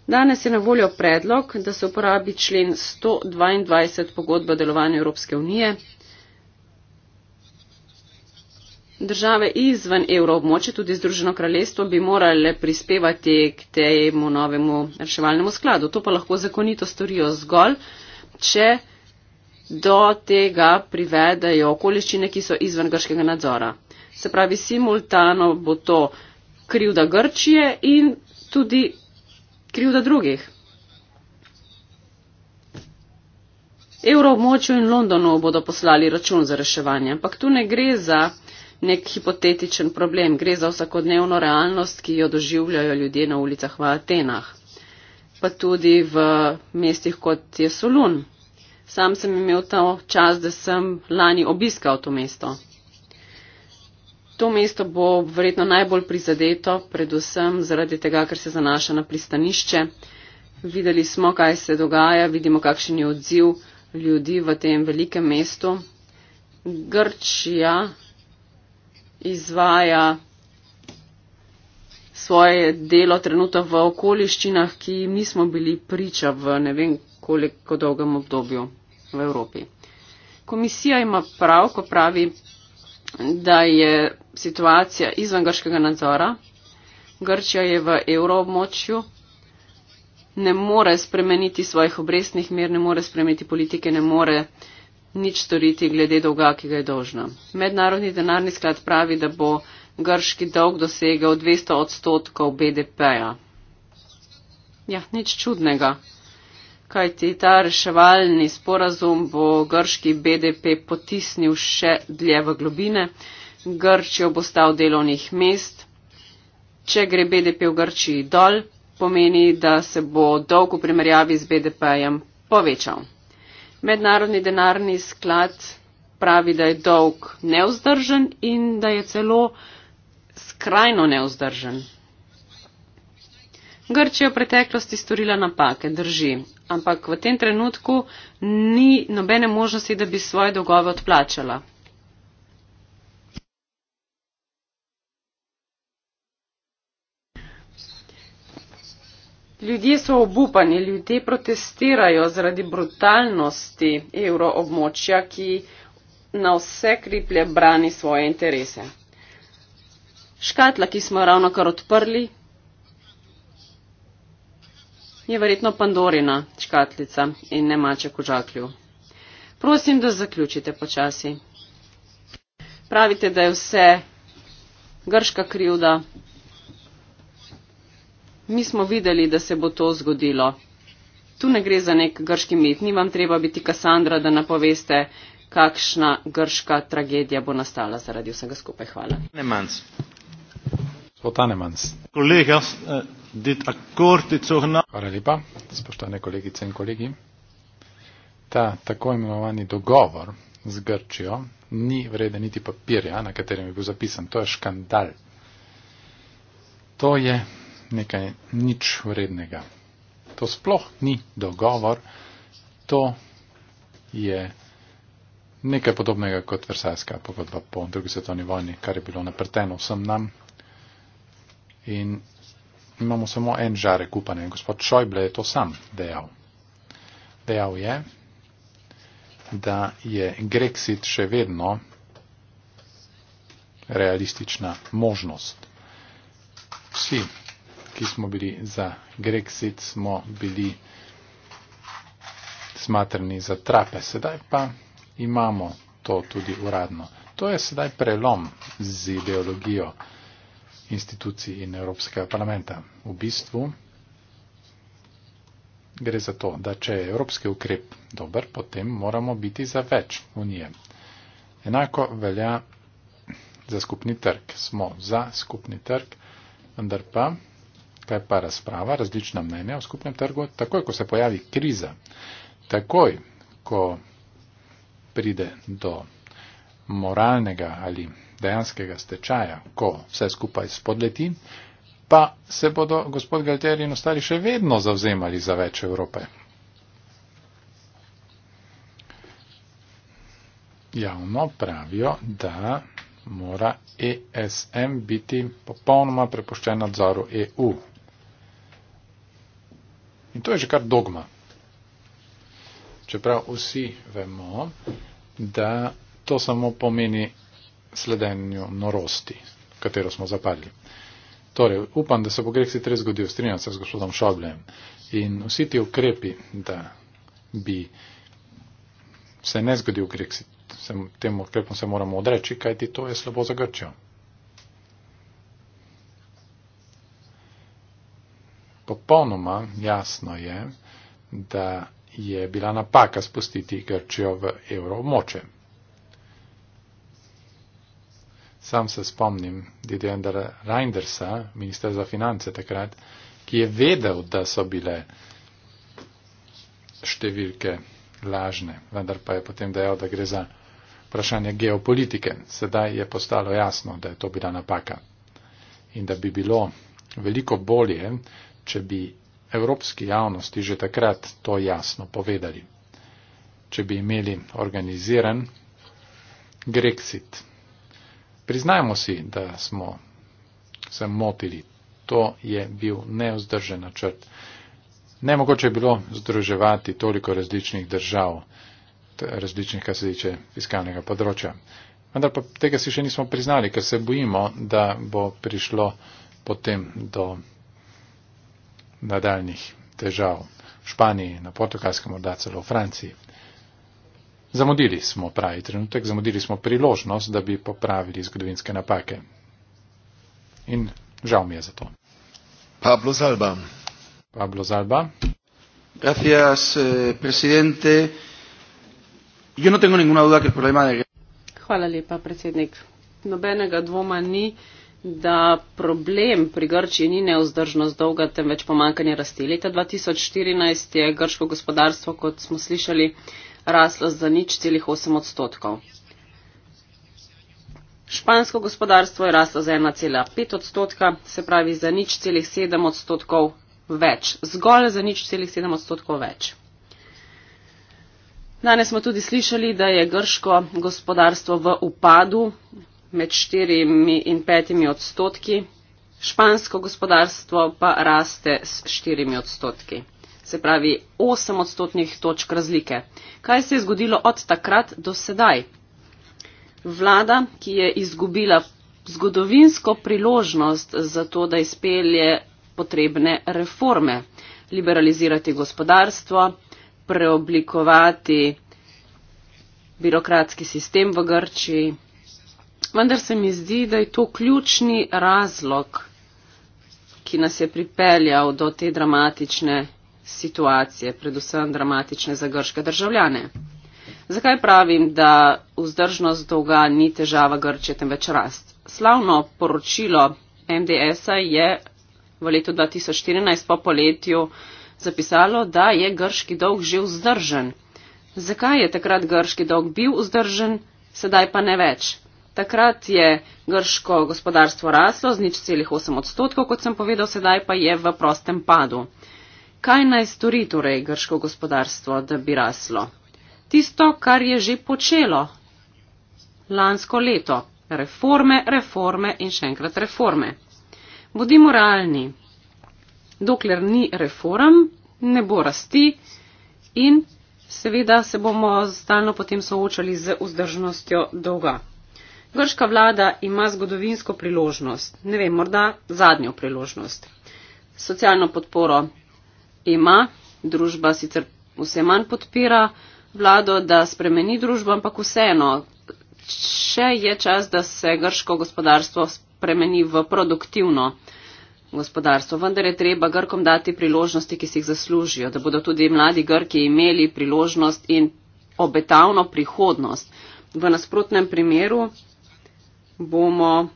Danes je na voljo predlog, da se uporabi člen 122 pogodbe o delovanju Evropske unije. Države izven evroobmoče, tudi Združeno kraljestvo, bi morale prispevati k temu novemu reševalnemu skladu. To pa lahko zakonito storijo zgolj, če do tega privedajo okoliščine, ki so izven grškega nadzora. Se pravi, simultano bo to krivda Grčije in tudi krivda drugih. Evroobmočju in Londonu bodo poslali račun za reševanje, ampak tu ne gre za nek hipotetičen problem, gre za vsakodnevno realnost, ki jo doživljajo ljudje na ulicah v Atenah, pa tudi v mestih kot je Solun. Sam sem imel ta čas, da sem lani obiskal to mesto. To mesto bo verjetno najbolj prizadeto, predvsem zaradi tega, ker se zanaša na pristanišče. Videli smo, kaj se dogaja, vidimo, kakšen je odziv ljudi v tem velikem mestu. Grčija izvaja svoje delo trenutno v okoliščinah, ki nismo bili priča v ne vem koliko dolgem obdobju v Evropi. Komisija ima prav, ko pravi, da je situacija izven grškega nadzora, Grčija je v evroobmočju, ne more spremeniti svojih obrestnih mer, ne more spremeniti politike, ne more nič storiti glede dolga, ki ga je dožna. Mednarodni denarni sklad pravi, da bo grški dolg dosegal 200 odstotkov BDP-ja. Ja, nič čudnega kajti ta reševalni sporazum bo grški BDP potisnil še dlje v globine. Grčijo bo stal delovnih mest. Če gre BDP v Grčiji dol, pomeni, da se bo dolg v primerjavi z BDP-jem povečal. Mednarodni denarni sklad pravi, da je dolg neuzdržen in da je celo skrajno neuzdržen. Grčija je v preteklosti storila napake, drži ampak v tem trenutku ni nobene možnosti, da bi svoje dolgove odplačala. Ljudje so obupani, ljudje protestirajo zaradi brutalnosti evroobmočja, ki na vse kriplje brani svoje interese. Škatla, ki smo ravno kar odprli, je verjetno Pandorina škatlica in ne maček v žaklju. Prosim, da zaključite počasi. Pravite, da je vse grška krivda. Mi smo videli, da se bo to zgodilo. Tu ne gre za nek grški mit, ni vam treba biti Kassandra, da napoveste, kakšna grška tragedija bo nastala zaradi vsega skupaj. Hvala. Ne manj. Gospod Anemans. Kolega, Hvala lepa, spoštovane kolegice in kolegi. Ta tako imenovani dogovor z Grčijo ni vreden niti papirja, na katerem je bil zapisan. To je škandal. To je nekaj nič vrednega. To sploh ni dogovor, to je nekaj podobnega kot Versajska pogodba po drugi svetovni vojni, kar je bilo napreteno vsem nam. In imamo samo en žarek upanja. Gospod Šojble je to sam dejal. Dejal je, da je Grexit še vedno realistična možnost. Vsi, ki smo bili za Grexit, smo bili smatrani za trape. Sedaj pa imamo to tudi uradno. To je sedaj prelom z ideologijo institucij in Evropskega parlamenta. V bistvu gre za to, da če je evropski ukrep dober, potem moramo biti za več unije. Enako velja za skupni trg. Smo za skupni trg, vendar pa, kaj pa razprava, različna mnenja o skupnem trgu, takoj, ko se pojavi kriza, takoj, ko pride do moralnega ali dejanskega stečaja, ko vse skupaj spodleti, pa se bodo gospod Galtieri in ostali še vedno zavzemali za več Evrope. Javno pravijo, da mora ESM biti popolnoma prepuščen nadzoru EU. In to je že kar dogma. Čeprav vsi vemo, da to samo pomeni sledenju norosti, katero smo zapadli. Torej, upam, da se bo Brexit res zgodil, strinjam se z gospodom Šoblem. In vsi ti ukrepi, da bi se ne zgodil Brexit, tem ukrepom se moramo odreči, kajti to je slabo za Grčijo. Popolnoma jasno je, da je bila napaka spustiti Grčijo v evroobmoče. Sam se spomnim Didiana Reindersa, ministra za finance takrat, ki je vedel, da so bile številke lažne, vendar pa je potem dejal, da gre za vprašanje geopolitike. Sedaj je postalo jasno, da je to bila napaka in da bi bilo veliko bolje, če bi evropski javnosti že takrat to jasno povedali, če bi imeli organiziran Grexit. Priznajmo si, da smo se motili. To je bil neozdržen načrt. Nemogoče je bilo združevati toliko različnih držav, različnih, kar se tiče fiskalnega področja. Vendar pa tega si še nismo priznali, ker se bojimo, da bo prišlo potem do nadaljnih težav v Španiji, na Portugalskem, morda celo v Franciji. Zamudili smo pravi trenutek, zamudili smo priložnost, da bi popravili zgodovinske napake. In žal mi je za to. Pablo Zalba. Pablo Zalba. Gracias, eh, presidente. Yo no tengo ninguna duda que el problema de... Hvala lepa, predsednik. Nobenega dvoma ni, da problem pri Grčiji ni neozdržnost dolga, temveč pomankanje rasti. Leta 2014 je grško gospodarstvo, kot smo slišali, rasla za nič celih 8 odstotkov. Špansko gospodarstvo je raslo za 1,5 odstotka, se pravi za nič celih 7 odstotkov več. Zgolj za nič celih 7 odstotkov več. Danes smo tudi slišali, da je grško gospodarstvo v upadu med 4 in 5 odstotki, špansko gospodarstvo pa raste s 4 odstotki se pravi 8 odstotnih točk razlike. Kaj se je zgodilo od takrat do sedaj? Vlada, ki je izgubila zgodovinsko priložnost za to, da izpelje potrebne reforme, liberalizirati gospodarstvo, preoblikovati birokratski sistem v Grčiji. Vendar se mi zdi, da je to ključni razlog, ki nas je pripeljal do te dramatične situacije, predvsem dramatične za grške državljane. Zakaj pravim, da vzdržnost dolga ni težava Grčije, temveč rast? Slavno poročilo MDS-a je v letu 2014 po poletju zapisalo, da je grški dolg že vzdržen. Zakaj je takrat grški dolg bil vzdržen, sedaj pa ne več? Takrat je grško gospodarstvo raslo z nič celih 8 odstotkov, kot sem povedal, sedaj pa je v prostem padu kaj naj stori torej grško gospodarstvo, da bi raslo. Tisto, kar je že počelo lansko leto. Reforme, reforme in še enkrat reforme. Bodimo realni. Dokler ni reform, ne bo rasti in seveda se bomo stalno potem soočali z vzdržnostjo dolga. Grška vlada ima zgodovinsko priložnost, ne vem, morda zadnjo priložnost. Socialno podporo ima, družba sicer vse manj podpira vlado, da spremeni družbo, ampak vseeno, še je čas, da se grško gospodarstvo spremeni v produktivno gospodarstvo. Vendar je treba Grkom dati priložnosti, ki si jih zaslužijo, da bodo tudi mladi Grki imeli priložnost in obetavno prihodnost. V nasprotnem primeru bomo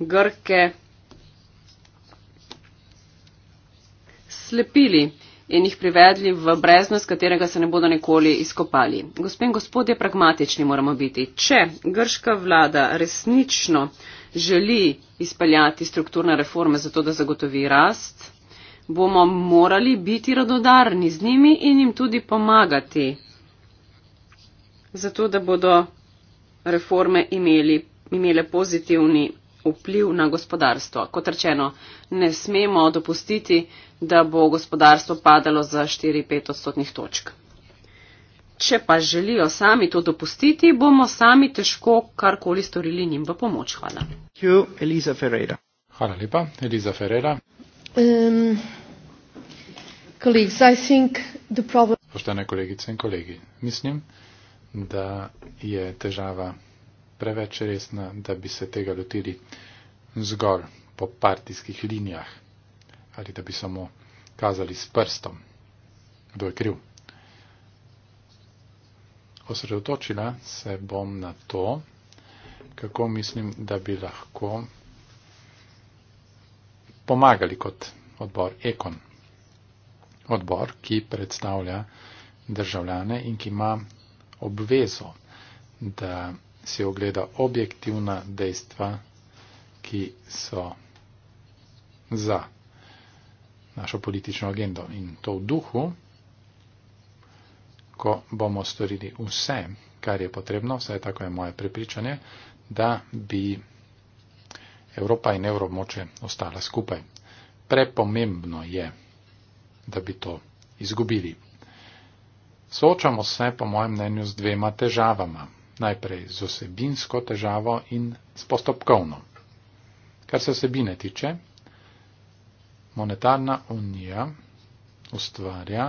Grke slepili in jih privedli v brezno, z katerega se ne bodo nikoli izkopali. Gospe in gospodje, pragmatični moramo biti. Če grška vlada resnično želi izpeljati strukturne reforme zato, da zagotovi rast, bomo morali biti radodarni z njimi in jim tudi pomagati, zato da bodo reforme imeli, imele pozitivni vpliv na gospodarstvo. Kot rečeno, ne smemo dopustiti, da bo gospodarstvo padalo za 4-5 odstotnih točk. Če pa želijo sami to dopustiti, bomo sami težko karkoli storili njim v pomoč. Hvala. You, Eliza Hvala lepa, Eliza Ferreira. Um, colleagues, problem... Poštene kolegice in kolegi, mislim, da je težava preveč resna, da bi se tega lotili zgolj po partijskih linijah ali da bi samo kazali s prstom, kdo je kriv. Osredotočila se bom na to, kako mislim, da bi lahko pomagali kot odbor Ekon. Odbor, ki predstavlja državljane in ki ima obvezo, da si ogleda objektivna dejstva, ki so za našo politično agendo. In to v duhu, ko bomo storili vse, kar je potrebno, vsaj tako je moje prepričanje, da bi Evropa in evromoče ostala skupaj. Prepomembno je, da bi to izgubili. Soočamo se, po mojem mnenju, s dvema težavama. Najprej z osebinsko težavo in s postopkovno. Kar se osebine tiče, monetarna unija ustvarja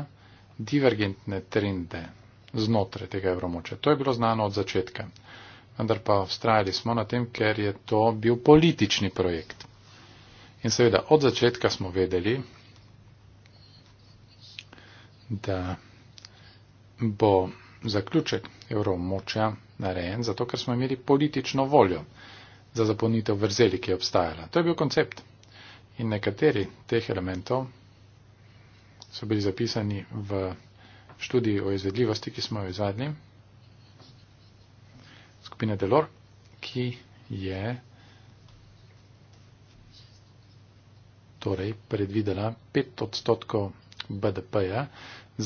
divergentne trende znotraj tega evromoča. To je bilo znano od začetka. Vendar pa vztrajali smo na tem, ker je to bil politični projekt. In seveda od začetka smo vedeli, da bo zaključek evromoča narejen, zato ker smo imeli politično voljo za zapolnitev vrzeli, ki je obstajala. To je bil koncept. In nekateri teh elementov so bili zapisani v študiji o izvedljivosti, ki smo jo izvedli, skupine Delor, ki je torej predvidela 5 odstotkov BDP-ja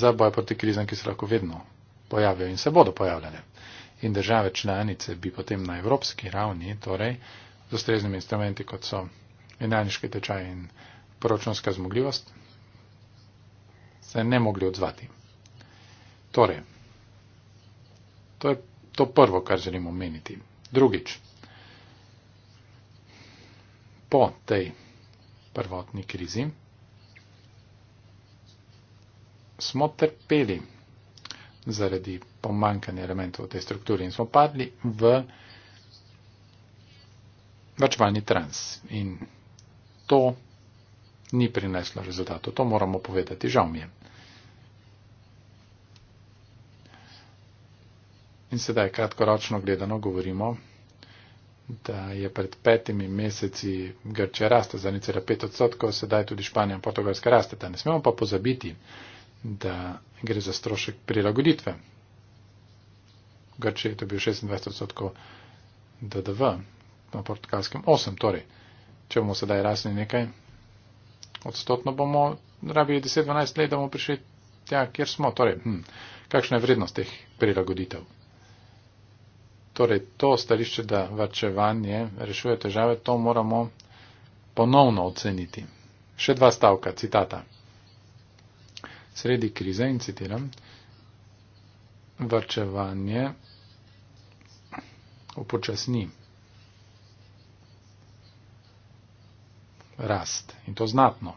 za boj proti krizam, ki se lahko vedno pojavijo in se bodo pojavljale. In države članice bi potem na evropski ravni, torej z ustreznimi instrumenti, kot so enajniški tečaj in proračunska zmogljivost, se ne mogli odzvati. Torej, to je to prvo, kar želimo meniti. Drugič, po tej prvotni krizi smo trpeli zaradi pomankanja elementov v tej strukturi in smo padli v. Vrčvalni trans in to ni prineslo rezultatov. To moramo povedati, žal mi je. In sedaj kratkoročno gledano govorimo, da je pred petimi meseci Grčija raste za nicela pet odstotkov, sedaj tudi Španija in Portugalska raste. Ne smemo pa pozabiti, da gre za strošek prilagoditve. Grčija je to bil 26 odstotkov DDV, na portugalskem 8 torej če bomo sedaj rasli nekaj, odstotno bomo rabili 10-12 let, da bomo prišli tja, kjer smo. Torej, hm, kakšna je vrednost teh prilagoditev? Torej, to stališče, da varčevanje rešuje težave, to moramo ponovno oceniti. Še dva stavka, citata. Sredi krize, in citiram, varčevanje upočasni rast in to znatno.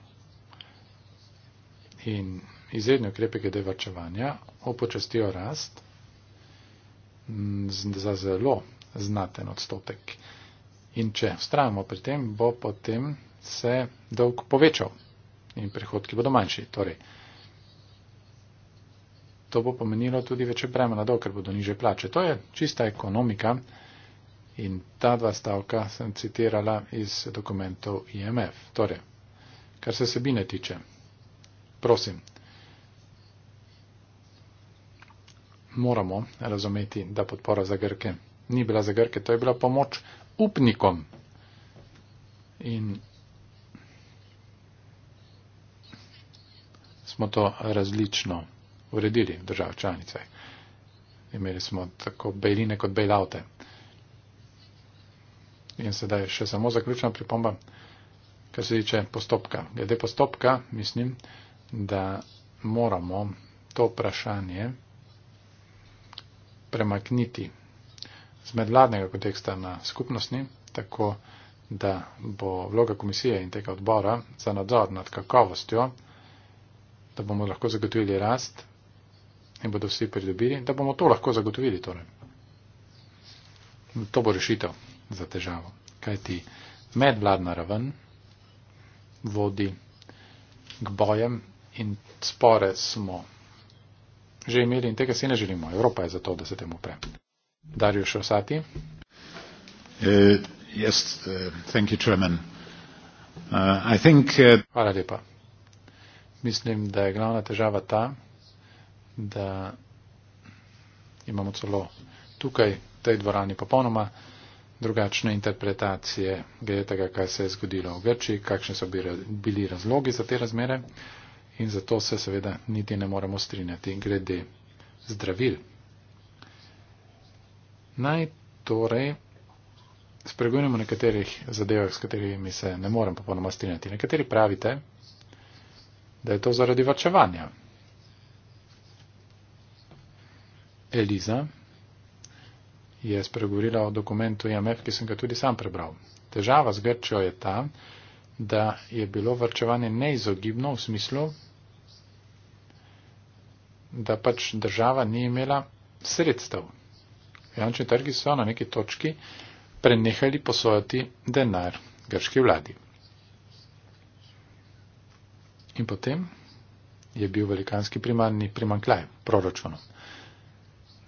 In izredni ukrepe glede varčevanja upočastijo rast za zelo znaten odstotek. In če vztrajamo pri tem, bo potem se dolg povečal in prihodki bodo manjši. Torej, to bo pomenilo tudi večje breme na dolg, ker bodo niže plače. To je čista ekonomika. In ta dva stavka sem citirala iz dokumentov IMF. Torej, kar se sebine tiče, prosim, moramo razumeti, da podpora za Grke ni bila za Grke, to je bila pomoč upnikom. In smo to različno uredili v državah članicah. Imeli smo tako bejline kot bejlaute. In sedaj še samo zaključna pripomba, kar se tiče postopka. Glede postopka mislim, da moramo to vprašanje premakniti z medvladnega konteksta na skupnostni, tako da bo vloga komisije in tega odbora za nadzor nad kakovostjo, da bomo lahko zagotovili rast in bodo vsi pridobili, da bomo to lahko zagotovili torej. To bo rešitev za težavo. Kajti medvladna raven vodi k bojem in spore smo že imeli in tega si ne želimo. Evropa je zato, da se temu pre. Dario Šosati. Uh, yes, uh, thank you, Chairman. Uh, I think, uh... Hvala lepa. Mislim, da je glavna težava ta, da imamo celo tukaj, v tej dvorani popolnoma drugačne interpretacije glede tega, kaj se je zgodilo v Grčiji, kakšne so bili razlogi za te razmere in zato se seveda niti ne moremo strinjati glede zdravil. Naj torej spregovorimo o nekaterih zadevah, s katerimi se ne morem popolnoma strinjati. Nekateri pravite, da je to zaradi vačevanja. Eliza je spregovorila o dokumentu IMF, ki sem ga tudi sam prebral. Težava z Grčijo je ta, da je bilo vrčevanje neizogibno v smislu, da pač država ni imela sredstev. Finančni trgi so na neki točki prenehali posojati denar grški vladi. In potem je bil velikanski primarni primankljaj proračunom.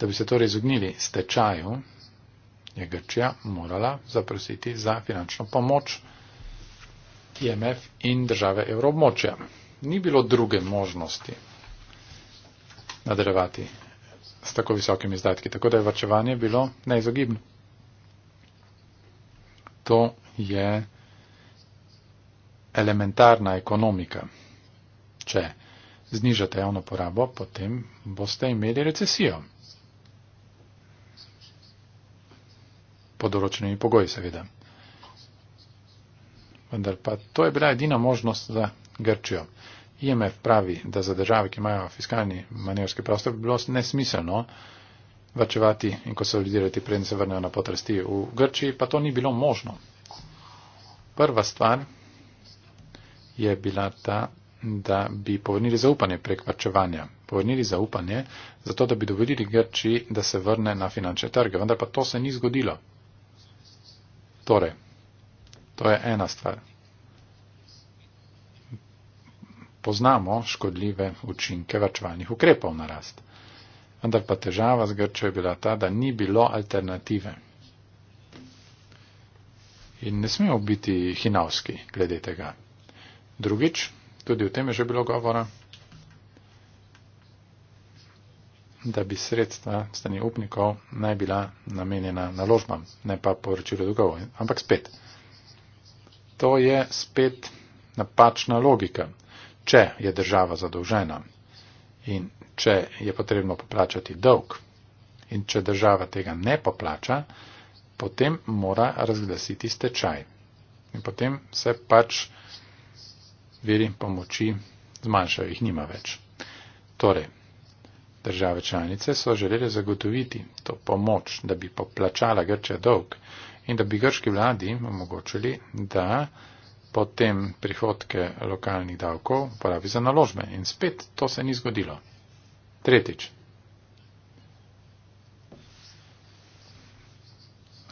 Da bi se torej izognili stečaju, je Grčija morala zaprositi za finančno pomoč IMF in države evrobmočja. Ni bilo druge možnosti nadaljevati s tako visokimi izdatki, tako da je vrčevanje bilo neizogibno. To je elementarna ekonomika. Če znižate javno porabo, potem boste imeli recesijo. pod določenimi pogoji, seveda. Vendar pa to je bila edina možnost za Grčijo. IMF pravi, da za države, ki imajo fiskalni manevrski prostor, bi bilo nesmiselno vrčevati in konsolidirati, preden se vrnejo na potrasti. V Grčiji pa to ni bilo možno. Prva stvar je bila ta, da bi povrnili zaupanje prek vrčevanja. Povrnili zaupanje, zato da bi dovolili Grčiji, da se vrne na finančne trge. Vendar pa to se ni zgodilo. Torej, to je ena stvar. Poznamo škodljive učinke varčevalnih ukrepov na rast. Vendar pa težava z Grčjo je bila ta, da ni bilo alternative. In ne smemo biti hinavski glede tega. Drugič, tudi o tem je že bilo govora, da bi sredstva strani upnikov naj bila namenjena naložbam, ne pa poročilu dolgov. Ampak spet, to je spet napačna logika. Če je država zadolžena in če je potrebno poplačati dolg in če država tega ne poplača, potem mora razglasiti stečaj. In potem se pač viri pomoči zmanjšajo, jih nima več. Torej, Države članice so želeli zagotoviti to pomoč, da bi poplačala Grčja dolg in da bi grški vladi omogočili, da potem prihodke lokalnih davkov porabi za naložbe. In spet to se ni zgodilo. Tretjič.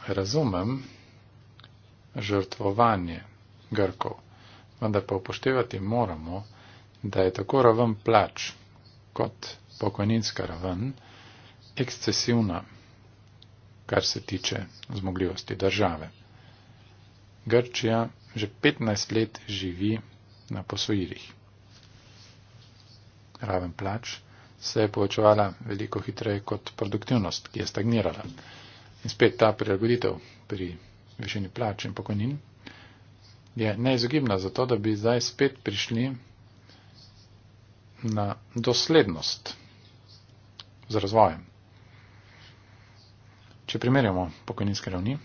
Razumem žrtvovanje Grkov, vendar pa upoštevati moramo, da je tako raven plač kot pokojninska raven ekscesivna, kar se tiče zmogljivosti države. Grčija že 15 let živi na posojilih. Raven plač se je povečevala veliko hitreje kot produktivnost, ki je stagnirala. In spet ta prilagoditev pri višini plač in pokojnin je neizogibna za to, da bi zdaj spet prišli na doslednost z razvojem. Če primerjamo pokojninske ravni,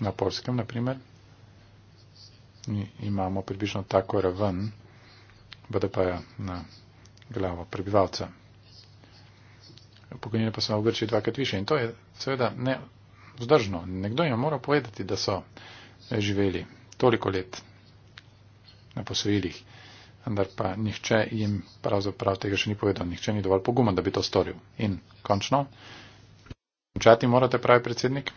na Polskem naprimer, imamo približno tako raven BDP-ja na glavo prebivalca. Pokojnine pa so v Grčiji dvakrat više in to je seveda ne vzdržno. Nekdo jim mora povedati, da so živeli toliko let na posojilih vendar pa nihče jim pravzaprav tega še ni povedal, nihče ni dovolj poguma, da bi to storil. In končno, končati morate, pravi predsednik.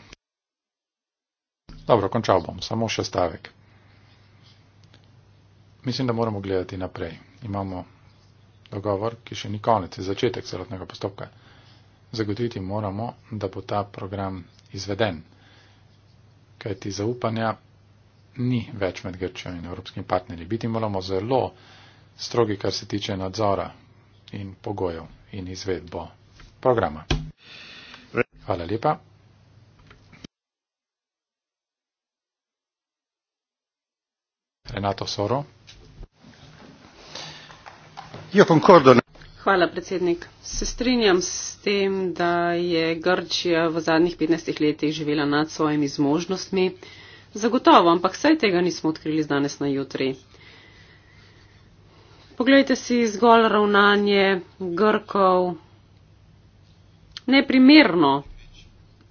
Dobro, končal bom, samo še stavek. Mislim, da moramo gledati naprej. Imamo dogovor, ki še ni konec, je začetek celotnega postopka. Zagotoviti moramo, da bo ta program izveden, kajti zaupanja ni več med Grčijo in evropskimi partnerji. Biti moramo zelo strogi, kar se tiče nadzora in pogojev in izvedbo programa. Hvala lepa. Renato Soro. Hvala, predsednik. Se strinjam s tem, da je Grčija v zadnjih 15 letih živela nad svojimi zmožnostmi. Zagotovo, ampak vse tega nismo odkrili z danes na jutri. Poglejte si zgolj ravnanje Grkov, neprimerno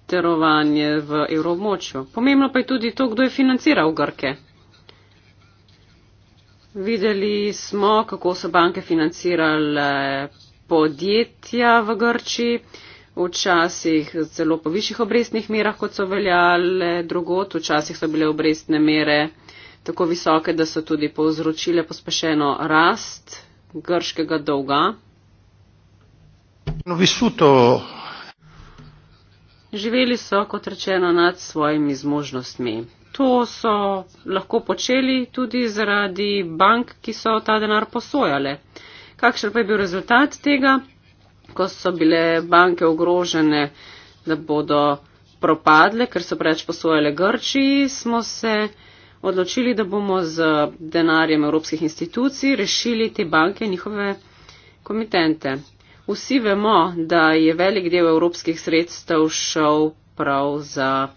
terovanje v evromočju. Pomembno pa je tudi to, kdo je financiral Grke. Videli smo, kako so banke financirale podjetja v Grčiji včasih celo po višjih obrestnih merah, kot so veljale drugot, včasih so bile obrestne mere tako visoke, da so tudi povzročile pospešeno rast grškega dolga. No, visuto. Živeli so, kot rečeno, nad svojimi zmožnostmi. To so lahko počeli tudi zaradi bank, ki so ta denar posojale. Kakšen pa je bil rezultat tega? ko so bile banke ogrožene, da bodo propadle, ker so preveč posojale Grčiji, smo se odločili, da bomo z denarjem evropskih institucij rešili te banke in njihove komitente. Vsi vemo, da je velik del evropskih sredstev šel prav za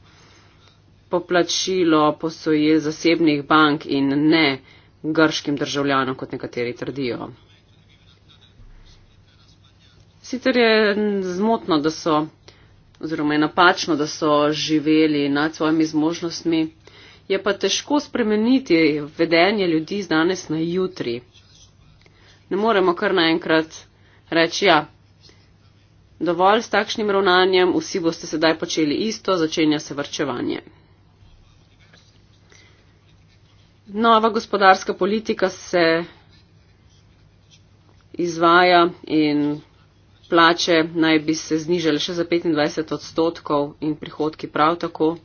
poplačilo posoje zasebnih bank in ne grškim državljanom, kot nekateri trdijo. Sicer je zmotno, da so, oziroma je napačno, da so živeli nad svojimi zmožnostmi, je pa težko spremeniti vedenje ljudi z danes na jutri. Ne moremo kar naenkrat reči, ja, dovolj s takšnim ravnanjem, vsi boste sedaj počeli isto, začenja se vrčevanje. Nova gospodarska politika se izvaja in plače naj bi se znižali še za 25 odstotkov in prihodki prav tako.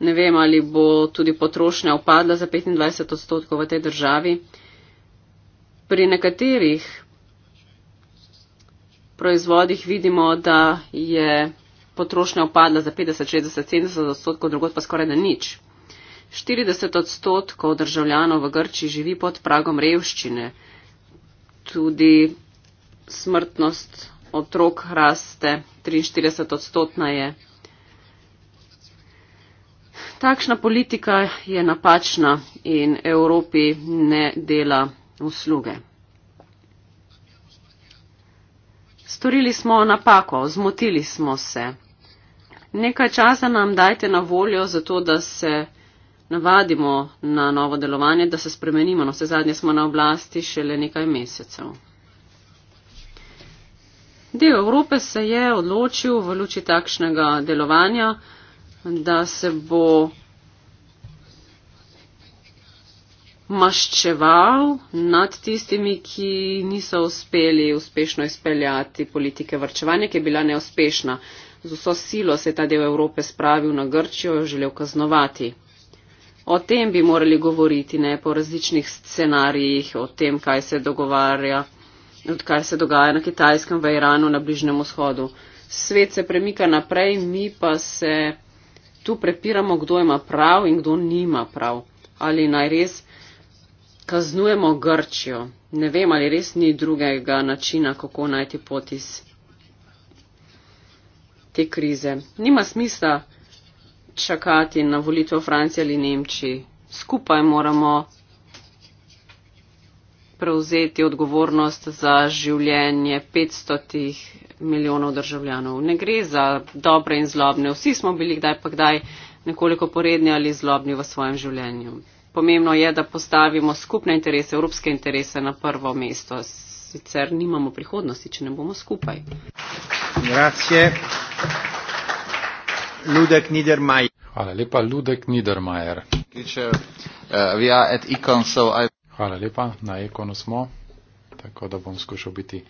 Ne vem, ali bo tudi potrošnja upadla za 25 odstotkov v tej državi. Pri nekaterih proizvodih vidimo, da je potrošnja upadla za 50, 60, 70 odstotkov, drugot pa skoraj da nič. 40 odstotkov državljanov v Grči živi pod pragom revščine. Tudi smrtnost otrok raste, 43 odstotna je. Takšna politika je napačna in Evropi ne dela usluge. Storili smo napako, zmotili smo se. Nekaj časa nam dajte na voljo za to, da se navadimo na novo delovanje, da se spremenimo. No, vse zadnje smo na oblasti šele nekaj mesecev. Del Evrope se je odločil v luči takšnega delovanja, da se bo maščeval nad tistimi, ki niso uspeli uspešno izpeljati politike vrčevanja, ki je bila neuspešna. Z vso silo se je ta del Evrope spravil na Grčijo in želel kaznovati. O tem bi morali govoriti, ne po različnih scenarijih, o tem, kaj se dogovarja kaj se dogaja na Kitajskem, v Iranu, na Bližnem vzhodu. Svet se premika naprej, mi pa se tu prepiramo, kdo ima prav in kdo nima prav. Ali naj res kaznujemo Grčijo. Ne vem, ali res ni drugega načina, kako najti pot iz te krize. Nima smisla čakati na volitev Francije ali Nemčiji. Skupaj moramo prevzeti odgovornost za življenje 500 milijonov državljanov. Ne gre za dobre in zlobne. Vsi smo bili kdaj pa kdaj nekoliko poredni ali zlobni v svojem življenju. Pomembno je, da postavimo skupne interese, evropske interese na prvo mesto. Sicer nimamo prihodnosti, če ne bomo skupaj. Gracije. Ludek Niedermayer. Hvala lepa, Ludek Niedermayer. Uh, Hvala lepa, na ekonu smo, tako da bom skušal biti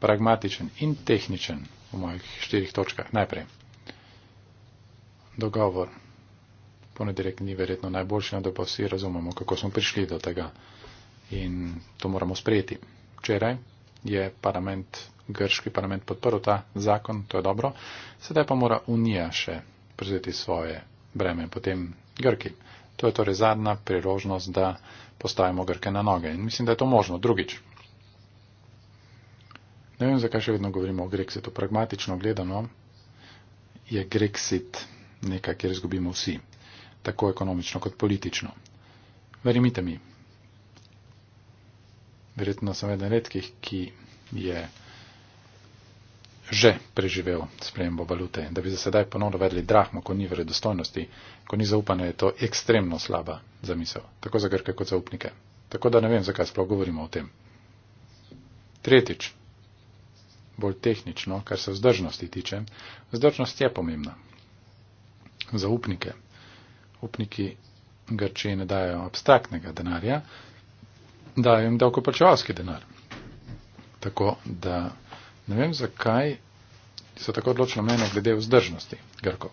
pragmatičen in tehničen v mojih štirih točkah. Najprej, dogovor. Ponedeljek ni verjetno najboljši, no, da pa vsi razumemo, kako smo prišli do tega in to moramo sprejeti. Včeraj je parlament, grški parlament podprl ta zakon, to je dobro, sedaj pa mora Unija še prevzeti svoje breme, potem Grki. To je torej zadnja priložnost, da postavimo grke na noge. In mislim, da je to možno. Drugič. Ne vem, zakaj še vedno govorimo o Grexitu. Pragmatično gledano je Grexit nekaj, kjer izgubimo vsi. Tako ekonomično kot politično. Verjemite mi. Verjetno sem eden redkih, ki je. Yeah že preživel spremembo valute, da bi za sedaj ponovno vedli drahmo, ko ni vredostojnosti, ko ni zaupanja, je to ekstremno slaba zamisel, tako za Grke kot za upnike. Tako da ne vem, zakaj sploh govorimo o tem. Tretjič, bolj tehnično, kar se vzdržnosti tiče, vzdržnost je pomembna za upnike. Upniki Grčiji ne dajo abstraktnega denarja, dajo jim davkoplačevalski denar. Tako da Ne vem, zakaj so tako odločili mene glede vzdržnosti Grko.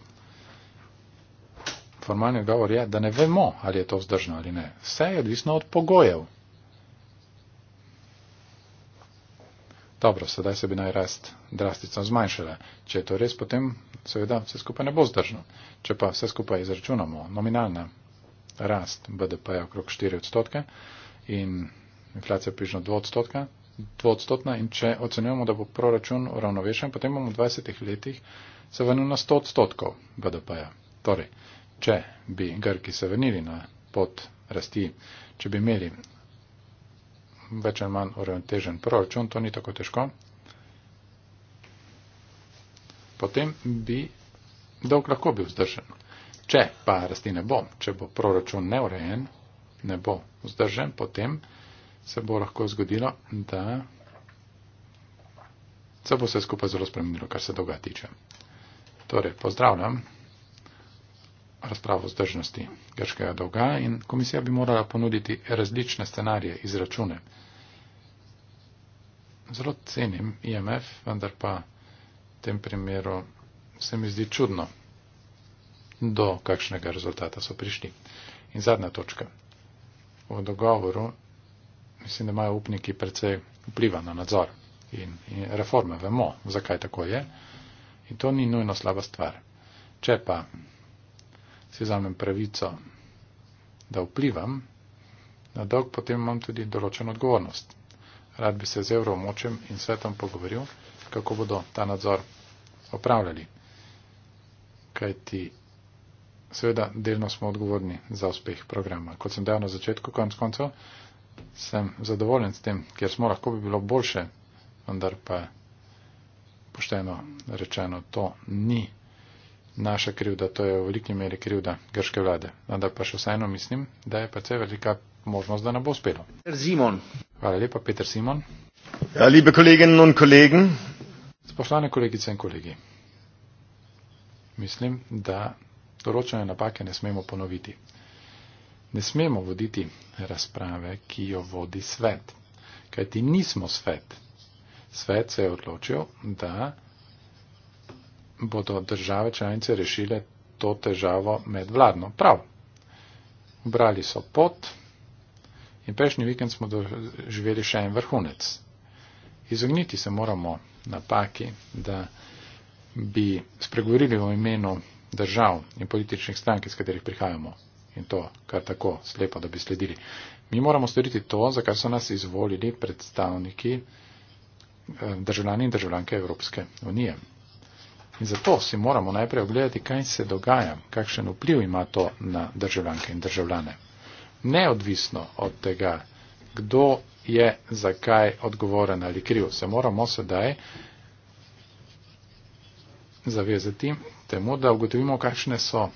Formalni odgovor je, da ne vemo, ali je to vzdržno ali ne. Vse je odvisno od pogojev. Dobro, sedaj se bi naj rast drastično zmanjšala. Če je to res, potem seveda vse skupaj ne bo zdržno. Če pa vse skupaj izračunamo, nominalna rast BDP je okrog 4 odstotke in inflacija približno 2 odstotka, dvodstotna in če ocenjujemo, da bo proračun uravnovešen, potem bomo v 20 letih se vrnili na 100 odstotkov BDP-ja. Torej, če bi Grki se vrnili na pot rasti, če bi imeli več ali manj uravnotežen proračun, to ni tako težko, potem bi dolg lahko bil vzdržen. Če pa rasti ne bo, če bo proračun neurejen, ne bo vzdržen, potem se bo lahko zgodilo, da se bo vse skupaj zelo spremenilo, kar se dolga tiče. Torej, pozdravljam razpravo zdržnosti grškega dolga in komisija bi morala ponuditi različne scenarije izračune. Zelo cenim IMF, vendar pa v tem primeru se mi zdi čudno, do kakšnega rezultata so prišli. In zadnja točka. V dogovoru mislim, da imajo upniki precej vpliva na nadzor in, in reforme. Vemo, zakaj tako je. In to ni nujno slaba stvar. Če pa si zamem pravico, da vplivam na dolg, potem imam tudi določeno odgovornost. Rad bi se z evromočem in svetom pogovoril, kako bodo ta nadzor opravljali. Kaj ti, seveda, delno smo odgovorni za uspeh programa. Kot sem dejal na začetku, konc koncev, sem zadovoljen s tem, ker smo lahko bi bilo boljše, vendar pa pošteno rečeno, to ni naša krivda, to je v veliki meri krivda grške vlade. Vendar pa še vseeno mislim, da je precej velika možnost, da ne bo uspelo. Hvala lepa, Peter Simon. Ja, liebe kolegen in kolegen. Spoštovane kolegice in kolegi, mislim, da določene napake ne smemo ponoviti. Ne smemo voditi razprave, ki jo vodi svet, kajti nismo svet. Svet se je odločil, da bodo države članice rešile to težavo medvladno. Prav. Ubrali so pot in prejšnji vikend smo doživeli še en vrhunec. Izogniti se moramo napaki, da bi spregovorili o imenu držav in političnih strank, iz katerih prihajamo in to, kar tako slepo, da bi sledili. Mi moramo storiti to, za kar so nas izvolili predstavniki eh, državljani in državljanke Evropske unije. In zato si moramo najprej ogledati, kaj se dogaja, kakšen vpliv ima to na državljanke in državljane. Neodvisno od tega, kdo je zakaj odgovoren ali kriv, se moramo sedaj zavezati temu, da ugotovimo, kakšne so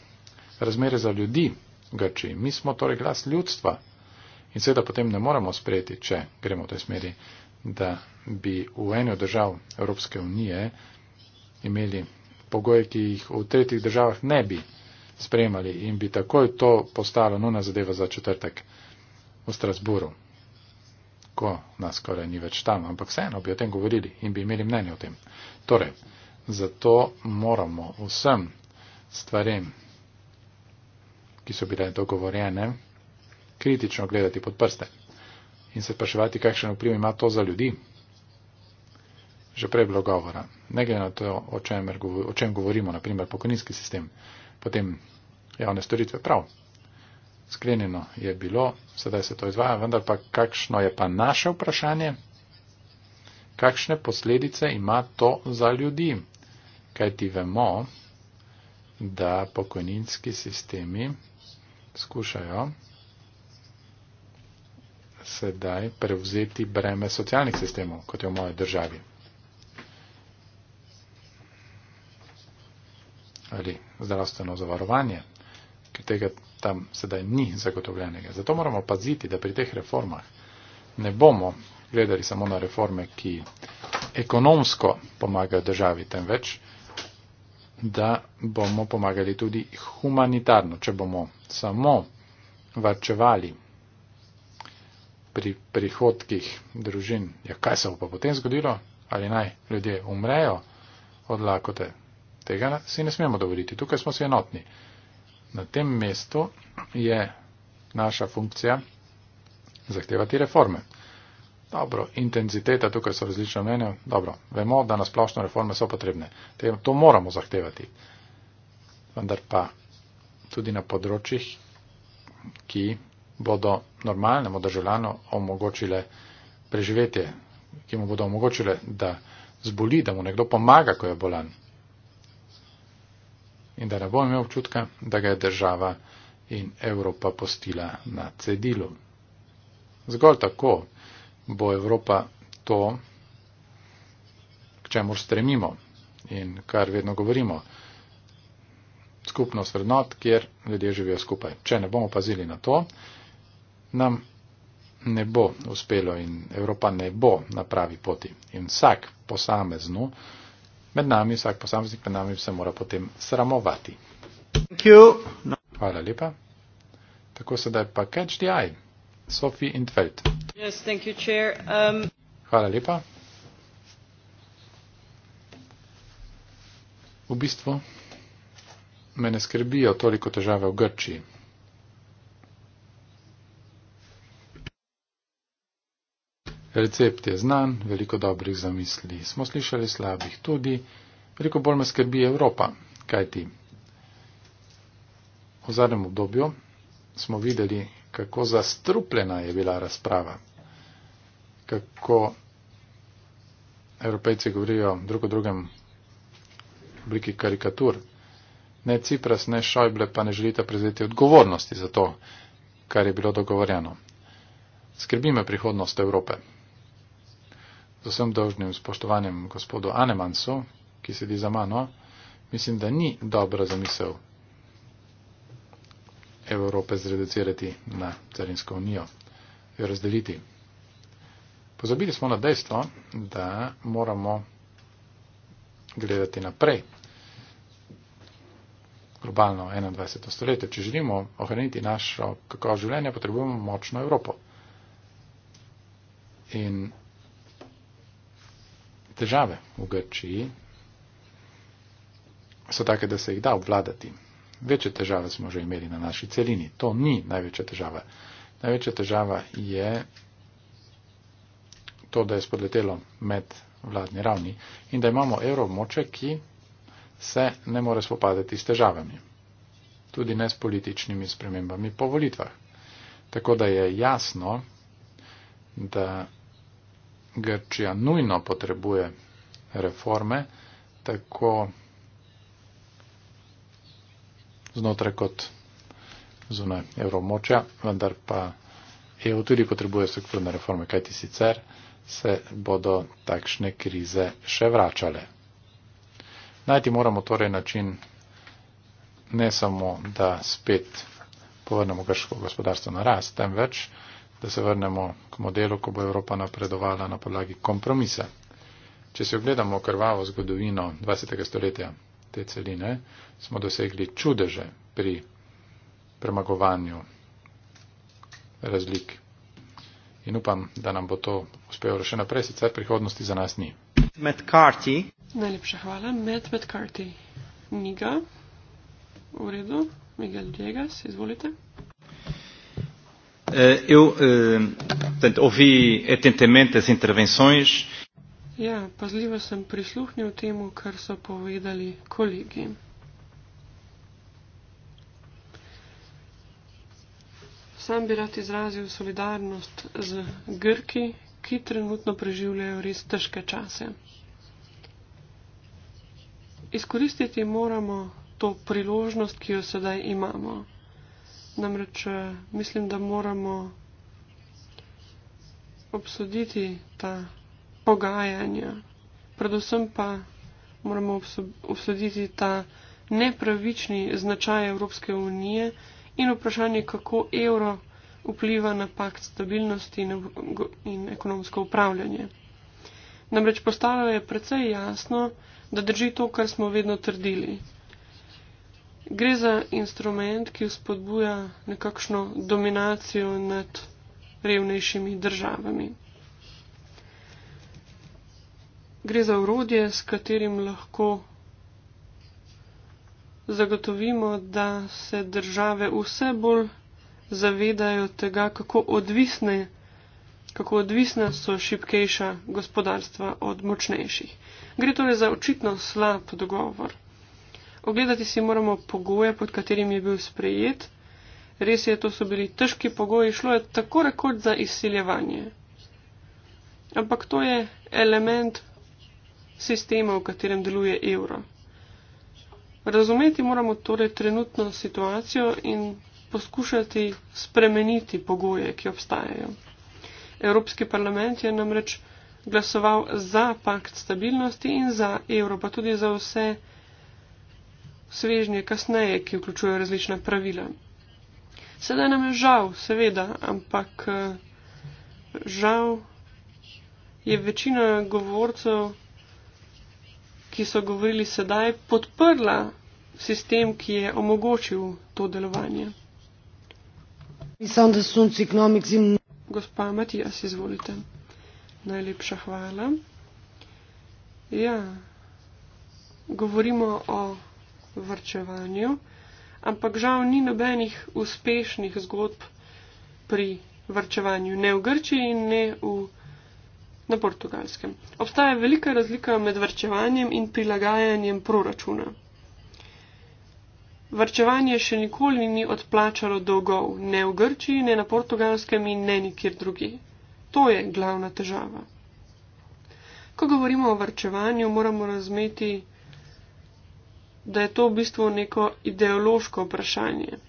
razmere za ljudi, Grčiji. Mi smo torej glas ljudstva in seveda potem ne moremo sprejeti, če gremo v tej smeri, da bi v eni od držav Evropske unije imeli pogoje, ki jih v tretjih državah ne bi sprejemali in bi takoj to postalo nuna zadeva za četrtek v Strasburu, ko nas skoraj ni več tam, ampak vseeno bi o tem govorili in bi imeli mnenje o tem. Torej, zato moramo vsem stvarem ki so bile dogovorjene, kritično gledati pod prste in se spraševati, kakšen vpliv ima to za ljudi. Že prej je bilo govora, ne glede na to, o čem, o čem govorimo, naprimer pokojninski sistem, potem javne storitve, prav. Sklenjeno je bilo, sedaj se to izvaja, vendar pa kakšno je pa naše vprašanje, kakšne posledice ima to za ljudi. Kaj ti vemo, da pokojninski sistemi skušajo sedaj prevzeti breme socialnih sistemov, kot je v moji državi. Ali zdravstveno zavarovanje, ki tega tam sedaj ni zagotovljenega. Zato moramo paziti, da pri teh reformah ne bomo gledali samo na reforme, ki ekonomsko pomagajo državi, temveč da bomo pomagali tudi humanitarno. Če bomo samo varčevali pri prihodkih družin, ja, kaj se bo pa potem zgodilo? Ali naj ljudje umrejo od lakote? Tega si ne smemo dovoliti. Tukaj smo si enotni. Na tem mestu je naša funkcija zahtevati reforme. Dobro, intenziteta, tukaj so različna mnenja. Dobro, vemo, da na splošno reforme so potrebne. To moramo zahtevati. Vendar pa tudi na področjih, ki bodo normalnemu državljanu omogočile preživetje, ki mu bodo omogočile, da zboli, da mu nekdo pomaga, ko je bolan. In da ne bo imel občutka, da ga je država in Evropa postila na cedilu. Zgolj tako bo Evropa to, k čemu stremimo in kar vedno govorimo. Skupnost vrednot, kjer ljudje živijo skupaj. Če ne bomo pazili na to, nam ne bo uspelo in Evropa ne bo na pravi poti. In vsak posameznu med nami, vsak posameznik med nami se mora potem sramovati. Hvala lepa. Tako sedaj pa catch the eye. Sophie Intfeld. Yes, thank you, chair. Um... Hvala lepa. V bistvu me ne skrbijo toliko težave v Grčiji. Recept je znan, veliko dobrih zamisli smo slišali, slabih tudi. Veliko bolj me skrbi Evropa, kaj ti. V zadnjem obdobju smo videli kako zastrupljena je bila razprava, kako evropejci govorijo drug o drugem v obliki karikatur. Ne Cipras, ne Šojble pa ne želite prezeti odgovornosti za to, kar je bilo dogovorjeno. Skrbi me prihodnost Evrope. Z vsem dolžnim spoštovanjem gospodu Anemansu, ki sedi za mano, mislim, da ni dobra zamisel. Evrope zreducirati na carinsko unijo, jo razdeliti. Pozabili smo na dejstvo, da moramo gledati naprej. Globalno 21. stoletje. Če želimo ohraniti našo kakovost življenja, potrebujemo močno Evropo. In težave v Grčiji so take, da se jih da obvladati. Večje težave smo že imeli na naši celini. To ni največja težava. Največja težava je to, da je spodletelo med vladni ravni in da imamo evromoče, ki se ne more spopadati s težavami. Tudi ne s političnimi spremembami po volitvah. Tako da je jasno, da Grčija nujno potrebuje reforme, tako znotraj kot zunaj evromočja, vendar pa EU tudi potrebuje strukturne reforme, kajti sicer se bodo takšne krize še vračale. Najti moramo torej način ne samo, da spet povrnemo grško gospodarstvo na rast, temveč, da se vrnemo k modelu, ko bo Evropa napredovala na podlagi kompromisa. Če se ogledamo krvavo zgodovino 20. stoletja, te celine, smo dosegli čudeže pri premagovanju razlik. In upam, da nam bo to uspelo še naprej, sicer prihodnosti za nas ni. Med karti. Najlepša hvala. Med med karti. Niga. V redu. Miguel Diegas, izvolite. Uh, eu uh, portanto, ouvi atentamente as intervenções. Ja, pazljivo sem prisluhnil temu, kar so povedali kolegi. Sam bi rad izrazil solidarnost z Grki, ki trenutno preživljajo res težke čase. Izkoristiti moramo to priložnost, ki jo sedaj imamo. Namreč eh, mislim, da moramo obsoditi ta pogajanja. Predvsem pa moramo obsoditi ta nepravični značaj Evropske unije in vprašanje, kako evro vpliva na pakt stabilnosti in, in ekonomsko upravljanje. Namreč postalo je precej jasno, da drži to, kar smo vedno trdili. Gre za instrument, ki vzpodbuja nekakšno dominacijo nad revnejšimi državami gre za urodje, s katerim lahko zagotovimo, da se države vse bolj zavedajo tega, kako odvisne, kako odvisna so šipkejša gospodarstva od močnejših. Gre torej za očitno slab dogovor. Ogledati si moramo pogoje, pod katerim je bil sprejet. Res je, to so bili težki pogoji, šlo je tako rekord za izsiljevanje. Ampak to je element sistema, v katerem deluje evro. Razumeti moramo torej trenutno situacijo in poskušati spremeniti pogoje, ki obstajajo. Evropski parlament je namreč glasoval za pakt stabilnosti in za evro, pa tudi za vse svežnje kasneje, ki vključujejo različna pravila. Sedaj nam je žal, seveda, ampak eh, žal je večina govorcev ki so govorili sedaj, podprla sistem, ki je omogočil to delovanje. Gospa Matijas, izvolite. Najlepša hvala. Ja, govorimo o vrčevanju, ampak žal ni nobenih uspešnih zgodb pri vrčevanju. Ne v Grčiji, ne v Grčiji na portugalskem. Obstaja velika razlika med vrčevanjem in prilagajanjem proračuna. Vrčevanje še nikoli ni odplačalo dolgov, ne v Grčiji, ne na portugalskem in ne nikjer drugi. To je glavna težava. Ko govorimo o vrčevanju, moramo razumeti, da je to v bistvu neko ideološko vprašanje.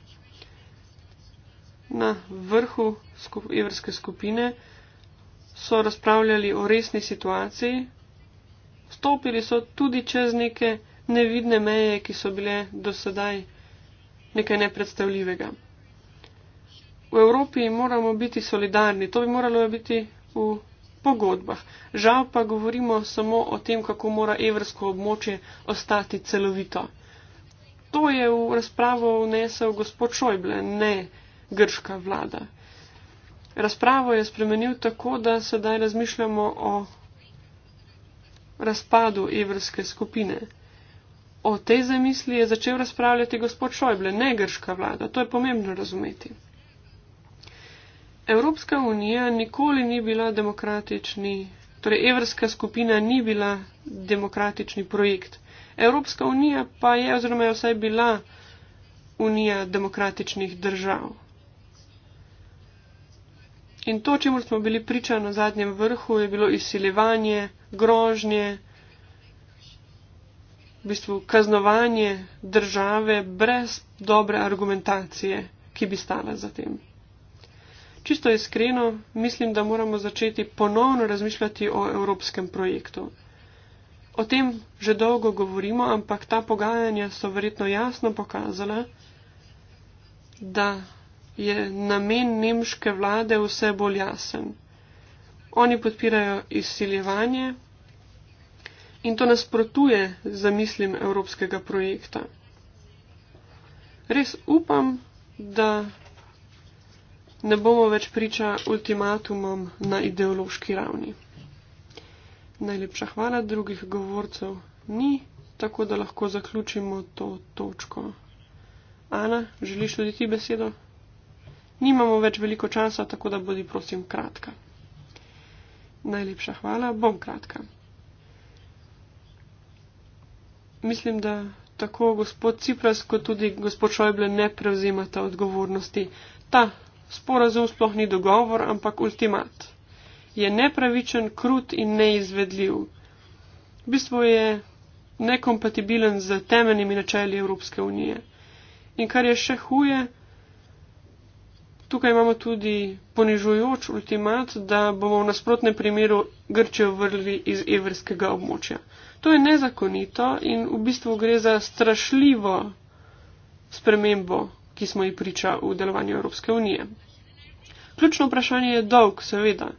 Na vrhu evrske skupine so razpravljali o resni situaciji, stopili so tudi čez neke nevidne meje, ki so bile do sedaj nekaj nepredstavljivega. V Evropi moramo biti solidarni, to bi moralo biti v pogodbah. Žal pa govorimo samo o tem, kako mora evrsko območje ostati celovito. To je v razpravo vnesel gospod Šojble, ne grška vlada razpravo je spremenil tako, da sedaj razmišljamo o razpadu evrske skupine. O tej zamisli je začel razpravljati gospod Šojble, ne grška vlada, to je pomembno razumeti. Evropska unija nikoli ni bila demokratični, torej evrska skupina ni bila demokratični projekt. Evropska unija pa je oziroma je vsaj bila unija demokratičnih držav. In to, čemu smo bili priča na zadnjem vrhu, je bilo izsilevanje, grožnje, v bistvu kaznovanje države brez dobre argumentacije, ki bi stala za tem. Čisto iskreno, mislim, da moramo začeti ponovno razmišljati o evropskem projektu. O tem že dolgo govorimo, ampak ta pogajanja so verjetno jasno pokazala, da je namen nemške vlade vse bolj jasen. Oni podpirajo izsiljevanje in to nasprotuje zamislim evropskega projekta. Res upam, da ne bomo več priča ultimatumom na ideološki ravni. Najlepša hvala, drugih govorcev ni, tako da lahko zaključimo to točko. Ana, želiš ljudi besedo? Nimamo več veliko časa, tako da bodi prosim kratka. Najlepša hvala, bom kratka. Mislim, da tako gospod Cipras, kot tudi gospod Šojble ne prevzemata odgovornosti. Ta sporazum sploh ni dogovor, ampak ultimat. Je nepravičen, krut in neizvedljiv. V bistvu je nekompatibilen z temeljnimi načeli Evropske unije. In kar je še huje, Tukaj imamo tudi ponižujoč ultimat, da bomo v nasprotnem primeru Grčijo vrli iz evrskega območja. To je nezakonito in v bistvu gre za strašljivo spremembo, ki smo ji priča v delovanju Evropske unije. Ključno vprašanje je dolg, seveda,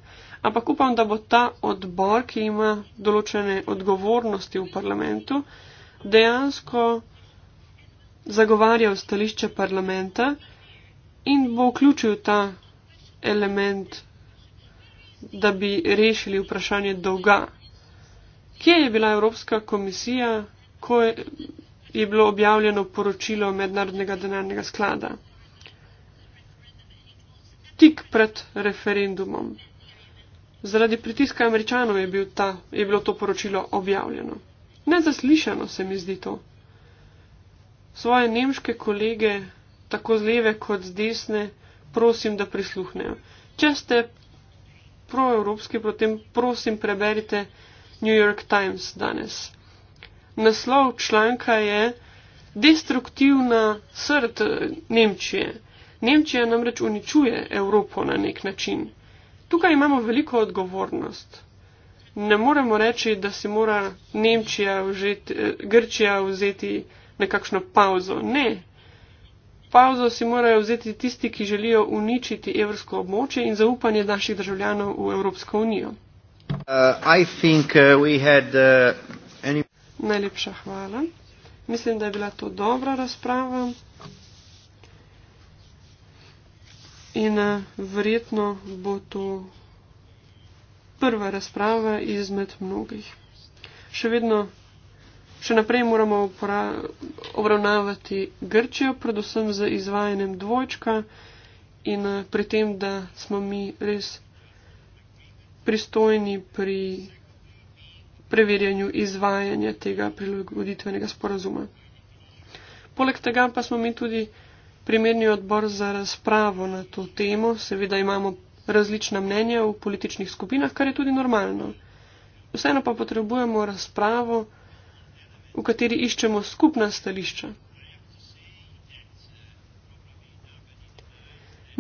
ampak upam, da bo ta odbor, ki ima določene odgovornosti v parlamentu, dejansko zagovarjal stališče parlamenta in bo vključil ta element, da bi rešili vprašanje dolga. Kje je bila Evropska komisija, ko je, je bilo objavljeno poročilo Mednarodnega denarnega sklada? Tik pred referendumom. Zaradi pritiska američanov je, bil ta, je bilo to poročilo objavljeno. Nezaslišano se mi zdi to. Svoje nemške kolege tako z leve kot z desne, prosim, da prisluhnejo. Če ste proevropski, potem prosim, preberite New York Times danes. Naslov članka je Destruktivna srd Nemčije. Nemčija namreč uničuje Evropo na nek način. Tukaj imamo veliko odgovornost. Ne moremo reči, da si mora Nemčija, vžeti, eh, Grčija vzeti nekakšno pauzo. Ne, Pauzo si morajo vzeti tisti, ki želijo uničiti evrsko območje in zaupanje naših državljanov v Evropsko unijo. Uh, think, uh, had, uh, any... Najlepša hvala. Mislim, da je bila to dobra razprava. In uh, verjetno bo to prva razprava izmed mnogih. Še vedno Še naprej moramo obravnavati Grčijo, predvsem z izvajanjem dvojčka in eh, pri tem, da smo mi res pristojni pri preverjanju izvajanja tega prilagoditvenega sporazuma. Poleg tega pa smo mi tudi primerni odbor za razpravo na to temo. Seveda imamo različna mnenja v političnih skupinah, kar je tudi normalno. Vseeno pa potrebujemo razpravo v kateri iščemo skupna stališča.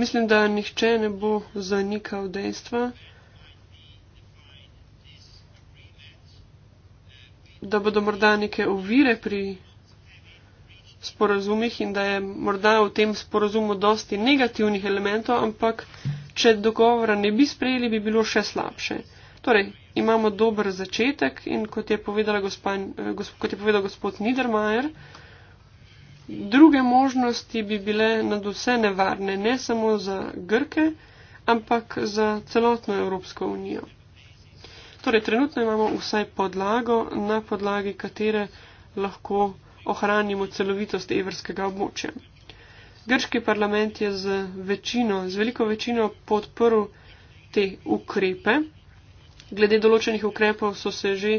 Mislim, da nihče ne bo zanikal dejstva, da bodo morda neke ovire pri sporazumih in da je morda v tem sporazumu dosti negativnih elementov, ampak če dogovora ne bi sprejeli, bi bilo še slabše. Torej, imamo dober začetek in kot je, gospa, eh, kot je povedal gospod Niedermayer, druge možnosti bi bile nad vse nevarne, ne samo za Grke, ampak za celotno Evropsko unijo. Torej, trenutno imamo vsaj podlago, na podlagi katere lahko ohranimo celovitost evrskega območja. Grški parlament je z, večino, z veliko večino podprl te ukrepe glede določenih ukrepov so se že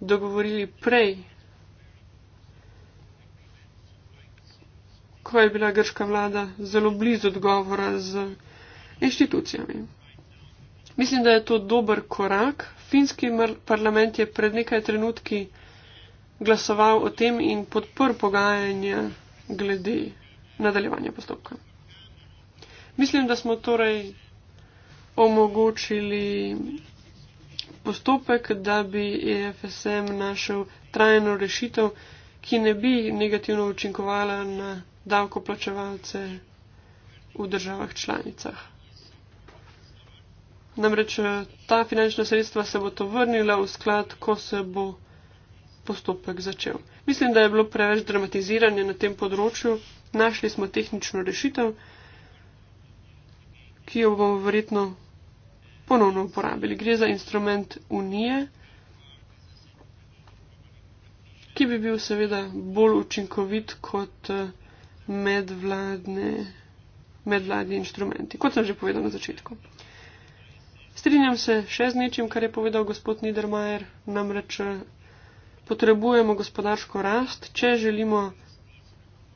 dogovorili prej, ko je bila grška vlada zelo blizu odgovora z inštitucijami. Mislim, da je to dober korak. Finski parlament je pred nekaj trenutki glasoval o tem in podprl pogajanja glede nadaljevanja postopka. Mislim, da smo torej omogočili postopek, da bi EFSM našel trajno rešitev, ki ne bi negativno učinkovala na davkoplačevalce v državah članicah. Namreč eh, ta finančna sredstva se bo to vrnila v sklad, ko se bo postopek začel. Mislim, da je bilo preveč dramatiziranje na tem področju. Našli smo tehnično rešitev, ki jo bomo verjetno ponovno uporabili. Gre za instrument unije, ki bi bil seveda bolj učinkovit kot eh, medvladne, medvladni instrumenti, kot sem že povedal na začetku. Strinjam se še z nečim, kar je povedal gospod Niedermayer, namreč eh, potrebujemo gospodarsko rast, če želimo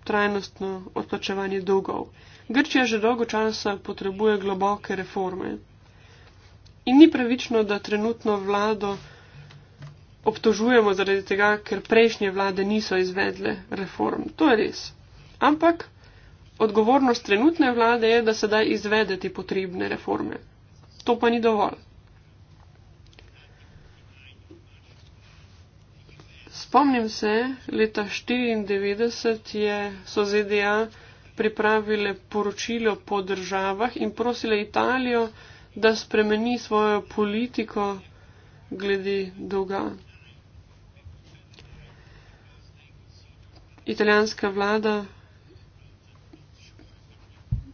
trajnostno odplačevanje dolgov. Grčija že dolgo časa potrebuje globoke reforme. In ni pravično, da trenutno vlado obtožujemo zaradi tega, ker prejšnje vlade niso izvedle reform. To je res. Ampak odgovornost trenutne vlade je, da sedaj izvedeti potrebne reforme. To pa ni dovolj. Spomnim se, leta 1994 so ZDA pripravile poročilo po državah in prosile Italijo, da spremeni svojo politiko glede dolga. Italijanska vlada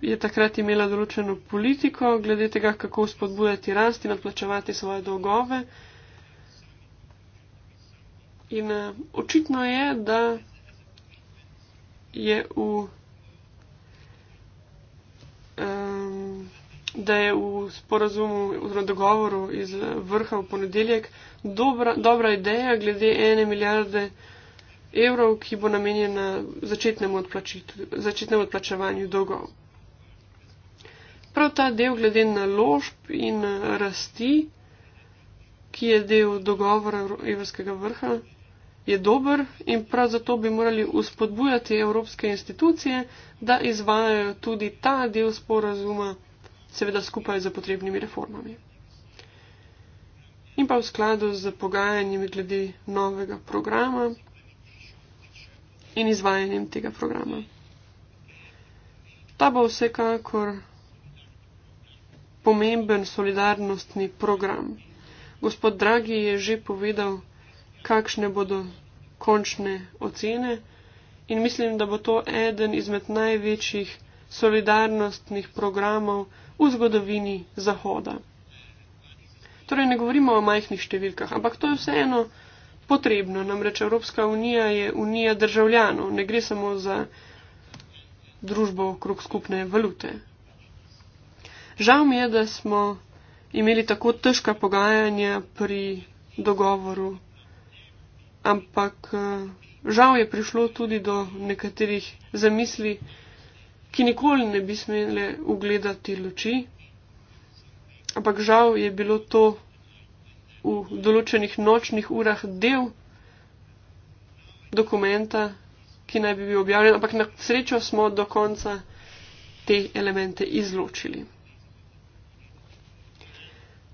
je takrat imela določeno politiko glede tega, kako spodbujati rast in odplačevati svoje dolgove. In uh, očitno je, da je v da je v sporazumu oziroma dogovoru iz vrha v ponedeljek dobra, dobra ideja glede ene milijarde evrov, ki bo namenjena začetnemu, začetnemu odplačevanju dolgov. Prav ta del glede na ložb in rasti, ki je del dogovora evropskega vrha, je dober in prav zato bi morali uspodbujati evropske institucije, da izvajajo tudi ta del sporazuma seveda skupaj z potrebnimi reformami. In pa v skladu z pogajanjem glede novega programa in izvajanjem tega programa. Ta bo vsekakor pomemben solidarnostni program. Gospod Dragi je že povedal, kakšne bodo končne ocene in mislim, da bo to eden izmed največjih solidarnostnih programov v zgodovini Zahoda. Torej ne govorimo o majhnih številkah, ampak to je vseeno potrebno. Namreč Evropska unija je unija državljanov, ne gre samo za družbo okrog skupne valute. Žal mi je, da smo imeli tako težka pogajanja pri dogovoru, ampak eh, žal je prišlo tudi do nekaterih zamisli, ki nikoli ne bi smele ugledati luči. Ampak žal je bilo to v določenih nočnih urah del dokumenta, ki naj bi bil objavljen, ampak na srečo smo do konca te elemente izločili.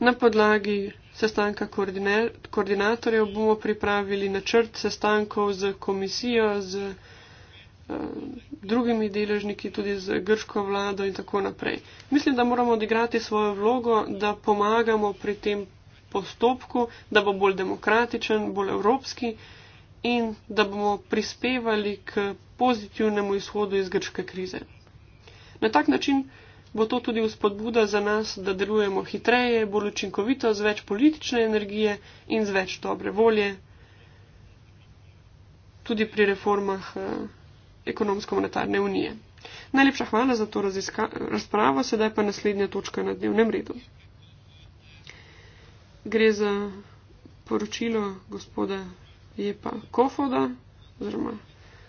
Na podlagi sestanka koordinatorjev bomo pripravili načrt sestankov z komisijo, z komisijo, Eh, drugimi deležniki, tudi z grško vlado in tako naprej. Mislim, da moramo odigrati svojo vlogo, da pomagamo pri tem postopku, da bo bolj demokratičen, bolj evropski in da bomo prispevali k pozitivnemu izhodu iz grške krize. Na tak način bo to tudi vzpodbuda za nas, da delujemo hitreje, bolj učinkovito, z več politične energije in z več dobre volje, tudi pri reformah. Uh, ekonomsko-monetarne unije. Najlepša hvala za to razpravo, sedaj pa naslednja točka na dnevnem redu. Gre za poročilo gospoda Jepa Kofoda oziroma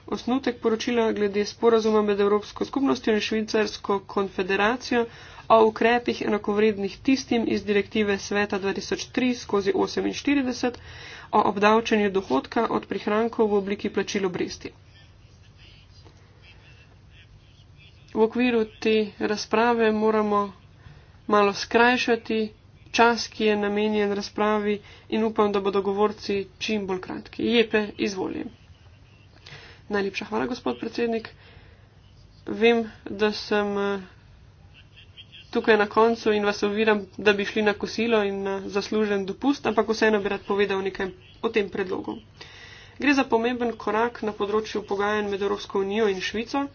osnutek poročila glede sporazuma med Evropsko skupnostjo in Švicarsko konfederacijo o ukrepih enakovrednih tistim iz direktive Sveta 2003/48 o obdavčenju dohodka od prihrankov v obliki plačilo bresti. v okviru te razprave moramo malo skrajšati čas, ki je namenjen razpravi in upam, da bodo govorci čim bolj kratki. Jepe, izvoli. Najlepša hvala, gospod predsednik. Vem, da sem eh, tukaj na koncu in vas oviram, da bi šli na kosilo in na zaslužen dopust, ampak vseeno bi rad povedal nekaj o tem predlogu. Gre za pomemben korak na področju pogajanj med Evropsko unijo in Švico.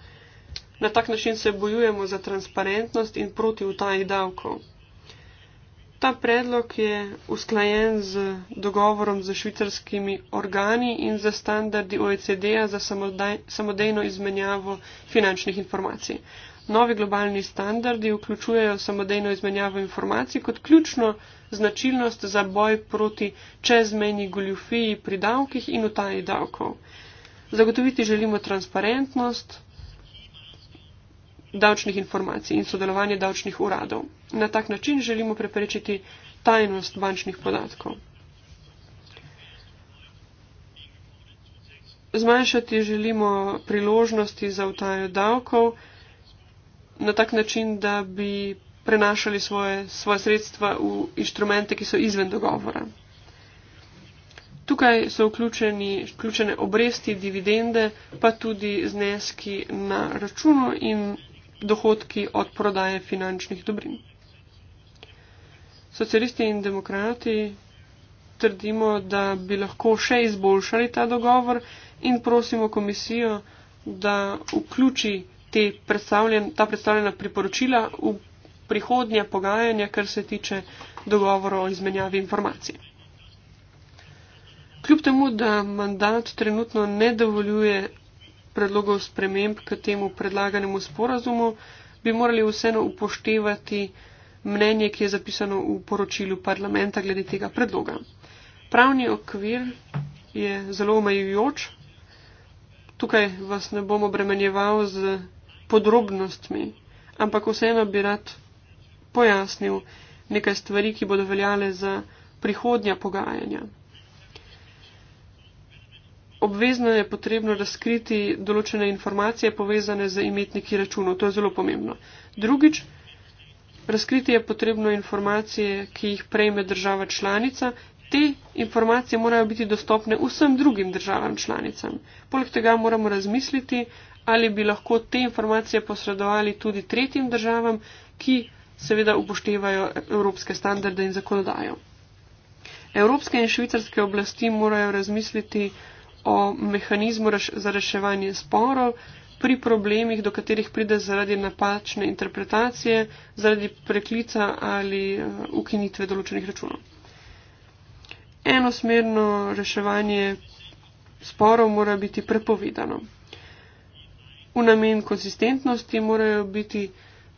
Na tak način se bojujemo za transparentnost in proti utaji davkov. Ta predlog je usklajen z dogovorom z švicarskimi organi in z standardi OECD-a za samodejno izmenjavo finančnih informacij. Novi globalni standardi vključujejo samodejno izmenjavo informacij kot ključno značilnost za boj proti čezmeni goljufiji pri davkih in utaji davkov. Zagotoviti želimo transparentnost, davčnih informacij in sodelovanje davčnih uradov. Na tak način želimo preprečiti tajnost bančnih podatkov. Zmanjšati želimo priložnosti za utajo davkov na tak način, da bi prenašali svoje, svoje sredstva v inštrumente, ki so izven dogovora. Tukaj so vključeni, vključene obresti, dividende, pa tudi zneski na računu in dohodki od prodaje finančnih dobrin. Socialisti in demokrati trdimo, da bi lahko še izboljšali ta dogovor in prosimo komisijo, da vključi predstavljen, ta predstavljena priporočila v prihodnje pogajanja, kar se tiče dogovora o izmenjavi informacij. Kljub temu, da mandat trenutno ne dovoljuje predlogov sprememb k temu predlaganemu sporazumu, bi morali vseeno upoštevati mnenje, ki je zapisano v poročilu parlamenta glede tega predloga. Pravni okvir je zelo omejujoč. Tukaj vas ne bom obremenjeval z podrobnostmi, ampak vseeno bi rad pojasnil nekaj stvari, ki bodo veljale za prihodnja pogajanja obvezno je potrebno razkriti določene informacije povezane z imetniki računov. To je zelo pomembno. Drugič, razkriti je potrebno informacije, ki jih prejme država članica. Te informacije morajo biti dostopne vsem drugim državam članicam. Poleg tega moramo razmisliti, ali bi lahko te informacije posredovali tudi tretjim državam, ki seveda upoštevajo evropske standarde in zakonodajo. Evropske in švicarske oblasti morajo razmisliti, o mehanizmu za reševanje sporov pri problemih, do katerih pride zaradi napačne interpretacije, zaradi preklica ali eh, ukinitve določenih računov. Enosmerno reševanje sporov mora biti prepovedano. V namen konsistentnosti morajo biti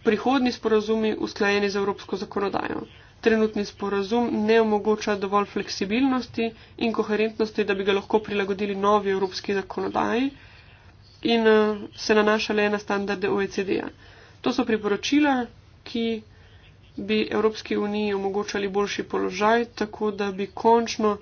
prihodni sporazumi usklajeni z evropsko zakonodajo. Trenutni sporazum ne omogoča dovolj fleksibilnosti in koherentnosti, da bi ga lahko prilagodili novi evropski zakonodaji in eh, se nanaša le na standarde OECD-a. To so priporočila, ki bi Evropski uniji omogočali boljši položaj, tako da bi končno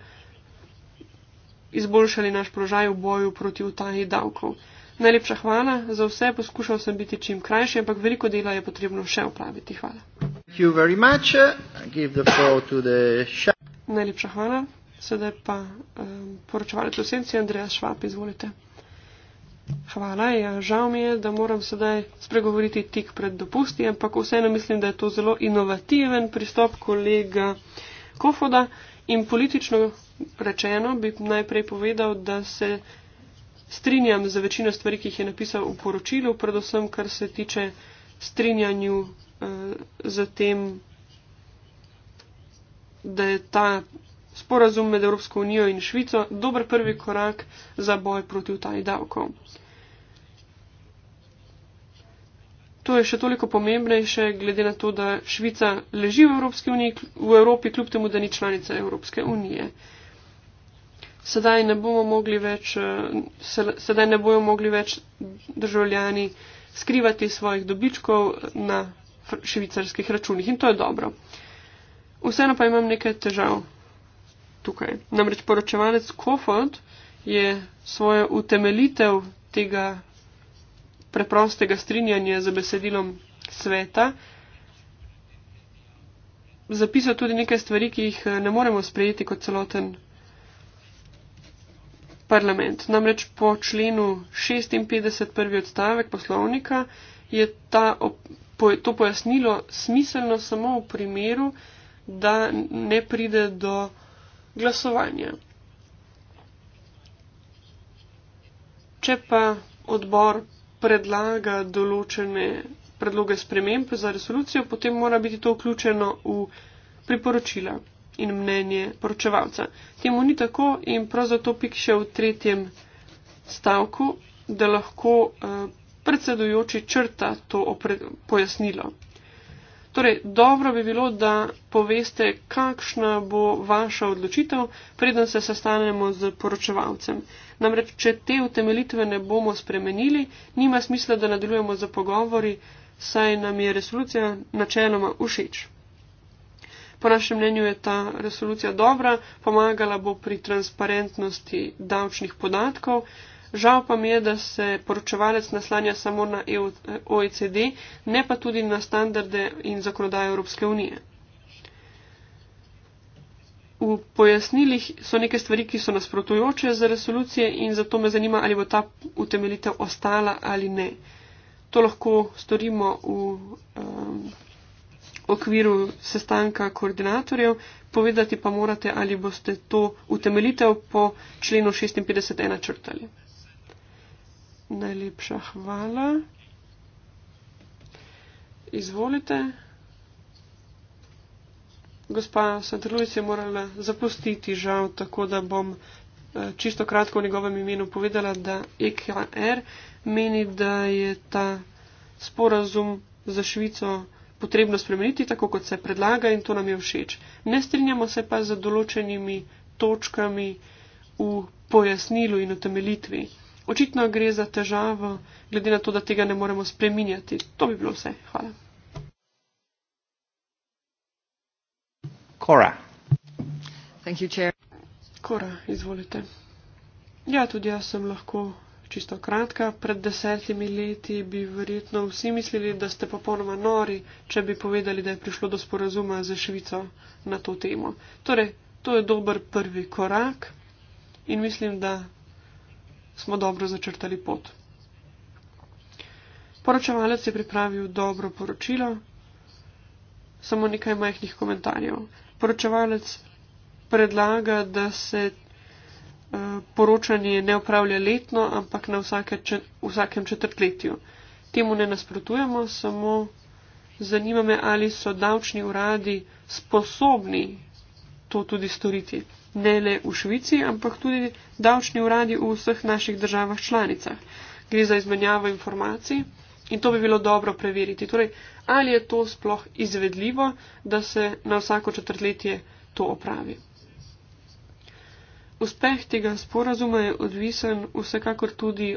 izboljšali naš položaj v boju proti utaji davkov. Najlepša hvala za vse. Poskušal sem biti čim krajši, ampak veliko dela je potrebno še opraviti. Hvala. Najlepša hvala. Sedaj pa um, poročevalec v senci Andreja Švab, izvolite. Hvala. Ja, žal mi je, da moram sedaj spregovoriti tik pred dopusti, ampak vseeno mislim, da je to zelo inovativen pristop kolega Kofoda in politično rečeno bi najprej povedal, da se strinjam z večino stvari, ki jih je napisal v poročilu, predvsem kar se tiče strinjanju eh, z tem, da je ta sporazum med Evropsko unijo in Švico dober prvi korak za boj proti utaji davkov. To je še toliko pomembnejše, glede na to, da Švica leži v Evropski uniji, v Evropi, kljub temu, da ni članica Evropske unije sedaj ne bomo mogli več, eh, sedaj ne bojo mogli več državljani skrivati svojih dobičkov na švicarskih računih in to je dobro. Vseeno pa imam nekaj težav tukaj. Namreč poročevalec Kofod je svojo utemelitev tega preprostega strinjanja z besedilom sveta zapisal tudi nekaj stvari, ki jih eh, ne moremo sprejeti kot celoten parlament. Namreč po členu 56. prvi odstavek poslovnika je ta, to pojasnilo smiselno samo v primeru, da ne pride do glasovanja. Če pa odbor predlaga določene predloge sprememb za resolucijo, potem mora biti to vključeno v priporočila in mnenje poročevalca. Temu ni tako in prav zato pik še v tretjem stavku, da lahko eh, predsedujoči črta to pojasnilo. Torej, dobro bi bilo, da poveste, kakšna bo vaša odločitev, preden se sestanemo z poročevalcem. Namreč, če te utemelitve ne bomo spremenili, nima smisla, da nadaljujemo za pogovori, saj nam je resolucija načeloma všeč. Po našem mnenju je ta resolucija dobra, pomagala bo pri transparentnosti davčnih podatkov. Žal pa mi je, da se poročevalec naslanja samo na e OECD, ne pa tudi na standarde in zakonodajo Evropske unije. V pojasnilih so neke stvari, ki so nasprotujoče za resolucije in zato me zanima, ali bo ta utemeljitev ostala ali ne. To lahko storimo v. Um, okviru sestanka koordinatorjev, povedati pa morate, ali boste to utemeljitev po členu 56.1 načrtali. Najlepša hvala. Izvolite. Gospa Santelovic je morala zapustiti žal, tako da bom eh, čisto kratko v njegovem imenu povedala, da EKR meni, da je ta sporazum za Švico potrebno spremeniti, tako kot se predlaga in to nam je všeč. Ne strinjamo se pa z določenimi točkami v pojasnilu in utemelitvi. Očitno gre za težavo, glede na to, da tega ne moremo spreminjati. To bi bilo vse. Hvala. Kora. Kora, izvolite. Ja, tudi jaz sem lahko čisto kratka, pred desetimi leti bi verjetno vsi mislili, da ste popolnoma nori, če bi povedali, da je prišlo do sporazuma za Švico na to temo. Torej, to je dober prvi korak in mislim, da smo dobro začrtali pot. Poročevalec je pripravil dobro poročilo, samo nekaj majhnih komentarjev. Poročevalec predlaga, da se poročanje ne upravlja letno, ampak na vsake, če, vsakem četrtletju. Temu ne nasprotujemo, samo zanima me, ali so davčni uradi sposobni to tudi storiti. Ne le v Švici, ampak tudi davčni uradi v vseh naših državah članicah. Gre za izmenjavo informacij in to bi bilo dobro preveriti. Torej, ali je to sploh izvedljivo, da se na vsako četrtletje to opravi. Uspeh tega sporazuma je odvisen vsekakor tudi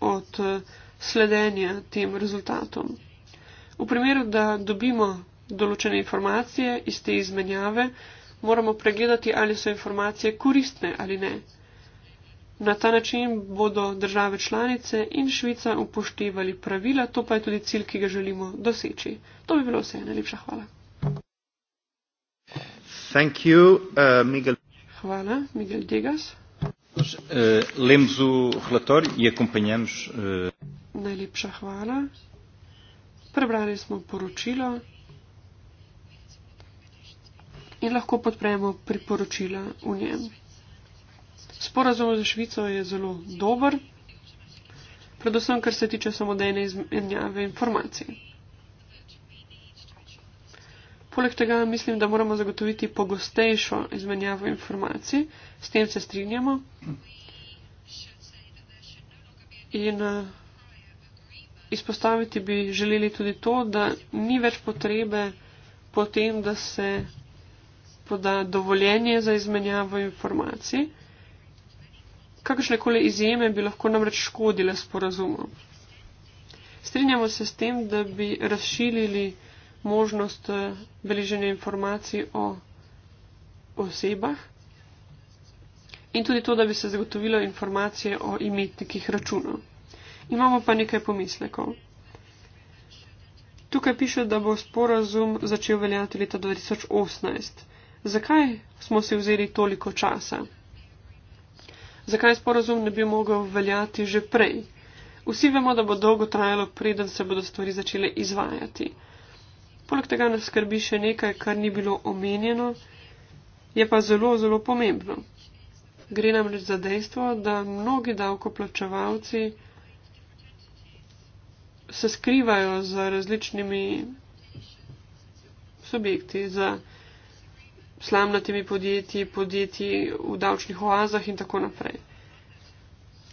od eh, sledenja tem rezultatom. V primeru, da dobimo določene informacije iz te izmenjave, moramo pregledati, ali so informacije koristne ali ne. Na ta način bodo države članice in Švica upoštevali pravila, to pa je tudi cilj, ki ga želimo doseči. To bi bilo vse. Najlepša hvala. Thank you, uh, Hvala. Miguel Degas. Uh, lemos o relatório e acompanhamos. Eh, Najlepša hvala. Prebrali smo poročilo in lahko podpremo priporočila v njem. Sporazum za Švico je zelo dober, predvsem kar se tiče samodejne izmenjave informacij. Poleg tega mislim, da moramo zagotoviti pogostejšo izmenjavo informacij, s tem se strinjamo. In eh, izpostaviti bi želeli tudi to, da ni več potrebe potem, da se poda dovoljenje za izmenjavo informacij. Kakršnekoli izjeme bi lahko namreč škodile sporazumu. Strinjamo se s tem, da bi razširili možnost eh, beleženja informacij o osebah in tudi to, da bi se zagotovilo informacije o imetnikih računov. Imamo pa nekaj pomislekov. Tukaj piše, da bo sporazum začel veljati leta 2018. Zakaj smo si vzeli toliko časa? Zakaj sporazum ne bi mogel veljati že prej? Vsi vemo, da bo dolgo trajalo, preden se bodo stvari začele izvajati poleg tega nas skrbi še nekaj, kar ni bilo omenjeno, je pa zelo, zelo pomembno. Gre namreč za dejstvo, da mnogi davkoplačevalci se skrivajo za različnimi subjekti, za slamnatimi podjetji, podjetji v davčnih oazah in tako naprej.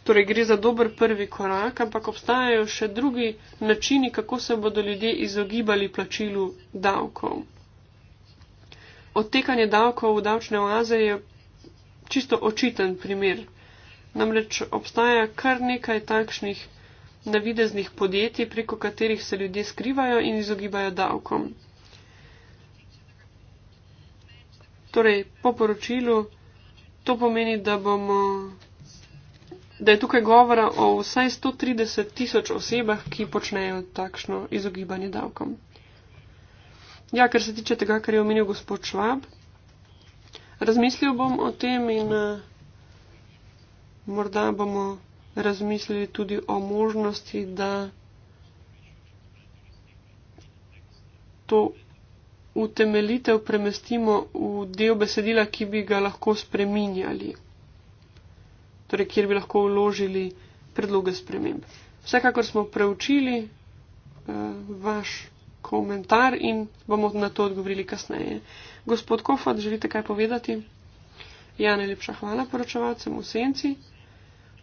Torej, gre za dober prvi korak, ampak obstajajo še drugi načini, kako se bodo ljudje izogibali plačilu davkov. Odtekanje davkov v davčne oaze je čisto očiten primer. Namreč obstaja kar nekaj takšnih navideznih podjetij, preko katerih se ljudje skrivajo in izogibajo davkom. Torej, po poročilu, to pomeni, da bomo da je tukaj govora o vsaj 130 tisoč osebah, ki počnejo takšno izogibanje davkom. Ja, kar se tiče tega, kar je omenil gospod Švab, razmislil bom o tem in uh, morda bomo razmislili tudi o možnosti, da to utemelitev premestimo v del besedila, ki bi ga lahko spreminjali torej kjer bi lahko vložili predloge sprememb. Vsekakor smo preučili uh, vaš komentar in bomo na to odgovorili kasneje. Gospod Kofat, želite kaj povedati? Ja, najlepša hvala poročevalcem v senci.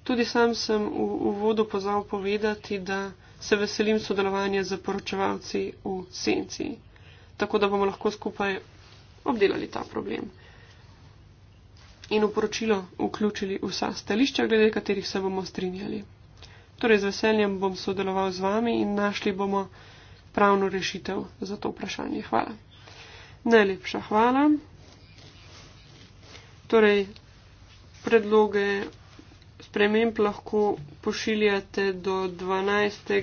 Tudi sam sem v uvodu pozval povedati, da se veselim sodelovanja z poročevalci v senci, tako da bomo lahko skupaj obdelali ta problem in v poročilo vključili vsa stališča, glede katerih se bomo strinjali. Torej, z veseljem bom sodeloval z vami in našli bomo pravno rešitev za to vprašanje. Hvala. Najlepša hvala. Torej, predloge sprememb lahko pošiljate do, 12.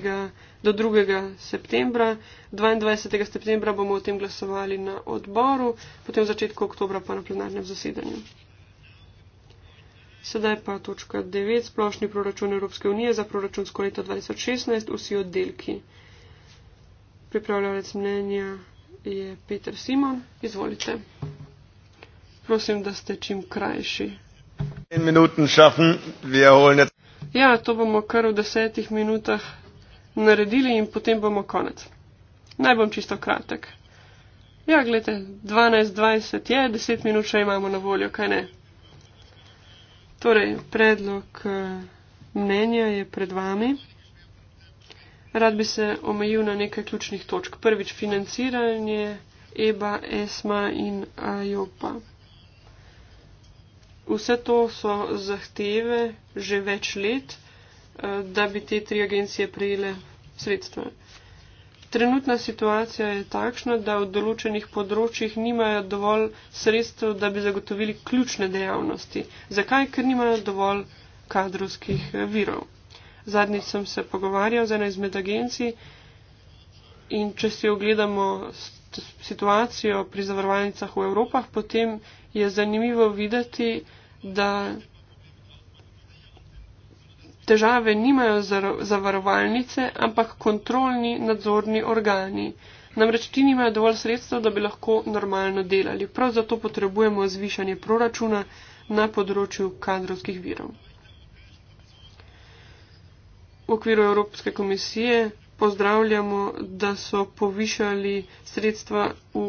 do 2. septembra. 22. septembra bomo o tem glasovali na odboru, potem v začetku oktobra pa na plenarnem zasedanju. Sedaj pa točka 9, splošni proračun Evropske unije za proračunsko leto 2016, vsi oddelki. Pripravljalec mnenja je Peter Simon. Izvolite. Prosim, da ste čim krajši. Ja, to bomo kar v desetih minutah naredili in potem bomo konec. Naj bom čisto kratek. Ja, gledajte, 12.20 je, 10 minut še imamo na voljo, kaj ne? Torej, predlog eh, mnenja je pred vami. Rad bi se omejil na nekaj ključnih točk. Prvič, financiranje EBA, ESMA in AJOPA. Vse to so zahteve že več let, eh, da bi te tri agencije prejele sredstva. Trenutna situacija je takšna, da v določenih področjih nimajo dovolj sredstev, da bi zagotovili ključne dejavnosti. Zakaj? Ker nimajo dovolj kadrovskih eh, virov. Zadnjič sem se pogovarjal z eno izmed agencij in če si ogledamo situacijo pri zavarovalnicah v Evropah, potem je zanimivo videti, da Težave nimajo zavarovalnice, ampak kontrolni nadzorni organi. Namreč ti nimajo dovolj sredstev, da bi lahko normalno delali. Prav zato potrebujemo zvišanje proračuna na področju kadrovskih virov. V okviru Evropske komisije pozdravljamo, da so povišali sredstva v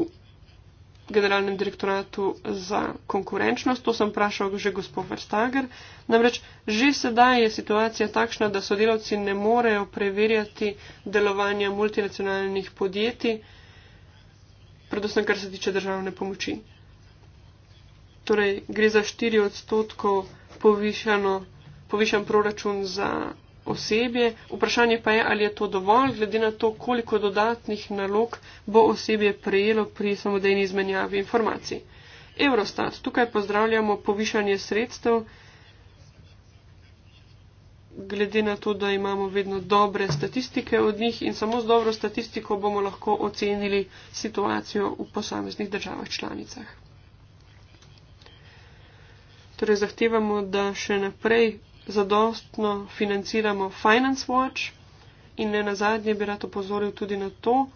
generalnem direktoratu za konkurenčnost, to sem vprašal že gospod Verstager. Namreč že sedaj je situacija takšna, da sodelavci ne morejo preverjati delovanja multinacionalnih podjetij, predvsem kar se tiče državne pomoči. Torej gre za 4 odstotkov povišan proračun za osebje, vprašanje pa je, ali je to dovolj, glede na to, koliko dodatnih nalog bo osebje prejelo pri samodejni izmenjavi informacij. Eurostat, tukaj pozdravljamo povišanje sredstev, glede na to, da imamo vedno dobre statistike od njih in samo z dobro statistiko bomo lahko ocenili situacijo v posameznih državah članicah. Torej zahtevamo, da še naprej zadostno financiramo Finance Watch. In ne nazadnje bi rad opozoril tudi na to,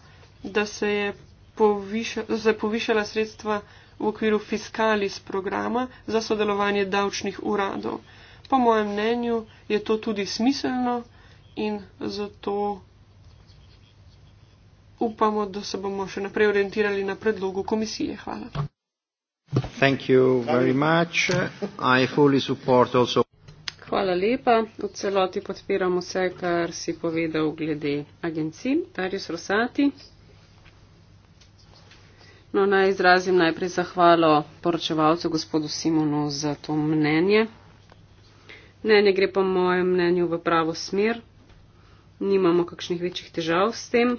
da se je poviša, se povišala sredstva v okviru fiskalis programa za sodelovanje davčnih uradov. Po mojem mnenju je to tudi smiselno in zato upamo, da se bomo še naprej orientirali na predlogu komisije. Hvala. Thank you very much. I fully support also. Hvala lepa. V celoti podpiramo vse, kar si povedal glede agencij. Darius Rosati. No, naj izrazim najprej zahvalo poročevalcu gospodu Simonu za to mnenje. Mnenje gre po mojem mnenju v pravo smer. Nimamo kakšnih večjih težav s tem.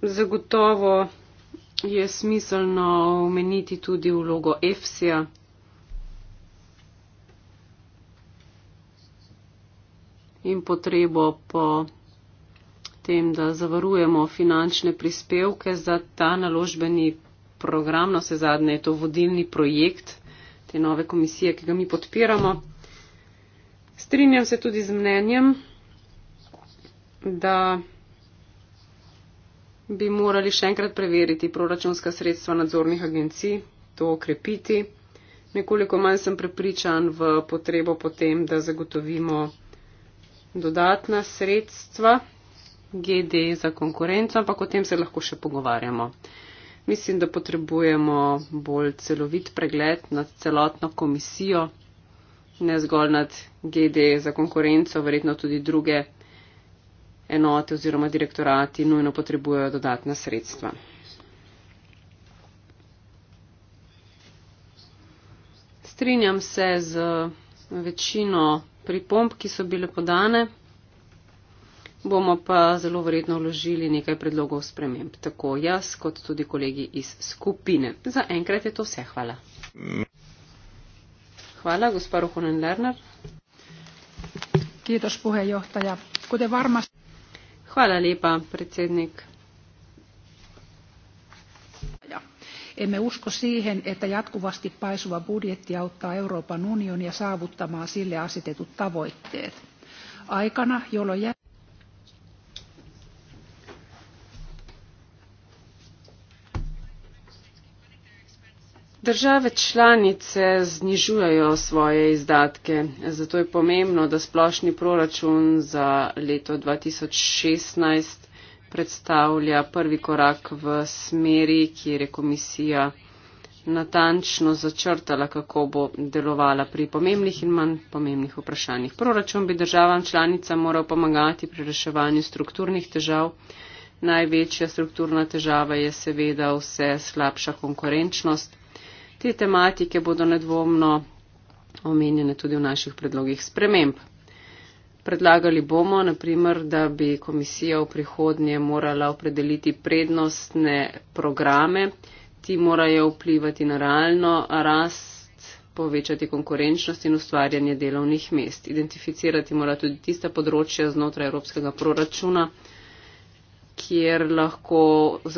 Zagotovo je smiselno omeniti tudi vlogo EFSI-a, in potrebo po tem, da zavarujemo finančne prispevke za ta naložbeni program. No, se zadnje je to vodilni projekt te nove komisije, ki ga mi podpiramo. Strinjam se tudi z mnenjem, da bi morali še enkrat preveriti proračunska sredstva nadzornih agencij, to okrepiti. Nekoliko manj sem prepričan v potrebo potem, da zagotovimo dodatna sredstva GD za konkurenco, ampak o tem se lahko še pogovarjamo. Mislim, da potrebujemo bolj celovit pregled nad celotno komisijo, ne zgolj nad GD za konkurenco, verjetno tudi druge enote oziroma direktorati nujno potrebujejo dodatna sredstva. Strinjam se z večino pripomb, ki so bile podane, bomo pa zelo verjetno vložili nekaj predlogov sprememb, tako jaz kot tudi kolegi iz skupine. Za enkrat je to vse. Hvala. Hvala, gospod Rohonen Lerner. Kiitos, puhejohtaja. Kude varmas... Hvala lepa, predsednik. Emme usko siihen, että jatkuvasti paisuva budjetti auttaa Euroopan unionia saavuttamaan sille asetetut tavoitteet. Aikana, jolloin jä... Države članice znižujejo svoje izdatke, zato je pomembno, da splošni proračun za leto 2016 predstavlja prvi korak v smeri, kjer je komisija natančno začrtala, kako bo delovala pri pomembnih in manj pomembnih vprašanjih. Proračun bi državam članicam moral pomagati pri reševanju strukturnih težav. Največja strukturna težava je seveda vse slabša konkurenčnost. Te tematike bodo nedvomno omenjene tudi v naših predlogih sprememb. Predlagali bomo, naprimer, da bi komisija v prihodnje morala opredeliti prednostne programe, ti morajo vplivati na realno rast, povečati konkurenčnost in ustvarjanje delovnih mest. Identificirati mora tudi tista področja znotraj evropskega proračuna, kjer lahko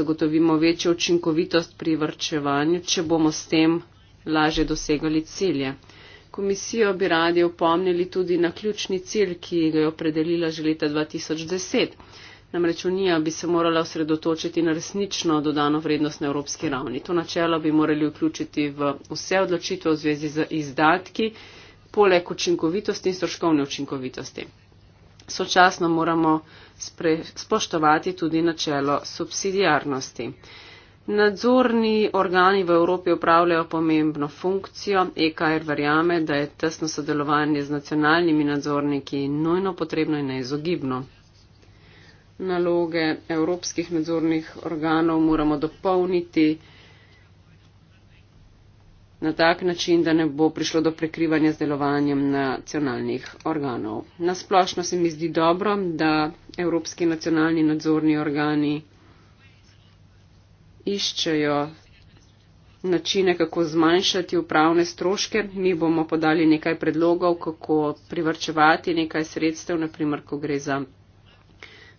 zagotovimo večjo učinkovitost pri vrčevanju, če bomo s tem lažje dosegali cilje komisijo bi radi opomnili tudi na ključni cilj, ki ga je opredelila že leta 2010. Namreč Unija bi se morala osredotočiti na resnično dodano vrednost na evropski ravni. To načelo bi morali vključiti v vse odločitve v zvezi z izdatki, poleg učinkovitosti in stroškovne učinkovitosti. Sočasno moramo spoštovati tudi načelo subsidijarnosti. Nadzorni organi v Evropi upravljajo pomembno funkcijo. EKR er verjame, da je tesno sodelovanje z nacionalnimi nadzorniki nujno potrebno in neizogibno. Naloge evropskih nadzornih organov moramo dopolniti na tak način, da ne bo prišlo do prekrivanja z delovanjem nacionalnih organov. Nasplošno se mi zdi dobro, da evropski nacionalni nadzorni organi iščejo načine, kako zmanjšati upravne stroške. Mi bomo podali nekaj predlogov, kako privrčevati nekaj sredstev, naprimer, ko gre za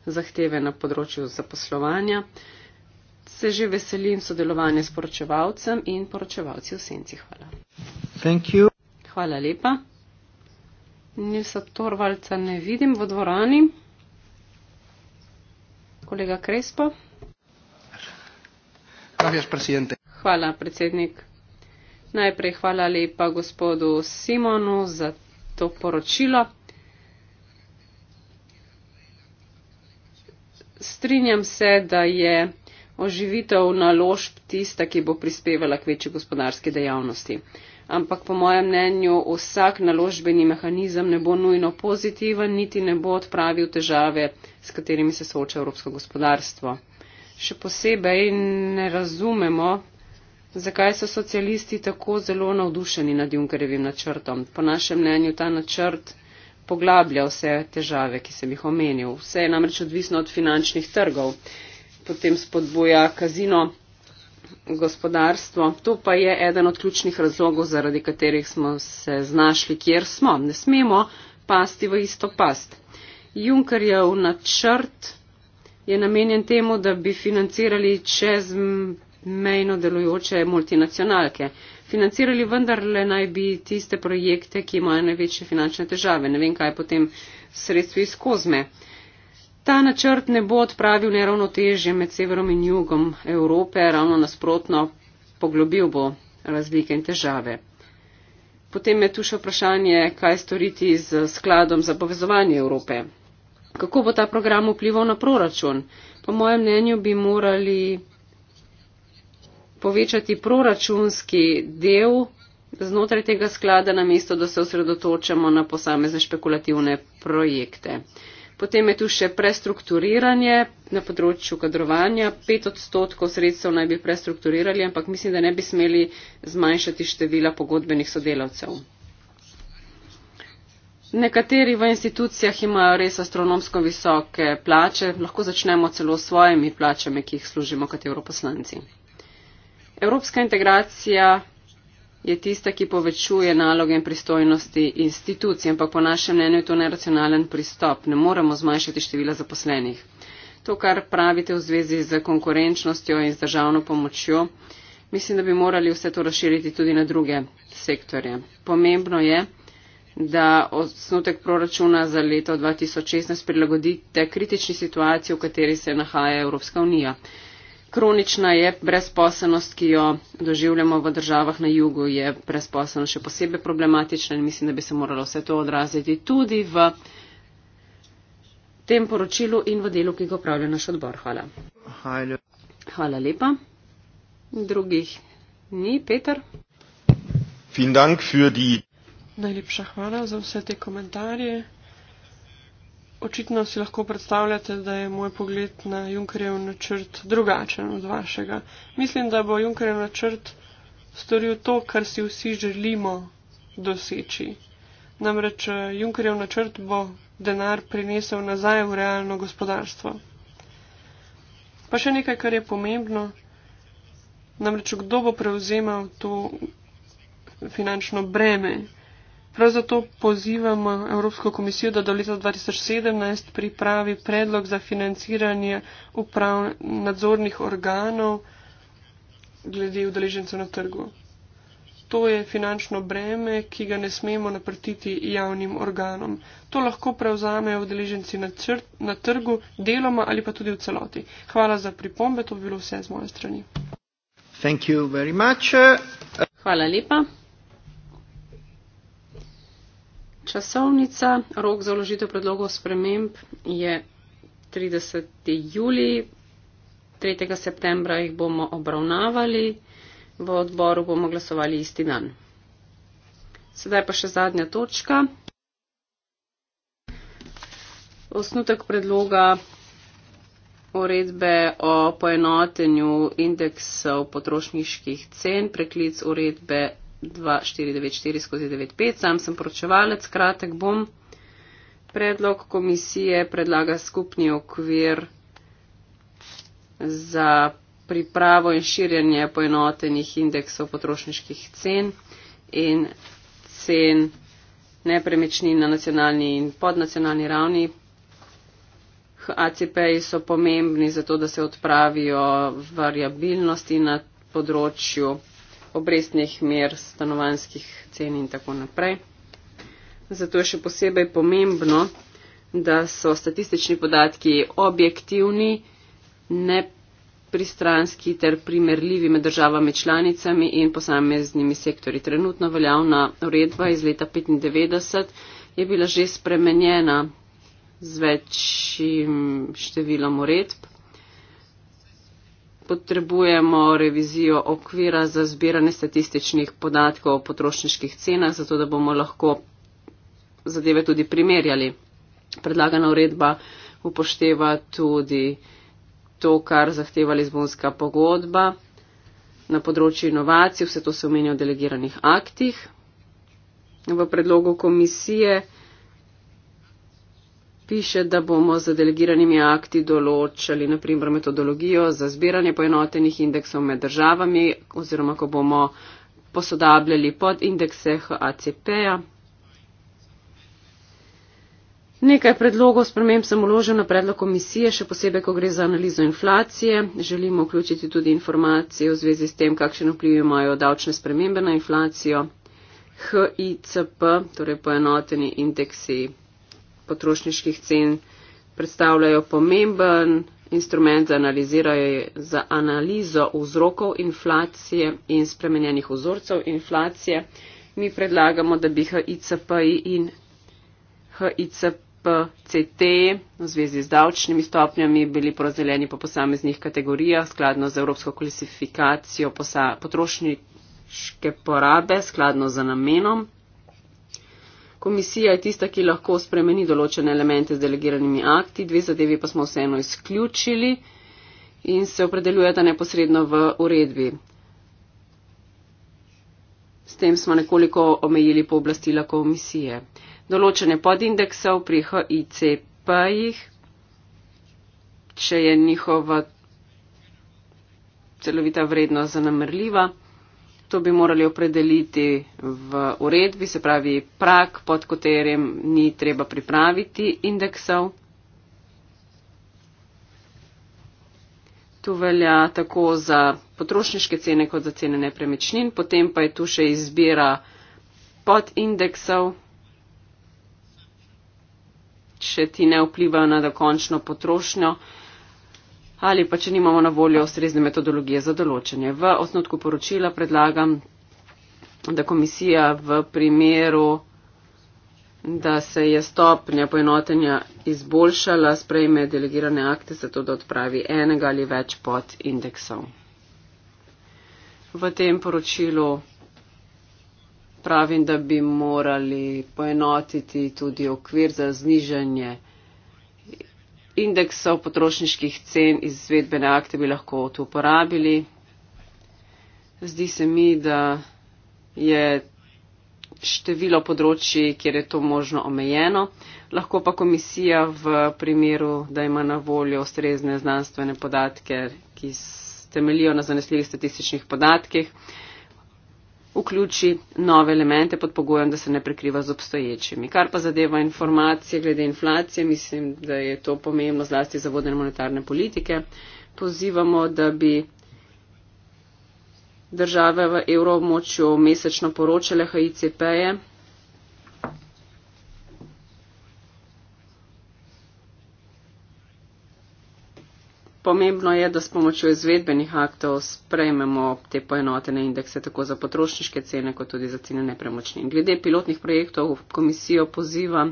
zahteve na področju zaposlovanja. Se že veselim sodelovanja s poročevalcem in poročevalci v senci. Hvala. Hvala lepa. Nilsa Torvalca ne vidim v dvorani. Kolega Krespo. Gracias, presidente. Hvala, predsednik. Najprej hvala lepa gospodu Simonu za to poročilo. Strinjam se, da je oživitev naložb tista, ki bo prispevala k večji gospodarski dejavnosti. Ampak po mojem mnenju vsak naložbeni mehanizem ne bo nujno pozitiven, niti ne bo odpravil težave, s katerimi se sooča evropsko gospodarstvo še posebej ne razumemo, zakaj so socialisti tako zelo navdušeni nad Junkerjevim načrtom. Po našem mnenju ta načrt poglablja vse težave, ki sem jih omenil. Vse je namreč odvisno od finančnih trgov, potem spodboja kazino gospodarstvo. To pa je eden od ključnih razlogov, zaradi katerih smo se znašli, kjer smo. Ne smemo pasti v isto past. Junkerjev načrt je namenjen temu, da bi financirali čezmejno delujoče multinacionalke. Financirali vendarle naj bi tiste projekte, ki imajo največje finančne težave. Ne vem, kaj je potem sredstvo iz kozme. Ta načrt ne bo odpravil neravnotežje med severom in jugom Evrope, ravno nasprotno poglobil bo razlike in težave. Potem je tu še vprašanje, kaj storiti z skladom za povezovanje Evrope. Kako bo ta program vplival na proračun? Po mojem mnenju bi morali povečati proračunski del znotraj tega sklada, namesto da se osredotočamo na posamezne špekulativne projekte. Potem je tu še prestrukturiranje na področju kadrovanja. 5 odstotkov sredstev naj bi prestrukturirali, ampak mislim, da ne bi smeli zmanjšati števila pogodbenih sodelavcev. Nekateri v institucijah imajo res astronomsko visoke plače, lahko začnemo celo s svojimi plačami, ki jih služimo kot europoslanci. Evropska integracija je tista, ki povečuje naloge in pristojnosti institucij, ampak po našem mnenju je to neracionalen pristop. Ne moremo zmanjšati števila zaposlenih. To, kar pravite v zvezi z konkurenčnostjo in z državno pomočjo, mislim, da bi morali vse to razširiti tudi na druge sektorje. Pomembno je, da osnutek proračuna za leto 2016 prilagodite kritični situaciji, v kateri se nahaja Evropska unija. Kronična je brezposelnost, ki jo doživljamo v državah na jugu, je brezposelnost še posebej problematična in mislim, da bi se moralo vse to odraziti tudi v tem poročilu in v delu, ki ga upravlja naš odbor. Hvala. Hvala lepa. Drugih ni, Peter. Vielen Dank für die Najlepša hvala za vse te komentarje. Očitno si lahko predstavljate, da je moj pogled na Junkerjev načrt drugačen od vašega. Mislim, da bo Junkerjev načrt storil to, kar si vsi želimo doseči. Namreč eh, Junkerjev načrt bo denar prinesel nazaj v realno gospodarstvo. Pa še nekaj, kar je pomembno. Namreč kdo bo prevzemal to finančno breme, Prav zato pozivam Evropsko komisijo, da do leta 2017 pripravi predlog za financiranje uprav nadzornih organov glede udeležencev na trgu. To je finančno breme, ki ga ne smemo naprtiti javnim organom. To lahko prevzamejo udeleženci na, na trgu, deloma ali pa tudi v celoti. Hvala za pripombe, to bi bilo vse z moje strani. Hvala lepa. časovnica. Rok za vložitev predlogov sprememb je 30. juli. 3. septembra jih bomo obravnavali, v odboru bomo glasovali isti dan. Sedaj pa še zadnja točka. Osnutek predloga uredbe o poenotenju indeksov potrošniških cen, preklic uredbe 2494 skozi 95, sam sem poročevalec, kratek bom. Predlog komisije predlaga skupni okvir za pripravo in širjenje poenotenih indeksov potrošniških cen in cen nepremičnin na nacionalni in podnacionalni ravni. ACP-ji so pomembni zato, da se odpravijo variabilnosti na področju obrestnih mer, stanovanskih cen in tako naprej. Zato je še posebej pomembno, da so statistični podatki objektivni, nepristranski ter primerljivi med državami članicami in posameznimi sektori. Trenutno veljavna uredba iz leta 1995 je bila že spremenjena z večjim številom uredb potrebujemo revizijo okvira za zbiranje statističnih podatkov o potrošniških cenah, zato da bomo lahko zadeve tudi primerjali. Predlagana uredba upošteva tudi to, kar zahteva Lizbonska pogodba na področju inovacij, vse to se omenja v delegiranih aktih. V predlogu komisije piše, da bomo z delegiranimi akti določali naprimer metodologijo za zbiranje poenotenih indeksov med državami oziroma ko bomo posodabljali pod indekse HACP-ja. Nekaj predlogov sprememb sem uložil na predlog komisije, še posebej, ko gre za analizo inflacije. Želimo vključiti tudi informacije v zvezi s tem, kakšen vpliv imajo davčne spremembe na inflacijo. HICP, torej poenoteni indeksi potrošniških cen predstavljajo pomemben instrument za, za analizo vzrokov inflacije in spremenjenih vzorcev inflacije. Mi predlagamo, da bi HICPI in HICPCT v zvezi z davčnimi stopnjami bili porazdeljeni po posameznih kategorijah skladno z evropsko klasifikacijo potrošniške porabe skladno z namenom. Komisija je tista, ki lahko spremeni določene elemente z delegiranimi akti, dve zadevi pa smo vseeno izključili in se opredeljujeta neposredno v uredbi. S tem smo nekoliko omejili pooblastila komisije. Določene podindeksov pri HICP-jih, če je njihova celovita vrednost zanamrljiva. To bi morali opredeliti v uredbi, se pravi prak, pod katerim ni treba pripraviti indeksov. Tu velja tako za potrošniške cene kot za cene nepremičnin, potem pa je tu še izbira pod indeksov, če ti ne vplivajo na dokončno potrošnjo ali pa če nimamo na voljo ustrezne metodologije za določenje. V osnotku poročila predlagam, da komisija v primeru, da se je stopnja poenotenja izboljšala, sprejme delegirane akte za to, da odpravi enega ali več pod indeksov. V tem poročilu pravim, da bi morali poenotiti tudi okvir za znižanje indeksov potrošniških cen izvedbene akte bi lahko tu uporabili. Zdi se mi, da je število področji, kjer je to možno omejeno. Lahko pa komisija v primeru, da ima na voljo ustrezne znanstvene podatke, ki temeljijo na zanesljivih statističnih podatkih, vključi nove elemente pod pogojem, da se ne prekriva z obstoječimi. Kar pa zadeva informacije glede inflacije, mislim, da je to pomembno zlasti za vodene monetarne politike. Pozivamo, da bi države v evroobmočju mesečno poročale HICP-je. Pomembno je, da s pomočjo izvedbenih aktov sprejmemo te poenotene indekse tako za potrošniške cene, kot tudi za cene nepremočnin. Glede pilotnih projektov komisijo pozivam,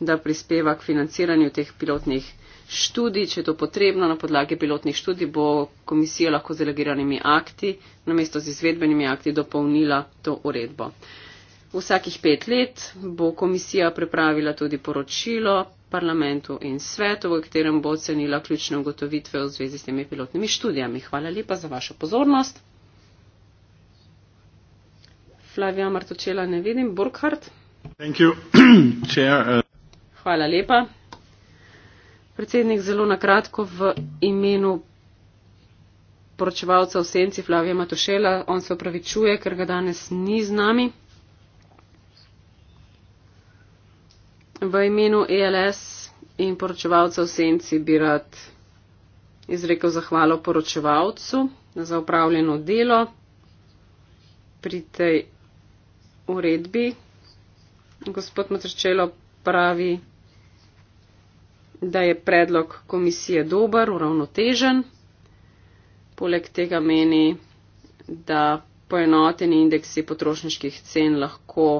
da prispeva k financiranju teh pilotnih študij. Če je to potrebno na podlagi pilotnih študij, bo komisija lahko z delegiranimi akti namesto z izvedbenimi akti dopolnila to uredbo. Vsakih pet let bo komisija pripravila tudi poročilo, parlamentu in svetu, v katerem bo ocenila ključne ugotovitve v zvezi s temi pilotnimi študijami. Hvala lepa za vašo pozornost. Flavija Martočela, ne vidim. Burkhardt. Hvala lepa. Predsednik, zelo nakratko v imenu poročevalca v senci Flavija Matošela. On se opravičuje, ker ga danes ni z nami. v imenu ELS in poročevalca v senci bi rad izrekel zahvalo poročevalcu za upravljeno delo pri tej uredbi. Gospod Matrčelo pravi, da je predlog komisije dober, uravnotežen. Poleg tega meni, da poenoteni indeksi potrošniških cen lahko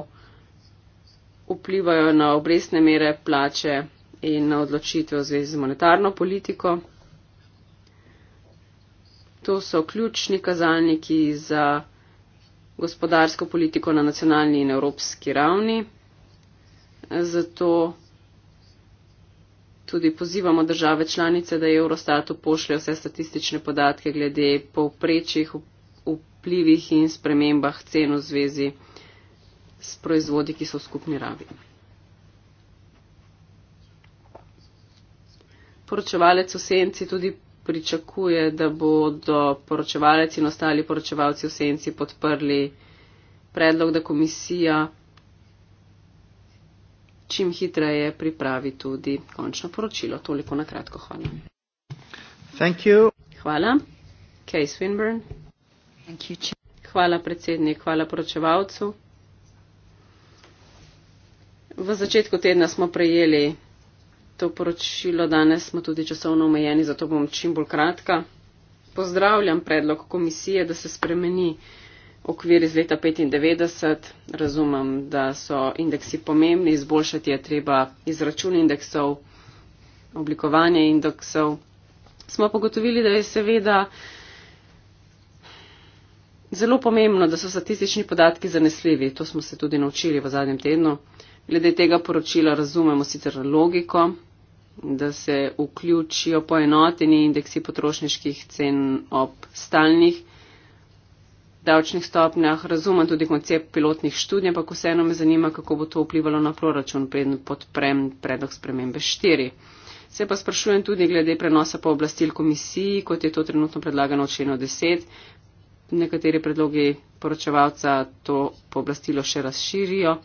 vplivajo na obrestne mere, plače in na odločitve v zvezi z monetarno politiko. To so ključni kazalniki za gospodarsko politiko na nacionalni in evropski ravni. Zato tudi pozivamo države članice, da Eurostatu pošljajo vse statistične podatke glede povprečjih vplivih in spremembah cen v zvezi z s proizvodi, ki so v skupni ravi. Poročevalec v senci tudi pričakuje, da bodo poročevalec in ostali poročevalci v senci podprli predlog, da komisija čim hitreje pripravi tudi končno poročilo. Toliko na kratko. Hvala. Thank you. Hvala. Kay Swinburne. Thank you. Hvala predsednik, hvala poročevalcu v začetku tedna smo prejeli to poročilo, danes smo tudi časovno omejeni, zato bom čim bolj kratka. Pozdravljam predlog komisije, da se spremeni okvir iz leta 1995. Razumem, da so indeksi pomembni, izboljšati je treba izračun indeksov, oblikovanje indeksov. Smo pa gotovili, da je seveda zelo pomembno, da so statistični podatki zanesljivi. To smo se tudi naučili v zadnjem tednu glede tega poročila razumemo sicer logiko, da se vključijo poenoteni indeksi potrošniških cen ob stalnih davčnih stopnjah. Razumem tudi koncept pilotnih študij, ampak vseeno me zanima, kako bo to vplivalo na proračun podprem predlog spremembe 4. Se pa sprašujem tudi glede prenosa po oblastil komisiji, kot je to trenutno predlagano v členu 10. Nekateri predlogi poročevalca to pooblastilo še razširijo.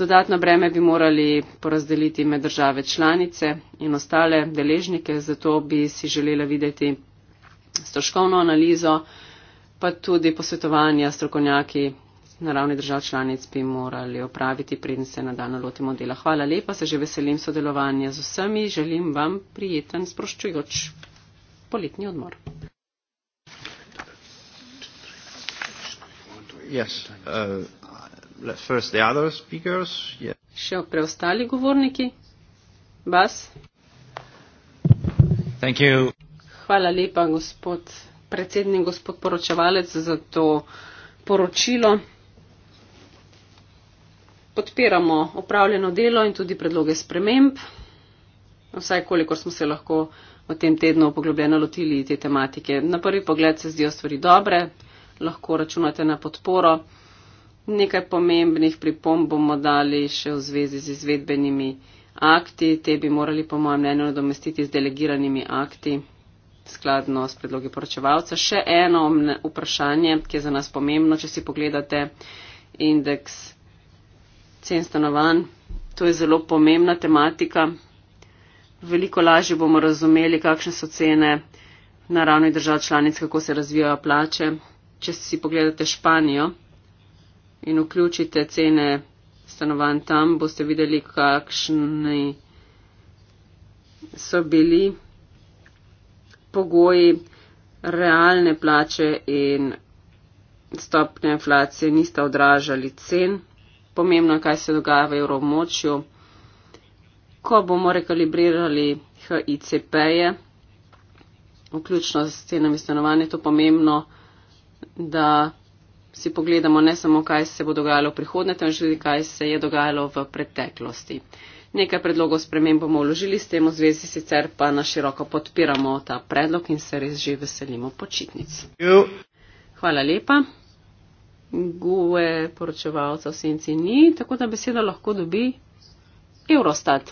Dodatno breme bi morali porazdeliti med države članice in ostale deležnike, zato bi si želela videti stroškovno analizo, pa tudi posvetovanja strokovnjaki na ravni držav članic bi morali opraviti, preden se nadaljno lotimo dela. Hvala lepa, se že veselim sodelovanja z vsemi, želim vam prijeten sproščujoč poletni odmor. Yes, uh first the other speakers. Yeah. Še preostali govorniki? Bas? Thank you. Hvala lepa, gospod predsednik, gospod poročevalec, za to poročilo. Podpiramo opravljeno delo in tudi predloge sprememb, vsaj kolikor smo se lahko v tem tednu poglobljeno lotili te tematike. Na prvi pogled se zdijo stvari dobre, lahko računate na podporo. Nekaj pomembnih pripomb bomo dali še v zvezi z izvedbenimi akti. Te bi morali, po mojem mnenju, nadomestiti z delegiranimi akti skladno s predlogi poročevalca. Še eno vprašanje, ki je za nas pomembno, če si pogledate indeks cen stanovanj. To je zelo pomembna tematika. Veliko lažje bomo razumeli, kakšne so cene na ravni držav članic, kako se razvijajo plače. Če si pogledate Španijo, in vključite cene stanovanj tam, boste videli, kakšni so bili pogoji realne plače in stopne inflacije nista odražali cen. Pomembno je, kaj se dogaja v evromočju. Ko bomo rekalibrirali HICP-je, vključno s cenami stanovanja, je to pomembno, da si pogledamo ne samo, kaj se bo dogajalo v prihodnje, temveč tudi, kaj se je dogajalo v preteklosti. Nekaj predlogov sprememb bomo vložili, s tem v zvezi sicer pa naširoko podpiramo ta predlog in se res že veselimo počitnic. Hvala lepa. Gue poročevalca v senci ni, tako da beseda lahko dobi Eurostat.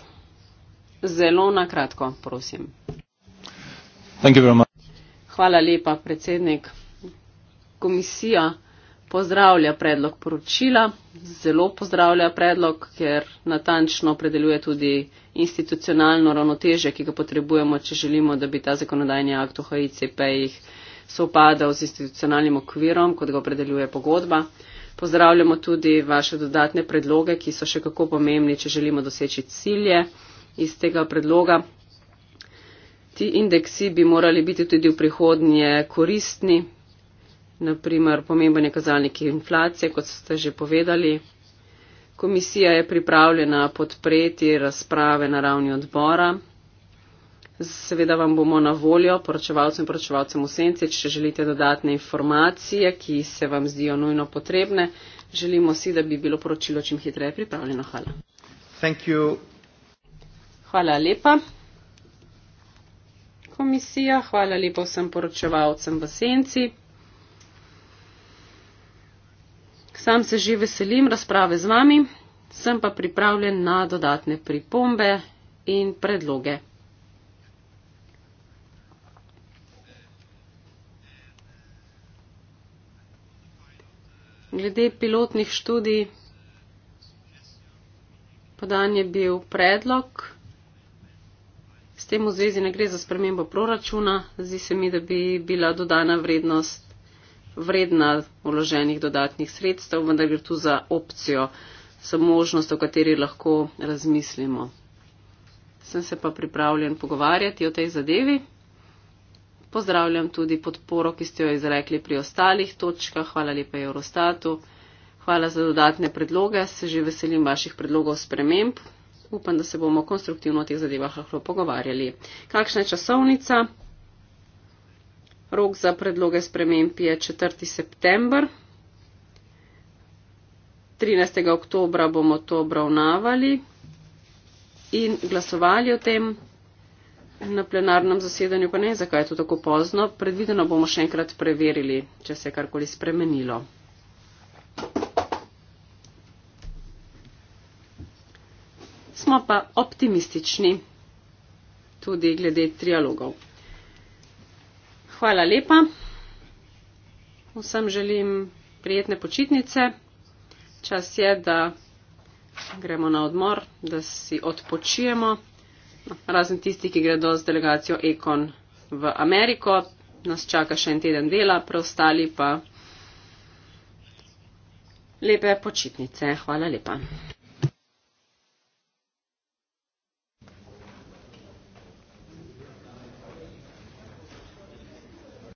Zelo nakratko, prosim. Hvala lepa, predsednik. Komisija pozdravlja predlog poročila, zelo pozdravlja predlog, ker natančno predeluje tudi institucionalno ravnoteže, ki ga potrebujemo, če želimo, da bi ta zakonodajni akt o HICP-jih sopadal z institucionalnim okvirom, kot ga predeluje pogodba. Pozdravljamo tudi vaše dodatne predloge, ki so še kako pomembni, če želimo doseči cilje iz tega predloga. Ti indeksi bi morali biti tudi v prihodnje koristni, naprimer pomemben je kazalnik inflacije, kot ste že povedali. Komisija je pripravljena podpreti razprave na ravni odbora. Seveda vam bomo na voljo, poročevalcem in poročevalcem v senci, če želite dodatne informacije, ki se vam zdijo nujno potrebne. Želimo si, da bi bilo poročilo čim hitreje pripravljeno. Hvala. Hvala lepa, komisija. Hvala lepa vsem poročevalcem v senci. Sam se že veselim razprave z vami, sem pa pripravljen na dodatne pripombe in predloge. Glede pilotnih študij, podan je bil predlog. S tem v zvezi ne gre za spremembo proračuna, zdi se mi, da bi bila dodana vrednost vredna uloženih dodatnih sredstev, vendar gre tu za opcijo, za možnost, o kateri lahko razmislimo. Sem se pa pripravljen pogovarjati o tej zadevi. Pozdravljam tudi podporo, ki ste jo izrekli pri ostalih točkah. Hvala lepa Eurostatu. Hvala za dodatne predloge. Se že veselim vaših predlogov sprememb. Upam, da se bomo konstruktivno o teh zadevah lahko pogovarjali. Kakšna je časovnica? Rok za predloge sprememb je 4. september. 13. oktobra bomo to obravnavali in glasovali o tem na plenarnem zasedanju. Pa ne, zakaj je to tako pozno. Predvideno bomo še enkrat preverili, če se je karkoli spremenilo. Smo pa optimistični tudi glede trialogov. Hvala lepa. Vsem želim prijetne počitnice. Čas je, da gremo na odmor, da si odpočijemo. No, razen tisti, ki gredo z delegacijo Ekon v Ameriko, nas čaka še en teden dela, preostali pa lepe počitnice. Hvala lepa.